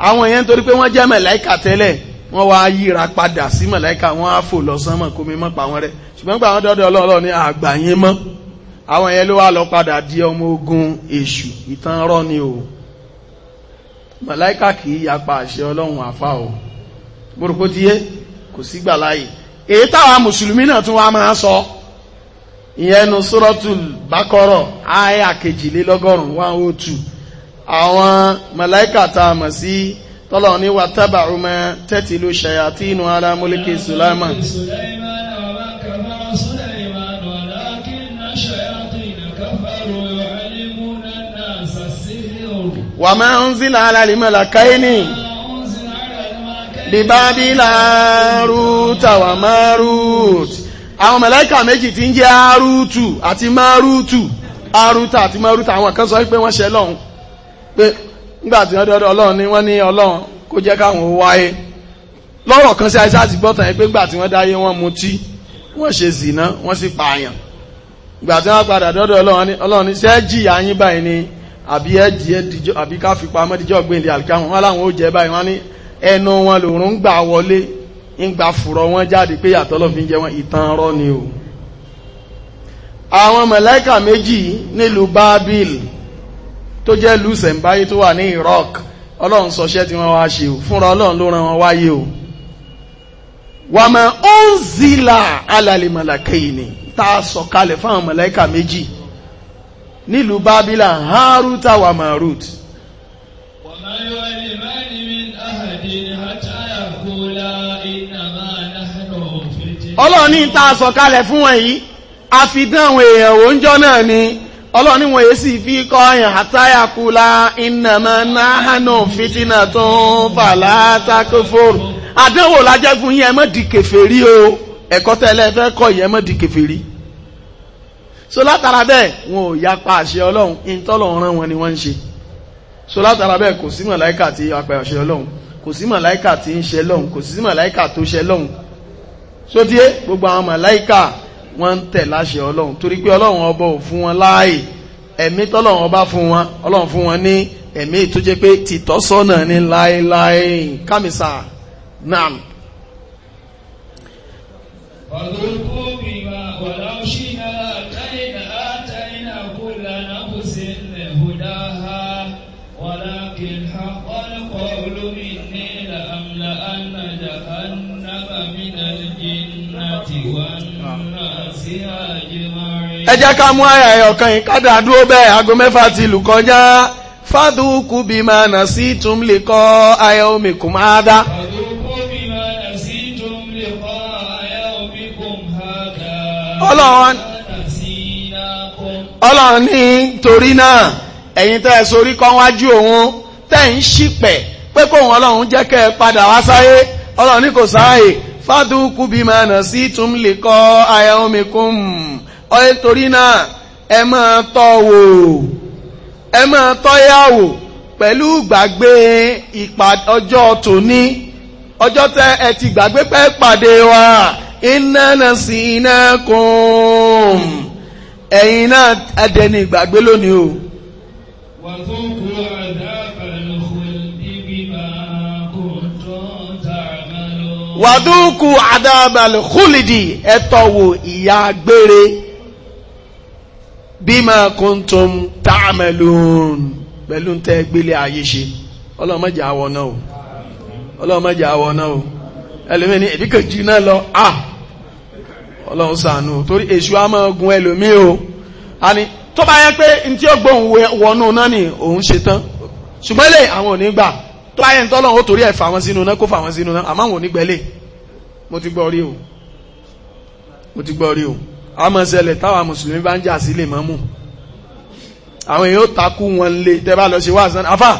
[SPEAKER 2] àwọn yẹn torí pé wọ́n jẹ́ mẹ̀láìkà tẹ́lẹ̀ wọ́n wá yíra padà sí mẹ̀láìkà wọ́n á fò lọ sánmọ̀ kómi mọ́ pa wọ́n rẹ́ ṣùgbọ́n gbà wọ́n dọ́dọ̀ ọlọ́ọ̀lọ́ ní àgbàyín mọ́ àwọn yẹn ló wá lọ padà di ọmọ ogun èṣù ìtàn rọ́ ni o màláíkà kì í yapa àṣẹ ọlọ́run àfà o gbòròkó ti yé kò sí gbà láàyè èyí táwa mùsùlùmí náà tún wá máa sọ ìyẹn nu suratul Baqara àyà ún one oh two àwọn màláíkà tá a mọ̀ sí tọ́lọ̀ ní wàtábà ọmọ tẹ́tìlú ṣayàtínú ara múlíkì Sùlámà. wà máa ń zílà alálìmọ̀lá káínì bíbábílà rúta wà márùt àwọn mẹ̀lẹ́kà méjì tí ń jẹ́ arútù àti márùtù arúta àti márùta àwọn kan sọ pé wọ́n ṣe lọ́hun pé nígbàtí wọ́n dọ́dọ́ ọlọ́run ni wọ́n ní ọlọ́run kó jẹ́ káwọn wáyé lọ́rọ̀ kan sí àìsá àti gbọ́tàn yẹn pé gbà tí wọ́n dáyé wọ́n mutí wọ́n ṣe zìnà wọ́n sì pààyàn gbà tí wọ́n padà dọ́dọ̀ ọlọ́run ní ọlọ́run ní báyìí ni àbí ẹ̀dì ẹ̀dìjọ́ àbí ká fi pamọ́ díjọ́ gbé ilẹ̀ àlìkáwọn wọn láwọn ó jẹ báyìí wọn ní ẹnu wọn lòrùn ń gbà wọlé ń gbà fùrọ̀ wọn jáde pé yàtọ̀ lọ́fin jẹ wọn ìtàn rọ́ ni o àwọn mẹ̀lẹ́kà méjì nílùú Bábíl tó jẹ́ ìlú sẹ̀mbáyé tó wà ní Iraq ọlọ́run sọṣẹ́ tí wọ́n wá ṣe o fúnra ọlọ́run ló rán wọn wáyé o wà mẹ́ ń zìlà alàlè mọ̀lẹ́kà yìí ni tá a sọ̀kalẹ̀ fáwọn mẹ̀lẹ́kà méjì nílùú Bábílà Hárúta wà Márùt. ọlọ́ọ̀ni ta sọ̀kalẹ̀ fún wọn yìí àfidán àwọn èèyàn òǹjọ́ náà ni ọlọ́ọ̀ni wọ̀nyí sì fi kọ́ ọ̀yàn àtàyàkúlá ìnàmọ́ náhánà fìtínà tó ń fà látàkófòrò àdánwò lájẹ́ fún yín ẹ má di kèfèrí o ẹ̀kọ́ tẹ́lẹ̀ fẹ́ kọ́ yín ẹ má di kèfèrí. so látara bẹ́ẹ̀ wọn ò yapa àṣẹ ọlọ́run ìtọ́lọ̀ rán wọn ni wọ́n ń ṣe so látara bẹ́ẹ̀ kò sí màláíkà tí apẹ̀ àṣẹ ọlọ́run kò sí màláíkà tí ń ṣe lọ́hun kò sí màláíkà tó ṣe lọ́hun so tí gbogbo àwọn màláíkà wọ́n ń tẹ̀ láṣẹ ọlọ́run torí pé ọlọ́run ọba ò fún wọn láàyè ẹ̀mí tọ́lọ́run ọba fún wọn ọlọ́run fún wọn ní ẹ̀mí tó jẹ́ pé tìtọ́sọ́nà ní láéláé kámísà náà.
[SPEAKER 1] ọ̀lú ẹ jẹ́ ká mú àyà
[SPEAKER 2] ẹ̀ ọ̀kan yìí kádà dúró bẹ́ẹ̀ aago mẹ́fà ti lù kọjá fàdúkù bí máa nà sí tún lè kọ́ ayé omi kùn máa dá. ọlọ́run ní torí náà ẹ̀yin tẹ́ ẹ sorí kọ́ wájú òun tẹ́ ń ṣìpẹ̀ pé kóun ọlọ́run jẹ́ kẹ́ ẹ padà wá sáyé ọlọ́run ní kò sáàyè fàdúkù bí máa nà sí tún lè kọ́ ayé omi kùn máa dá ọyẹ torí náà ẹ máa tọ́ wò ẹ máa tọ́yàwó pẹ̀lú gbàgbé ọjọ́ tòní ọjọ́ tẹ ẹ ti gbàgbé pẹ́ pàdé wa iná náà sí iná kùn ẹ̀yin náà ẹdẹni ìgbàgbé lónìí o. wà tó kú àdá àlùkò ìyá gbére. bima kuntum ta'malun pẹ̀lú tẹ́ gbélé ayé ṣe ọlọ́mọjà awọ náà o ọlọ́mọjà awọ náà o ẹlòmí ni náà lọ a ọlọ́run ṣàánú torí èṣù á máa ẹlòmí o a tó bá yẹ pé n tí ó ni òun ṣe tán ṣùgbọ́n àwọn òní tó bá yẹ ó torí ẹ̀ fà wọn sínú náà kó fà wọn sínú náà o mo ti o. amọ̀sẹ̀lẹ̀ táwa mùsùlùmí bá ń jà sílé mọ́mù àwọn èèyàn takú wọn lè tẹ́bá lọ ṣe wá sán afá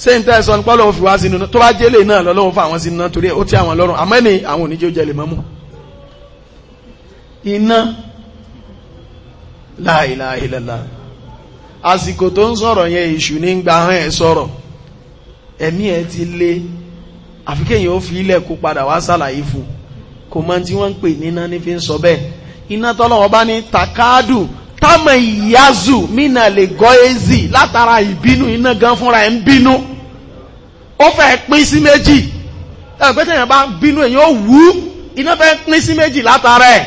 [SPEAKER 2] ṣe ń tẹ́ẹ̀sọ nípa lọ́wọ́ fi wá sínú náà tó bá jẹ́lẹ̀ náà lọ́lọ́wọ́ fún àwọn sínú náà torí ó tí àwọn lọ́rùn àmẹ́ni àwọn oníjẹ́ jẹ́lẹ̀ mọ́mù iná la ilaha illallah àsìkò tó ń sọ̀rọ̀ yẹn èṣù ní ń gba ẹ̀ sọ̀rọ̀ ẹ̀mí ẹ̀ ti lé àfikẹ́yìn ó fi ilẹ̀ kó padà wá sàlàyé fún kò mọ́ tí wọ́n ń pè níná ní fi ń sọ bẹ́ẹ̀ iná tọ́lọ́wọ́ bá ní takádù támọ̀ ìyázù mínà lè gọ́ ezì látara ìbínú iná gan fúnra ẹ̀ ń bínú ó fẹ́ pín sí méjì ẹ̀ pé tẹ̀yàn bá bínú èyàn ó wú iná fẹ́ pín sí méjì látara ẹ̀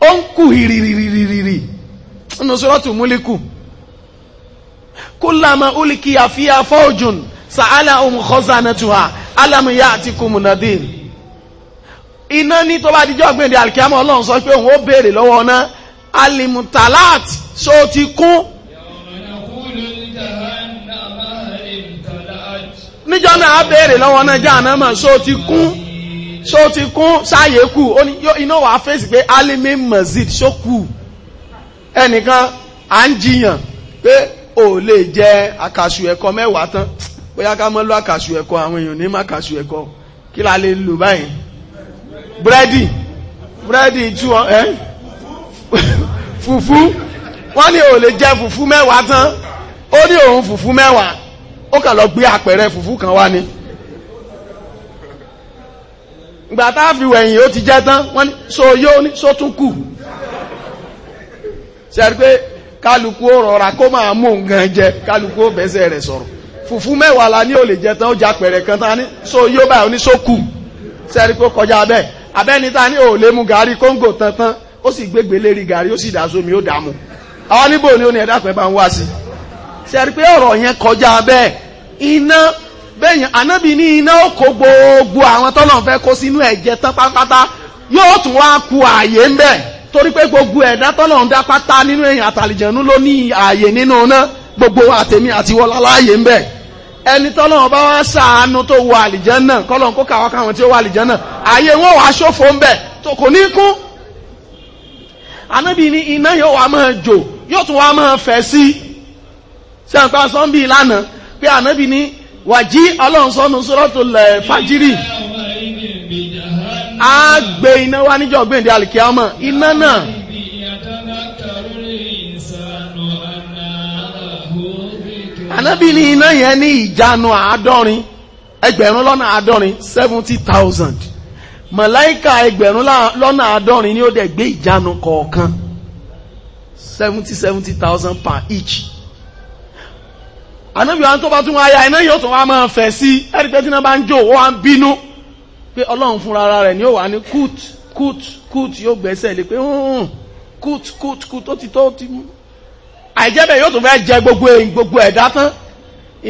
[SPEAKER 2] ó ń kù hìrìrìrìrìrì nínú sọ́rọ́tù múlíkù kullama ulkiya fiha fawjun sa'alahum khazanatuha alam ya'tikum nadhir iná ní tó bá dijọ́ gbèndé alikiamọ Ọlọ́run sọ pé òun ó béèrè lọ́wọ́ ọ̀nà alimutalat so ti kún. níjọ́ náà á béèrè lọ́wọ́ ọ̀nà jahannama so ti kún so ti kún sáàyè kù iná wàá fèsì pé alimi mazid so kù ẹnìkan à ń jiyàn pé ò lè jẹ àkàṣù ẹ̀kọ mẹ́wàá tán bóyá ká mọ́ lọ àkàṣù ẹ̀kọ àwọn èèyàn ní má àkàṣù ẹ̀kọ kí la lè lò báyìí. búrẹ́dì búrẹ́dì two ẹ́ fùfú wọ́n ni ò lè jẹ fùfú mẹ́wàá tán ó ní òun fùfú mẹ́wàá ó kà lọ gbé àpẹẹrẹ fùfú kan wá ni gbàtà tá ó ti jẹ tán wọ́n ni so yóò ní so tún kù ṣẹ́rí pé kálukú ó rọra kó máa mú nǹkan jẹ kálukú ó bẹ́sẹ̀ rẹ̀ sọ̀rọ̀ fùfú mẹ́wàá la ni ò lè jẹ tán ó jẹ àpẹẹrẹ kan tán ní so yóò báyìí ó ní so kù ṣẹ́rí pé ó kọjá bẹ́ẹ̀ abẹ́ni ta ní òòlé mu gàrí kóńgò tantan ó sì gbégbé lérí gàrí ó sì dà ó dààmú àwọn níbo ni ó ní ẹ̀dá pẹ́ bá ń wá sí i ṣe rí i pé ọ̀rọ̀ yẹn kọjá bẹ́ẹ̀ iná bẹ́yìn ànábì ní iná ó kó gbogbo àwọn tọ́lọ̀ fẹ́ kó sínú ẹ̀jẹ̀ tán pátápátá yóò tún wá ku ààyè ń bẹ̀ torí pé gbogbo ẹ̀dá tọ́lọ̀ ń dá pátá nínú èèyàn àtàlìjẹ̀nú ló ní ààyè nínú náà gbogbo àtẹ̀mí àtiwọ́lá láàyè ń bẹ̀ ẹni tọ́lọ́wọ́n bá wá ṣàánú tó wọ àlìjẹ́nà kọ́lọ́n kó kàwọ́ káwọn tí ó wọ àlìjẹ́nà ààyè wọn wàá ṣòfò ń bẹ̀ tó kò ní kú anábì ní iná yóò wá máa jò yóò tún wá máa fẹ̀ sí ṣé à ń pa sọ́ńbì lánàá pé anábì ní wàjí ọlọ́run sọ́nu suratul fàjírì á gbé iná wá níjọ́ gbèǹdé àlìkíámọ̀ iná náà anábì iná yẹn ní ìjánu àádọ́rin ẹgbẹ̀rún lọ́nà àádọ́rin seventy thousand ẹgbẹ̀rún lọ́nà àádọ́rin ni ó dẹ̀ gbé ìjánu kọ̀ọ̀kan seventy seventy thousand per each anábì wa tó bá tún wáyà iná yóò tún wá máa fẹ̀ sí ẹ̀rí pé tí bá ń ni ó wà ní kút kút kút yóò gbẹ́sẹ̀ lé pé kút kút kút àìjẹ́bẹ̀ yóò tún fẹ́ jẹ gbogbo èyí gbogbo ẹ̀dá tán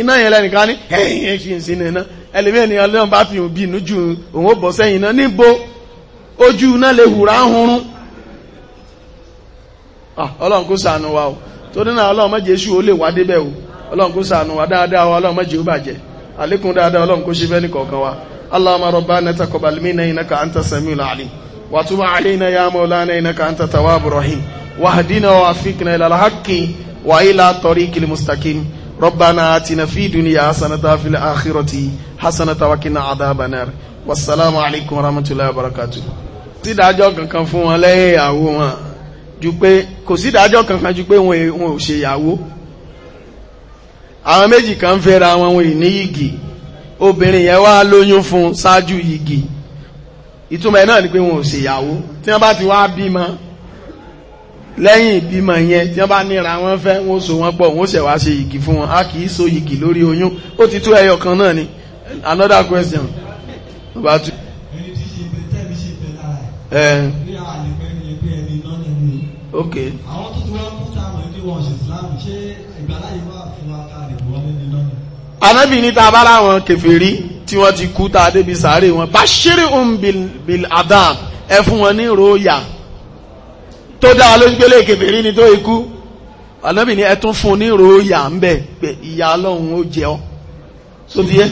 [SPEAKER 2] iná yẹn lẹ́nìkan ní ẹ̀yìn ẹ̀ṣì ń sinmi iná ẹlẹ́mí ènìyàn lẹ́wọ̀n bá fi hùn bí inú ju òun ó bọ̀ sẹ́yìn iná níbo ojú iná lè hùrà ń hunrun ọlọ́run kó wa o torí náà ọlọ́run ó lè wá débẹ̀ o ọlọ́run واهدنا وافقنا إلى الحق وإلى طريق المستقيم ربنا آتنا في دنيا حسنة في الآخرة حسنة وقنا عذاب النار والسلام عليكم ورحمة الله وبركاته sí ìdájọ́ kankan fún wọn lẹ́yìn ìyàwó wọn ju pé kò sí ìdájọ́ kankan ju pé wọn ò ṣe ìyàwó àwọn méjì kan fẹ́ra wọn wọn ní yìgì obìnrin yẹn wá lóyún fún ṣáájú yìgì ìtumọ̀ ẹ̀ náà ni pé wọn ò ṣe ìyàwó tí wọ́n bá ti wá bímọ lẹ́yìn ìbímọ yẹn tí wọ́n bá níra wọ́n fẹ́ wọ́n so wọ́n pọ̀ wọ́n ṣẹ̀ ṣe yìgì fún wọn a kì so yìgì lórí oyún ó ti tó ẹyọ kan náà ni another question number anábì ní ta bá láwọn kèfèrí tí wọ́n ti kú tá débi sàárè wọn bá ṣeré òun bil adab ẹ fún wọn ní ròyà tó dáa lójú pé ni tó ikú ànábì ni ẹtún fún ní ròóyà ń bẹ pé ọlọ́run ó jẹ ọ́ tó yẹ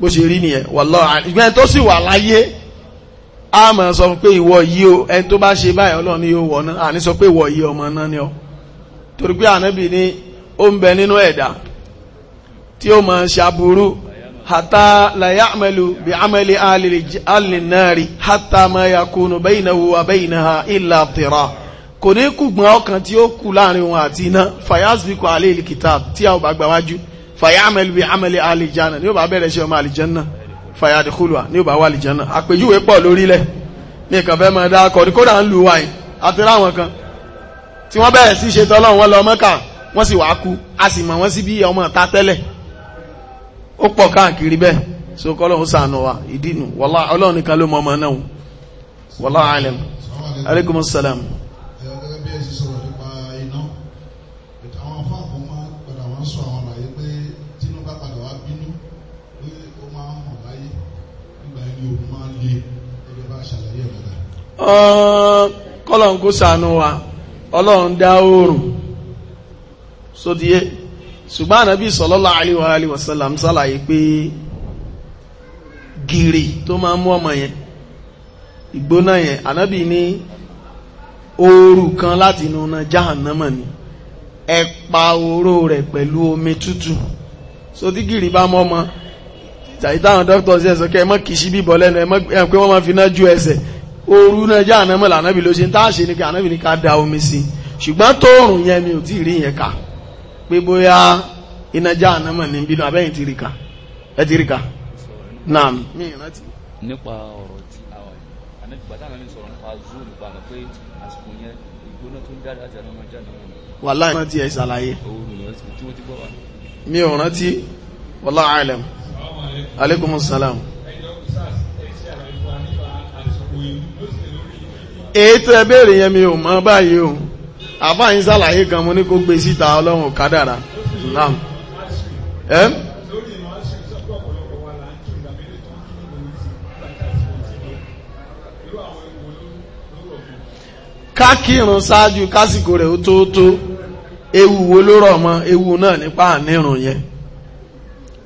[SPEAKER 2] bó ṣe rí nìyẹn tó sì wà láyé a mọ̀ sọ pé ìwọ yìí o tó bá ṣe báyìí sọ pé ìwọ ọ torí pé ànábì ni ó ń bẹ nínú ẹ̀dá tí ó ṣe aburú hata la ya'malu bi amali alìlì náàrí hata ma yakunu baynahu wa baynaha illa tira kò ní kùgbọ́n ọkàn tí ó kù láàrin wọn àti iná fayasbiku alìlì kitab tí a ò bá gbàwájú fayamalu bi amali alìjánà ní ó bá bẹ̀rẹ̀ sí ọmọ alìjánà fayadikulwa ní ó bá wà alìjánà àpèjúwe pọ̀ lórílẹ̀ ní ìkàn fẹ́ mọ̀ dákọ̀ ní kódà ń lu wáyé àti ráwọn kan tí wọ́n bẹ̀rẹ̀ sí ṣe tọ́lọ́run wọn lọ mọ́kà wọ́n sì wá kú a sì mọ̀ wọ́n sí bí ọmọ ta tẹ́lẹ̀ ó pọ̀ káàkiri bẹ́ẹ̀ so kọ́lọ́hún sànù wa ìdínú wọ́lá ọlọ́run nìkan ló mọ ọmọ náà wọ́lá alẹ́m aleykum salam. kọ́lọ́hún kó sànù wa ọlọ́run dá oòrùn sódìyé. So ṣùgbọ́n ànábì sallallahu alaihi wa alihi wasallam ṣàlàyé pé gìrì tó máa ń mú ọmọ yẹn ìgbóná yẹn ànábì ní ooru kan láti inú ọ̀nà jahannama ni ẹ pa oró rẹ̀ pẹ̀lú omi tútù so tí gìrì bá mọ́ ọmọ tàbí táwọn dókítà sí ẹ̀sọ́ kẹ́ ẹ mọ́ kì í sí bíbọ̀ lẹ́nu ẹ pé wọ́n máa fi náà pé bóyá iná já ànámọ̀ ní bínú abẹ́yìn ti ríka ẹ ti ríka náà mi ìrántí.
[SPEAKER 1] nípa ọ̀rọ̀ tí àwọn ànágbàtà náà ní sọ̀rọ̀ nípa zoro gbàgbọ́ pé àsìkò yẹn ìgbóná tó ń jáde láti ànámọ̀ jáde náà. wàláhì rántí ẹ ṣàlàyé
[SPEAKER 2] mi ò rántí wallahu a'lam
[SPEAKER 1] aleykum salaam.
[SPEAKER 2] èyí tó ẹ béèrè yẹn mi ò mọ báyìí o. àbáyín sàlàyé gan mo ní kó gbé síta ọlọ́run kádàrà náà ẹ́ kásìkò rẹ̀ ó tóótó ewu wo ló rọ̀ ewu náà nípa nírùn yẹn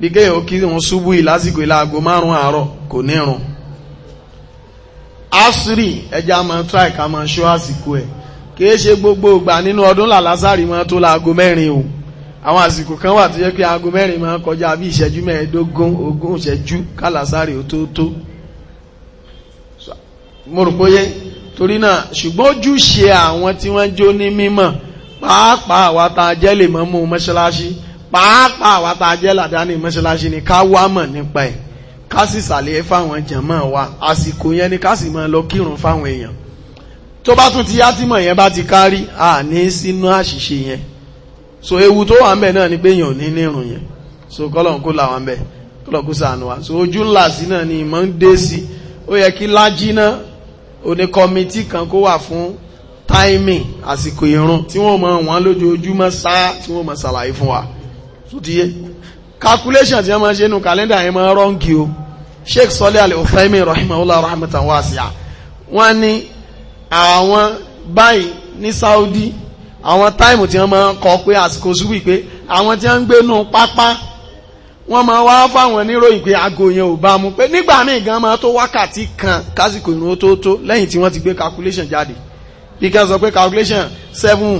[SPEAKER 2] bí kéèyàn kí wọn ṣubú yìí ìlàgò márùn-ún àárọ̀ asiri ẹja máa tíráì ká máa kìí ṣe gbogbo ìgbà nínú ọdún làlásàrì máa tó láago mẹ́rin o àwọn àsìkò kan wà tó yẹ pé aago mẹ́rin máa kọjá bí ìṣẹ́jú mẹ́ẹ̀ẹ́dógún ogún ìṣẹ́jú kàlásàrì ó tó tó mo rò póyé torí náà ṣùgbọ́n ojúṣe àwọn tí wọ́n jó ní mímọ̀ pàápàá àwa jẹ́ lè mọ́ mú mọ́ṣáláṣí pàápàá àwa jẹ́ làdáni mọ́ṣáláṣí ni ká wá mọ̀ nípa ẹ̀ ká sì ṣàlàyé fáwọn jàmáà wa àsìkò yẹn ni ká sì máa lọ kírun fáwọn èèyàn tó bá tún ti yá tí mọ̀ yẹn bá ti kárí à ní sínú àṣìṣe yẹn so ewu tó wà ń bẹ̀ náà ni pé èèyàn ní nírun yẹn so kọ́lọ̀n kó làwọn ń bẹ̀ kọ́lọ̀n kó sànù wa so ojú ńlá sí náà ni ìmọ̀ ń dé sí ó yẹ kí lájí náà ó ní kọmitì kan kó wà fún timing àsìkò ìrun tí wọ́n mọ̀ wọ́n lójoojúmọ́ sá tí wọ́n mọ̀ ṣàlàyé fún wa so ti yé calculation tí wọ́n máa ṣe nínú kàlẹ́ndà yẹn máa rọ́ǹkì o Sheikh Sọ́lé Al-Uthaymin rahimahullah rahmatan wasi'a wọ́n ní àwọn báyìí ní Saudi àwọn táìmù tí wọ́n máa ń kọ pé àsìkò ṣubú pé àwọn tí wọ́n ń gbénú pápá wọ́n máa wá fáwọn níròyìn pé aago yẹn ò bá mu pé nígbà míì gan máa tó wákàtí kan kásìkò ìrun tó tó lẹ́yìn tí wọ́n ti gbé calculation jáde bí kan sọ pé calculation seven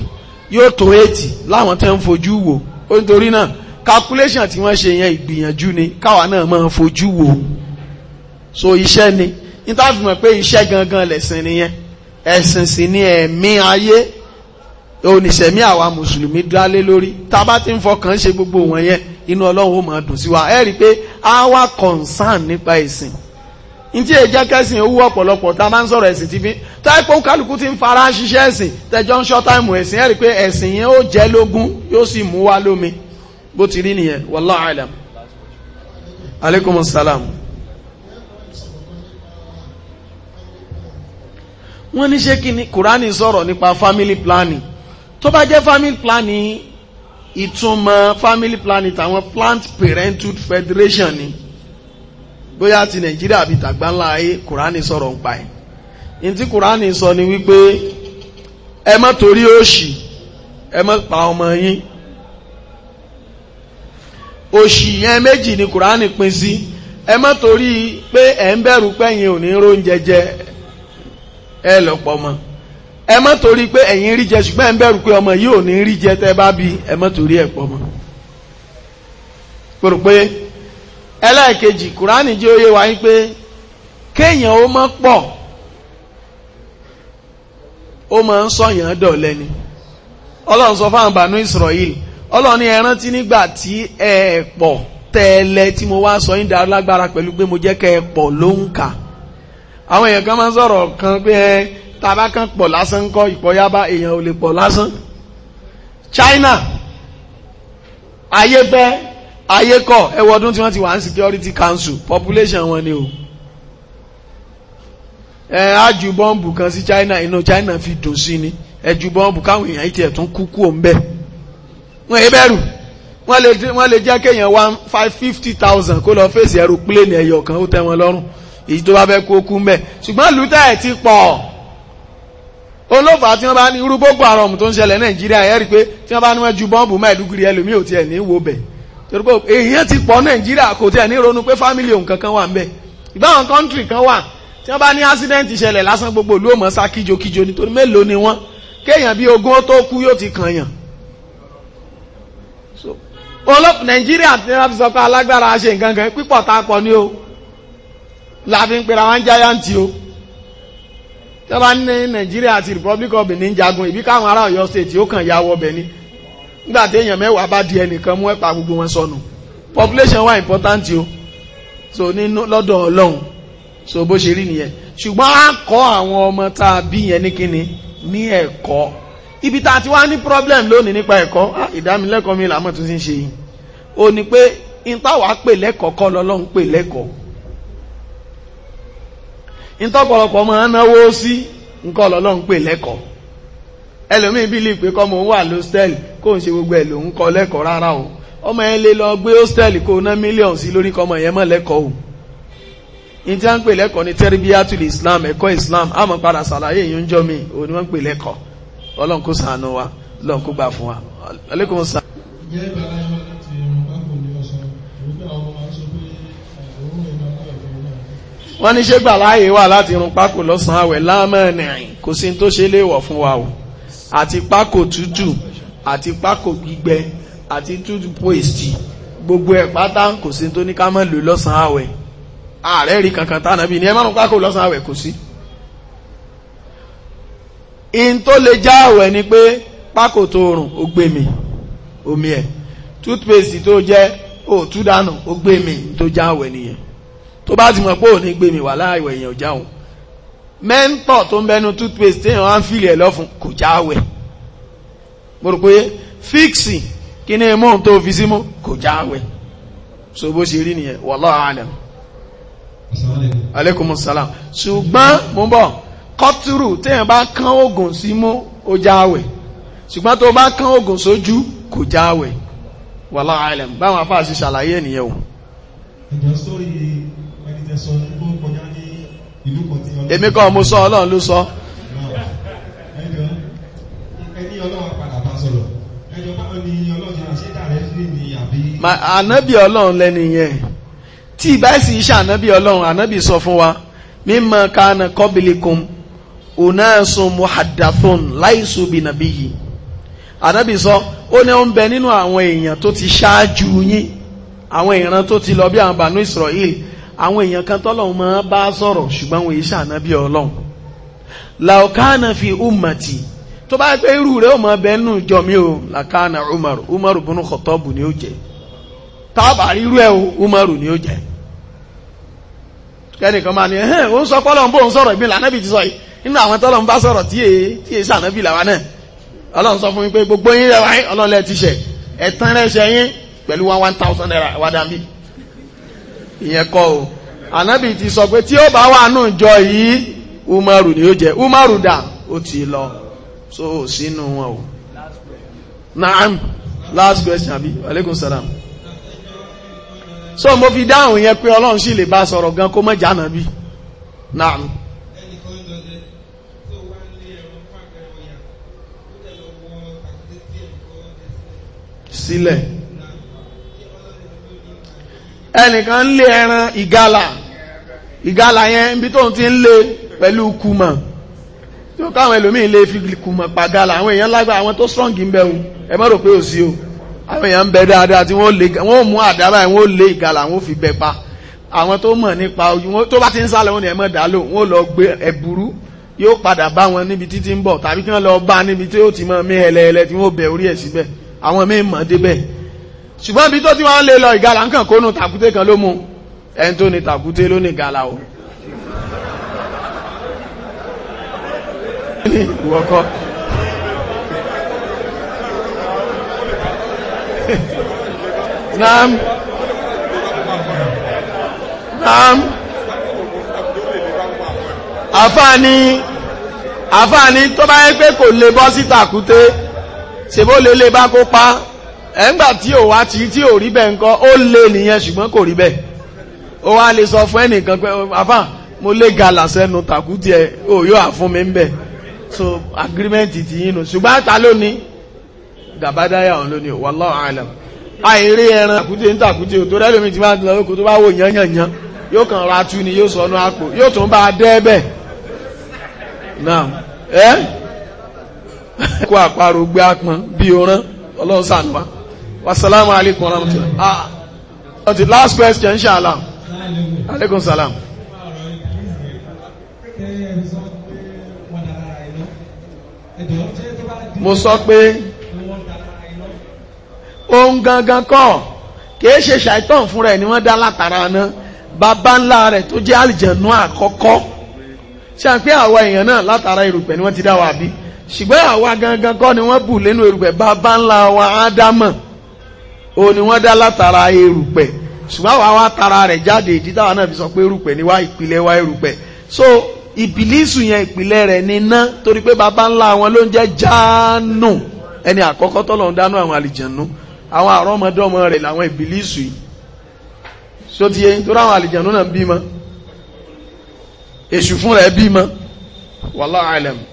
[SPEAKER 2] yóò tó eight láwọn tẹ́ ń fojú wò ó nítorí náà calculation tí wọ́n ṣe yẹn ìgbìyànjú ni káwa náà máa fojú wò so iṣẹ́ ni nítorí àfihàn pé iṣẹ́ gangan lẹ̀sìn nìyẹn ẹ̀sìn sì ni ẹ̀mí ayé oníṣẹ̀mí àwa mùsùlùmí dálé lórí tá a bá ti ń fọkàn ṣe gbogbo wọn yẹn inú ọlọ́run ó máa dùn sí wa ẹ rí i pé a wá concern nípa ẹ̀sìn ntí ẹ̀jẹ̀ kẹ́sìn owó ọ̀pọ̀lọpọ̀ tá a máa ń sọ̀rọ̀ ẹ̀sìn tv táìpọ̀ kálukú ti ń fara ṣiṣẹ́ ẹ̀sìn tẹjọ́ ń ṣọ́ táìmù ẹ̀sìn ẹ rí i pé ẹ̀sìn yẹn ó jẹ́ lógún yóò sì mú wa lómi bó ti rí nìyẹn wallahu alam. aleykum salaam. wọ́n ní ṣé kí ni kùránì sọ̀rọ̀ nípa family planning tó bá jẹ́ family planning ìtumọ̀ family planning tàwọn plant parenthood federation ni bóyá ti nàìjíríà àbí tàgbáńlá ayé kùránì sọ̀rọ̀ ń pa ẹ̀ ní kùránì sọ ni wípé ẹ má torí òṣì ẹ má pa ọmọ yín òṣì yẹn méjì ni kùránì pín sí ẹ má torí pé ẹ ń bẹ̀rù pẹ́yìn ò ní róúnjẹ jẹ ẹ lọ́pọ̀ ọmọ ẹ má torí pé ẹ̀yin rí jẹ ṣùgbọ́n ẹ ń bẹ̀rù pé ọmọ yìí ò ní rí jẹ tẹ bá bí ẹ má torí ẹ̀ pọ̀ ọmọ. pèrò pé ẹlẹ́ẹ̀kejì kùránì jẹ́ òye wa pé kéèyàn ó mọ́ pọ̀ ó máa ń sọ̀yàn dọ̀lẹ́ ni ọlọ́run sọ fáwọn bànú Israel ọlọ́run ní ẹ rántí nígbà tí ẹ pọ̀ tẹ́lẹ̀ tí mo wá sọ yín dá lágbára pẹ̀lú pé mo jẹ́ kẹ́ ẹ pọ̀ ló ń kà àwọn èèyàn kan máa ń sọ̀rọ̀ kan pé ẹ tàbá kan pọ̀ lásán kọ́ ìpọ̀yábá èèyàn ò lè pọ̀ lásán China ayé fẹ́ ayé kọ̀ ẹwọ ọdún tí wọ́n ti wà ní security council population wọn ni o ẹ á ju bọ́ǹbù kan sí China inú China fi dùn sí ni ẹ ju bọ́ǹbù káwọn èèyàn yìí tiẹ̀ tún kú kú òun bẹ́ẹ̀ wọ́n yẹ bẹ́ẹ̀ rù wọ́n lè jẹ́ kéèyàn one five fifty thousand kó lọ fèsì aeroplane ẹ̀yọ̀ kan ó tẹ́ wọn lọ́rùn èyí tó bá fẹ́ kó kú mbẹ̀ ṣùgbọ́n lùtẹ̀ ti pọ̀ olófà tí wọ́n bá ní irú boko haram tó ń ṣẹlẹ̀ nàìjíríà ẹ̀ rí pé tí wọ́n bá ní wọ́n ju bọ́ǹbù mẹ́ẹ̀ẹ́dúgiri ẹlòmíì ò tiẹ̀ ní wo bẹ̀ torí pé èèyàn ti pọ̀ nàìjíríà kò tiẹ̀ ní ronú pé fámìlì òun kankan wà ń bẹ̀ ìgbàwọn kọ́ńtìrì kan wà tí wọ́n bá ní ásídẹ́ǹtì ṣẹlẹ̀ lásán gbogbo ìlú òmọ̀ sá kíjokíjo nítorí mélòó ni wọ́n kéèyàn bí ogún tó kú yóò ti kàn yàn nàìjíríà ti sọ pé alágbára ṣe nǹkan kan pípọ̀ tá pọ̀ ní o láàfin ń pera wọn jáyàntì o tí ní Nàìjíríà àti Republic of Benin jagun ìbí káwọn ará Ọ̀yọ́ state ó kàn ya wọ Benin nígbà tí èèyàn mẹ́wàá bá di ẹnìkan mú ẹ̀pà gbogbo wọn sọnù population wa important o so nínú lọ́dọ̀ Ọlọ́run so bó ṣe rí nìyẹn ṣùgbọ́n a kọ́ àwọn ọmọ tá a bí yẹn ní kíni ní ẹ̀kọ́ ibi tá a ti wá ní problem lónìí nípa ẹ̀kọ́ ìdámilẹ́kọ̀ọ́ mi làmọ́ tún ti ń ṣe yìí ó ní pé ìtawà pè lẹ́kọ̀ọ́ kọ́ lọ́lọ́run pè lẹ́kọ̀ọ́ ìtọ́pọ̀lọpọ̀ máa náwó sí nǹkan ọlọ́lọ́ ń pè lẹ́kọ̀ọ́ ẹlòmíì bí lè pé kọ́mọ wà lóstẹ́lì kó ń ṣe gbogbo ẹ̀ ló ń kọ lẹ́kọ̀ọ́ rárá o ọmọ ẹ lè lọ gbé hóstẹ́lì kó ná mílíọ̀n sí lórí kọ́mọ yẹn o ní tí a ń pè lẹ́kọ̀ọ́ ní Islam ẹ̀kọ́ Islam a máa padà ṣàlàyé yìí ń jọ mi ò wọ́n ń pè lẹ́kọ̀ọ́ ọlọ́run wọ́n ní ṣé gbà láàyè wà láti irun pákò lọ́sàn-án àwẹ̀ lámẹ́rin kò sí tó ṣe léèwọ̀ fún wa o àti pákò tútù àti pákò gbígbẹ àti tútù pòèsì gbogbo ẹ̀ pátá kò sí tó ní ká má lò lọ́sàn-án àwẹ̀ ààrẹ rí kankan tánà bí ní ẹ márùn pákò lọ́sàn àwẹ̀ kò sí. in tó lè já àwẹ̀ ni pé pákò tó rùn ó gbé mi omi ẹ̀ toothpaste tó jẹ́ ó dànù ó gbé mi tó já àwẹ̀ nìyẹn tó bá ti mọ̀ pé òní gbé mi wà láàwẹ̀ èèyàn jáun mẹ́ńtọ̀ tó ń bẹnu toothpaste téèyàn á ń fìlì ẹ̀ lọ́fun kò jáwẹ̀ mo rò pé fíksì kí ní mọ́ tó fi símú kò jáwẹ̀ so bó ṣe rí nìyẹn wallahu alam alaikumus salam ṣùgbọ́n mo bọ̀ kọ́tùrù téèyàn bá kán oògùn símú ó jáwẹ̀ ṣùgbọ́n tó bá kán oògùn sójú kò jáwẹ̀ wallahu alam báwọn afáàṣì ṣàlàyé nìyẹn o ẹsọ tó kọjá ní ìlú kan tí ọlọ́run. èmi kan mo sọ ọlọ́run ló sọ. ẹni ọlọ́run padà bá sọ̀rọ̀ ẹjọ́ báwo ni ọlọ́run ti rà ṣé dàrẹ́ sí ni àbí. ànábì ọlọ́run lẹ́ni yẹn tí ìbá sì ṣe ànábì ọlọ́run ànábì sọ fún wa mímọ kánà kọ́bìlìkùn onáàsùn muhaddathun láìsù bìnàbí yìí ànábì sọ ó ní ó ń bẹ nínú àwọn èèyàn tó ti ṣáájú yín àwọn ìran tó ti lọ bí àwọn bànú Israel àwọn èèyàn kan tọ́lọ́hun máa bá sọ̀rọ̀ ṣùgbọ́n wọn ìṣà náà bí ọlọ́hun làọ̀kánà fi umati tó bá pé irú rẹ̀ ó máa bẹ nù jọ mi o làkánà umaru umaru bunu kọ̀tọ́bù ni ó jẹ tábà rírú ẹ̀ umaru ni ó jẹ kẹ́nìkan máa ní ẹ̀hẹ́n ó ń sọ pọ́lọ́hun bó ń sọ̀rọ̀ ìbí lànà bìí ti sọ yìí nínú àwọn tọ́lọ́hun bá one thousand naira wádàá ìyẹn kọ́ o ànábì ti sọ pé tí ó bá wà nù jọ yìí umaru ni ó jẹ umaru dà ó ti lọ so ò sínú wọn o naam last question àbí aleykum salam so mo fi dáhùn yẹn pé ọlọ́run sì lè bá sọ̀rọ̀ gan kó mọ̀ jánà bí naam. sílẹ̀ ẹnìkan ń lé ẹran ìgalà ìgalà yẹn ibi tó ti ń lé pẹ̀lú kùmọ̀ tí ó káwọn ẹlòmíì lè fi kùmọ̀ pàgàlà àwọn èèyàn lágbà àwọn tó strong ń bẹ̀rù ẹ má rò pé ò sí o àwọn èèyàn ń bẹ dáadáa tí wọ́n mú àdábà wọ́n lé ìgalà wọ́n fi bẹ̀ pa àwọn tó mọ̀ nípa ojú tó bá ti ń sálẹ̀ wọn ni ẹ má dá lò wọ́n lọ gbé ẹ̀bùrú yóò padà bá wọn níbi títí ń bọ̀ tàbí kí wọ́n lọ bá níbi tí ó ti mọ̀ mí ẹlẹ́ẹlẹ́ tí wọ́n bẹ̀ orí ẹ̀ síbẹ̀ àwọn míì mọ̀ débẹ̀ ṣùgbọ́n bí tó ti wọ́n lè lọ ìgalà nǹkan kó nù tàkúté kan ló mú ẹni tó ní tàkúté ló ní ìgalà o wọ́kọ́ naam naam àfáàní àfáàní tó bá yẹ pé kò lè bọ́ sí tàkúté ṣèbó lè lè bá kó pa ẹ̀ngbà tí ò wá tí tí ò rí bẹ́ẹ̀ ńkọ́ ó lè nìyẹn ṣùgbọ́n kò rí bẹ́ẹ̀ ó wá lè sọ fún ẹnìkan pé àfà mo ga yóò àfún mi ń bẹ̀ so agreement ti yín nu ṣùgbọ́n ta ló ní gàbádáyà òun ló ní wallahu alam àìrí ẹran tàkútì ń tàkútì ò ti máa ń lọ kó tó bá wò yán yán yán yóò kàn ra ni yóò àpò yóò tún bá a dẹ́ náà kó àparò gbé apọn wasalaamu alaikum warahmatullahi ah on the last question inshallah alaikum salam. mo sọ pé ohun gangan kọ́ kìí ṣe ṣàìtàn fún rẹ̀ ni wọ́n dá látara náà bàbá ńlá rẹ̀ tó jẹ́ àlìjẹ̀nú àkọ́kọ́ ṣàpé àwa èèyàn náà látara erùpẹ̀ ni wọ́n ti dá wa bí ṣùgbọ́n àwa gangan kọ́ ni wọ́n bù lẹ́nu erùpẹ̀ bàbá ńlá wa ádámọ̀ ó ní wọ́n dá látara erùpẹ̀ ṣùgbọ́n àwa wá tara rẹ̀ jáde ìdí táwa náà fi sọ pé erùpẹ̀ ni wá ìpìlẹ̀ wá erùpẹ̀ so ìbìlísù yẹn ìpìlẹ̀ rẹ̀ níná torí pé baba ńlá wọn ló ń jẹ́ jáánù ẹni àkọ́kọ́ tọ́lọ̀ ń dánú àwọn àlìjànú àwọn àrọ́mọdọ́mọ rẹ̀ làwọn ìbìlísù yìí so ti yẹ nítorí àwọn àlìjànú náà
[SPEAKER 1] bímọ èṣù fún rẹ̀ bímọ wallahu alam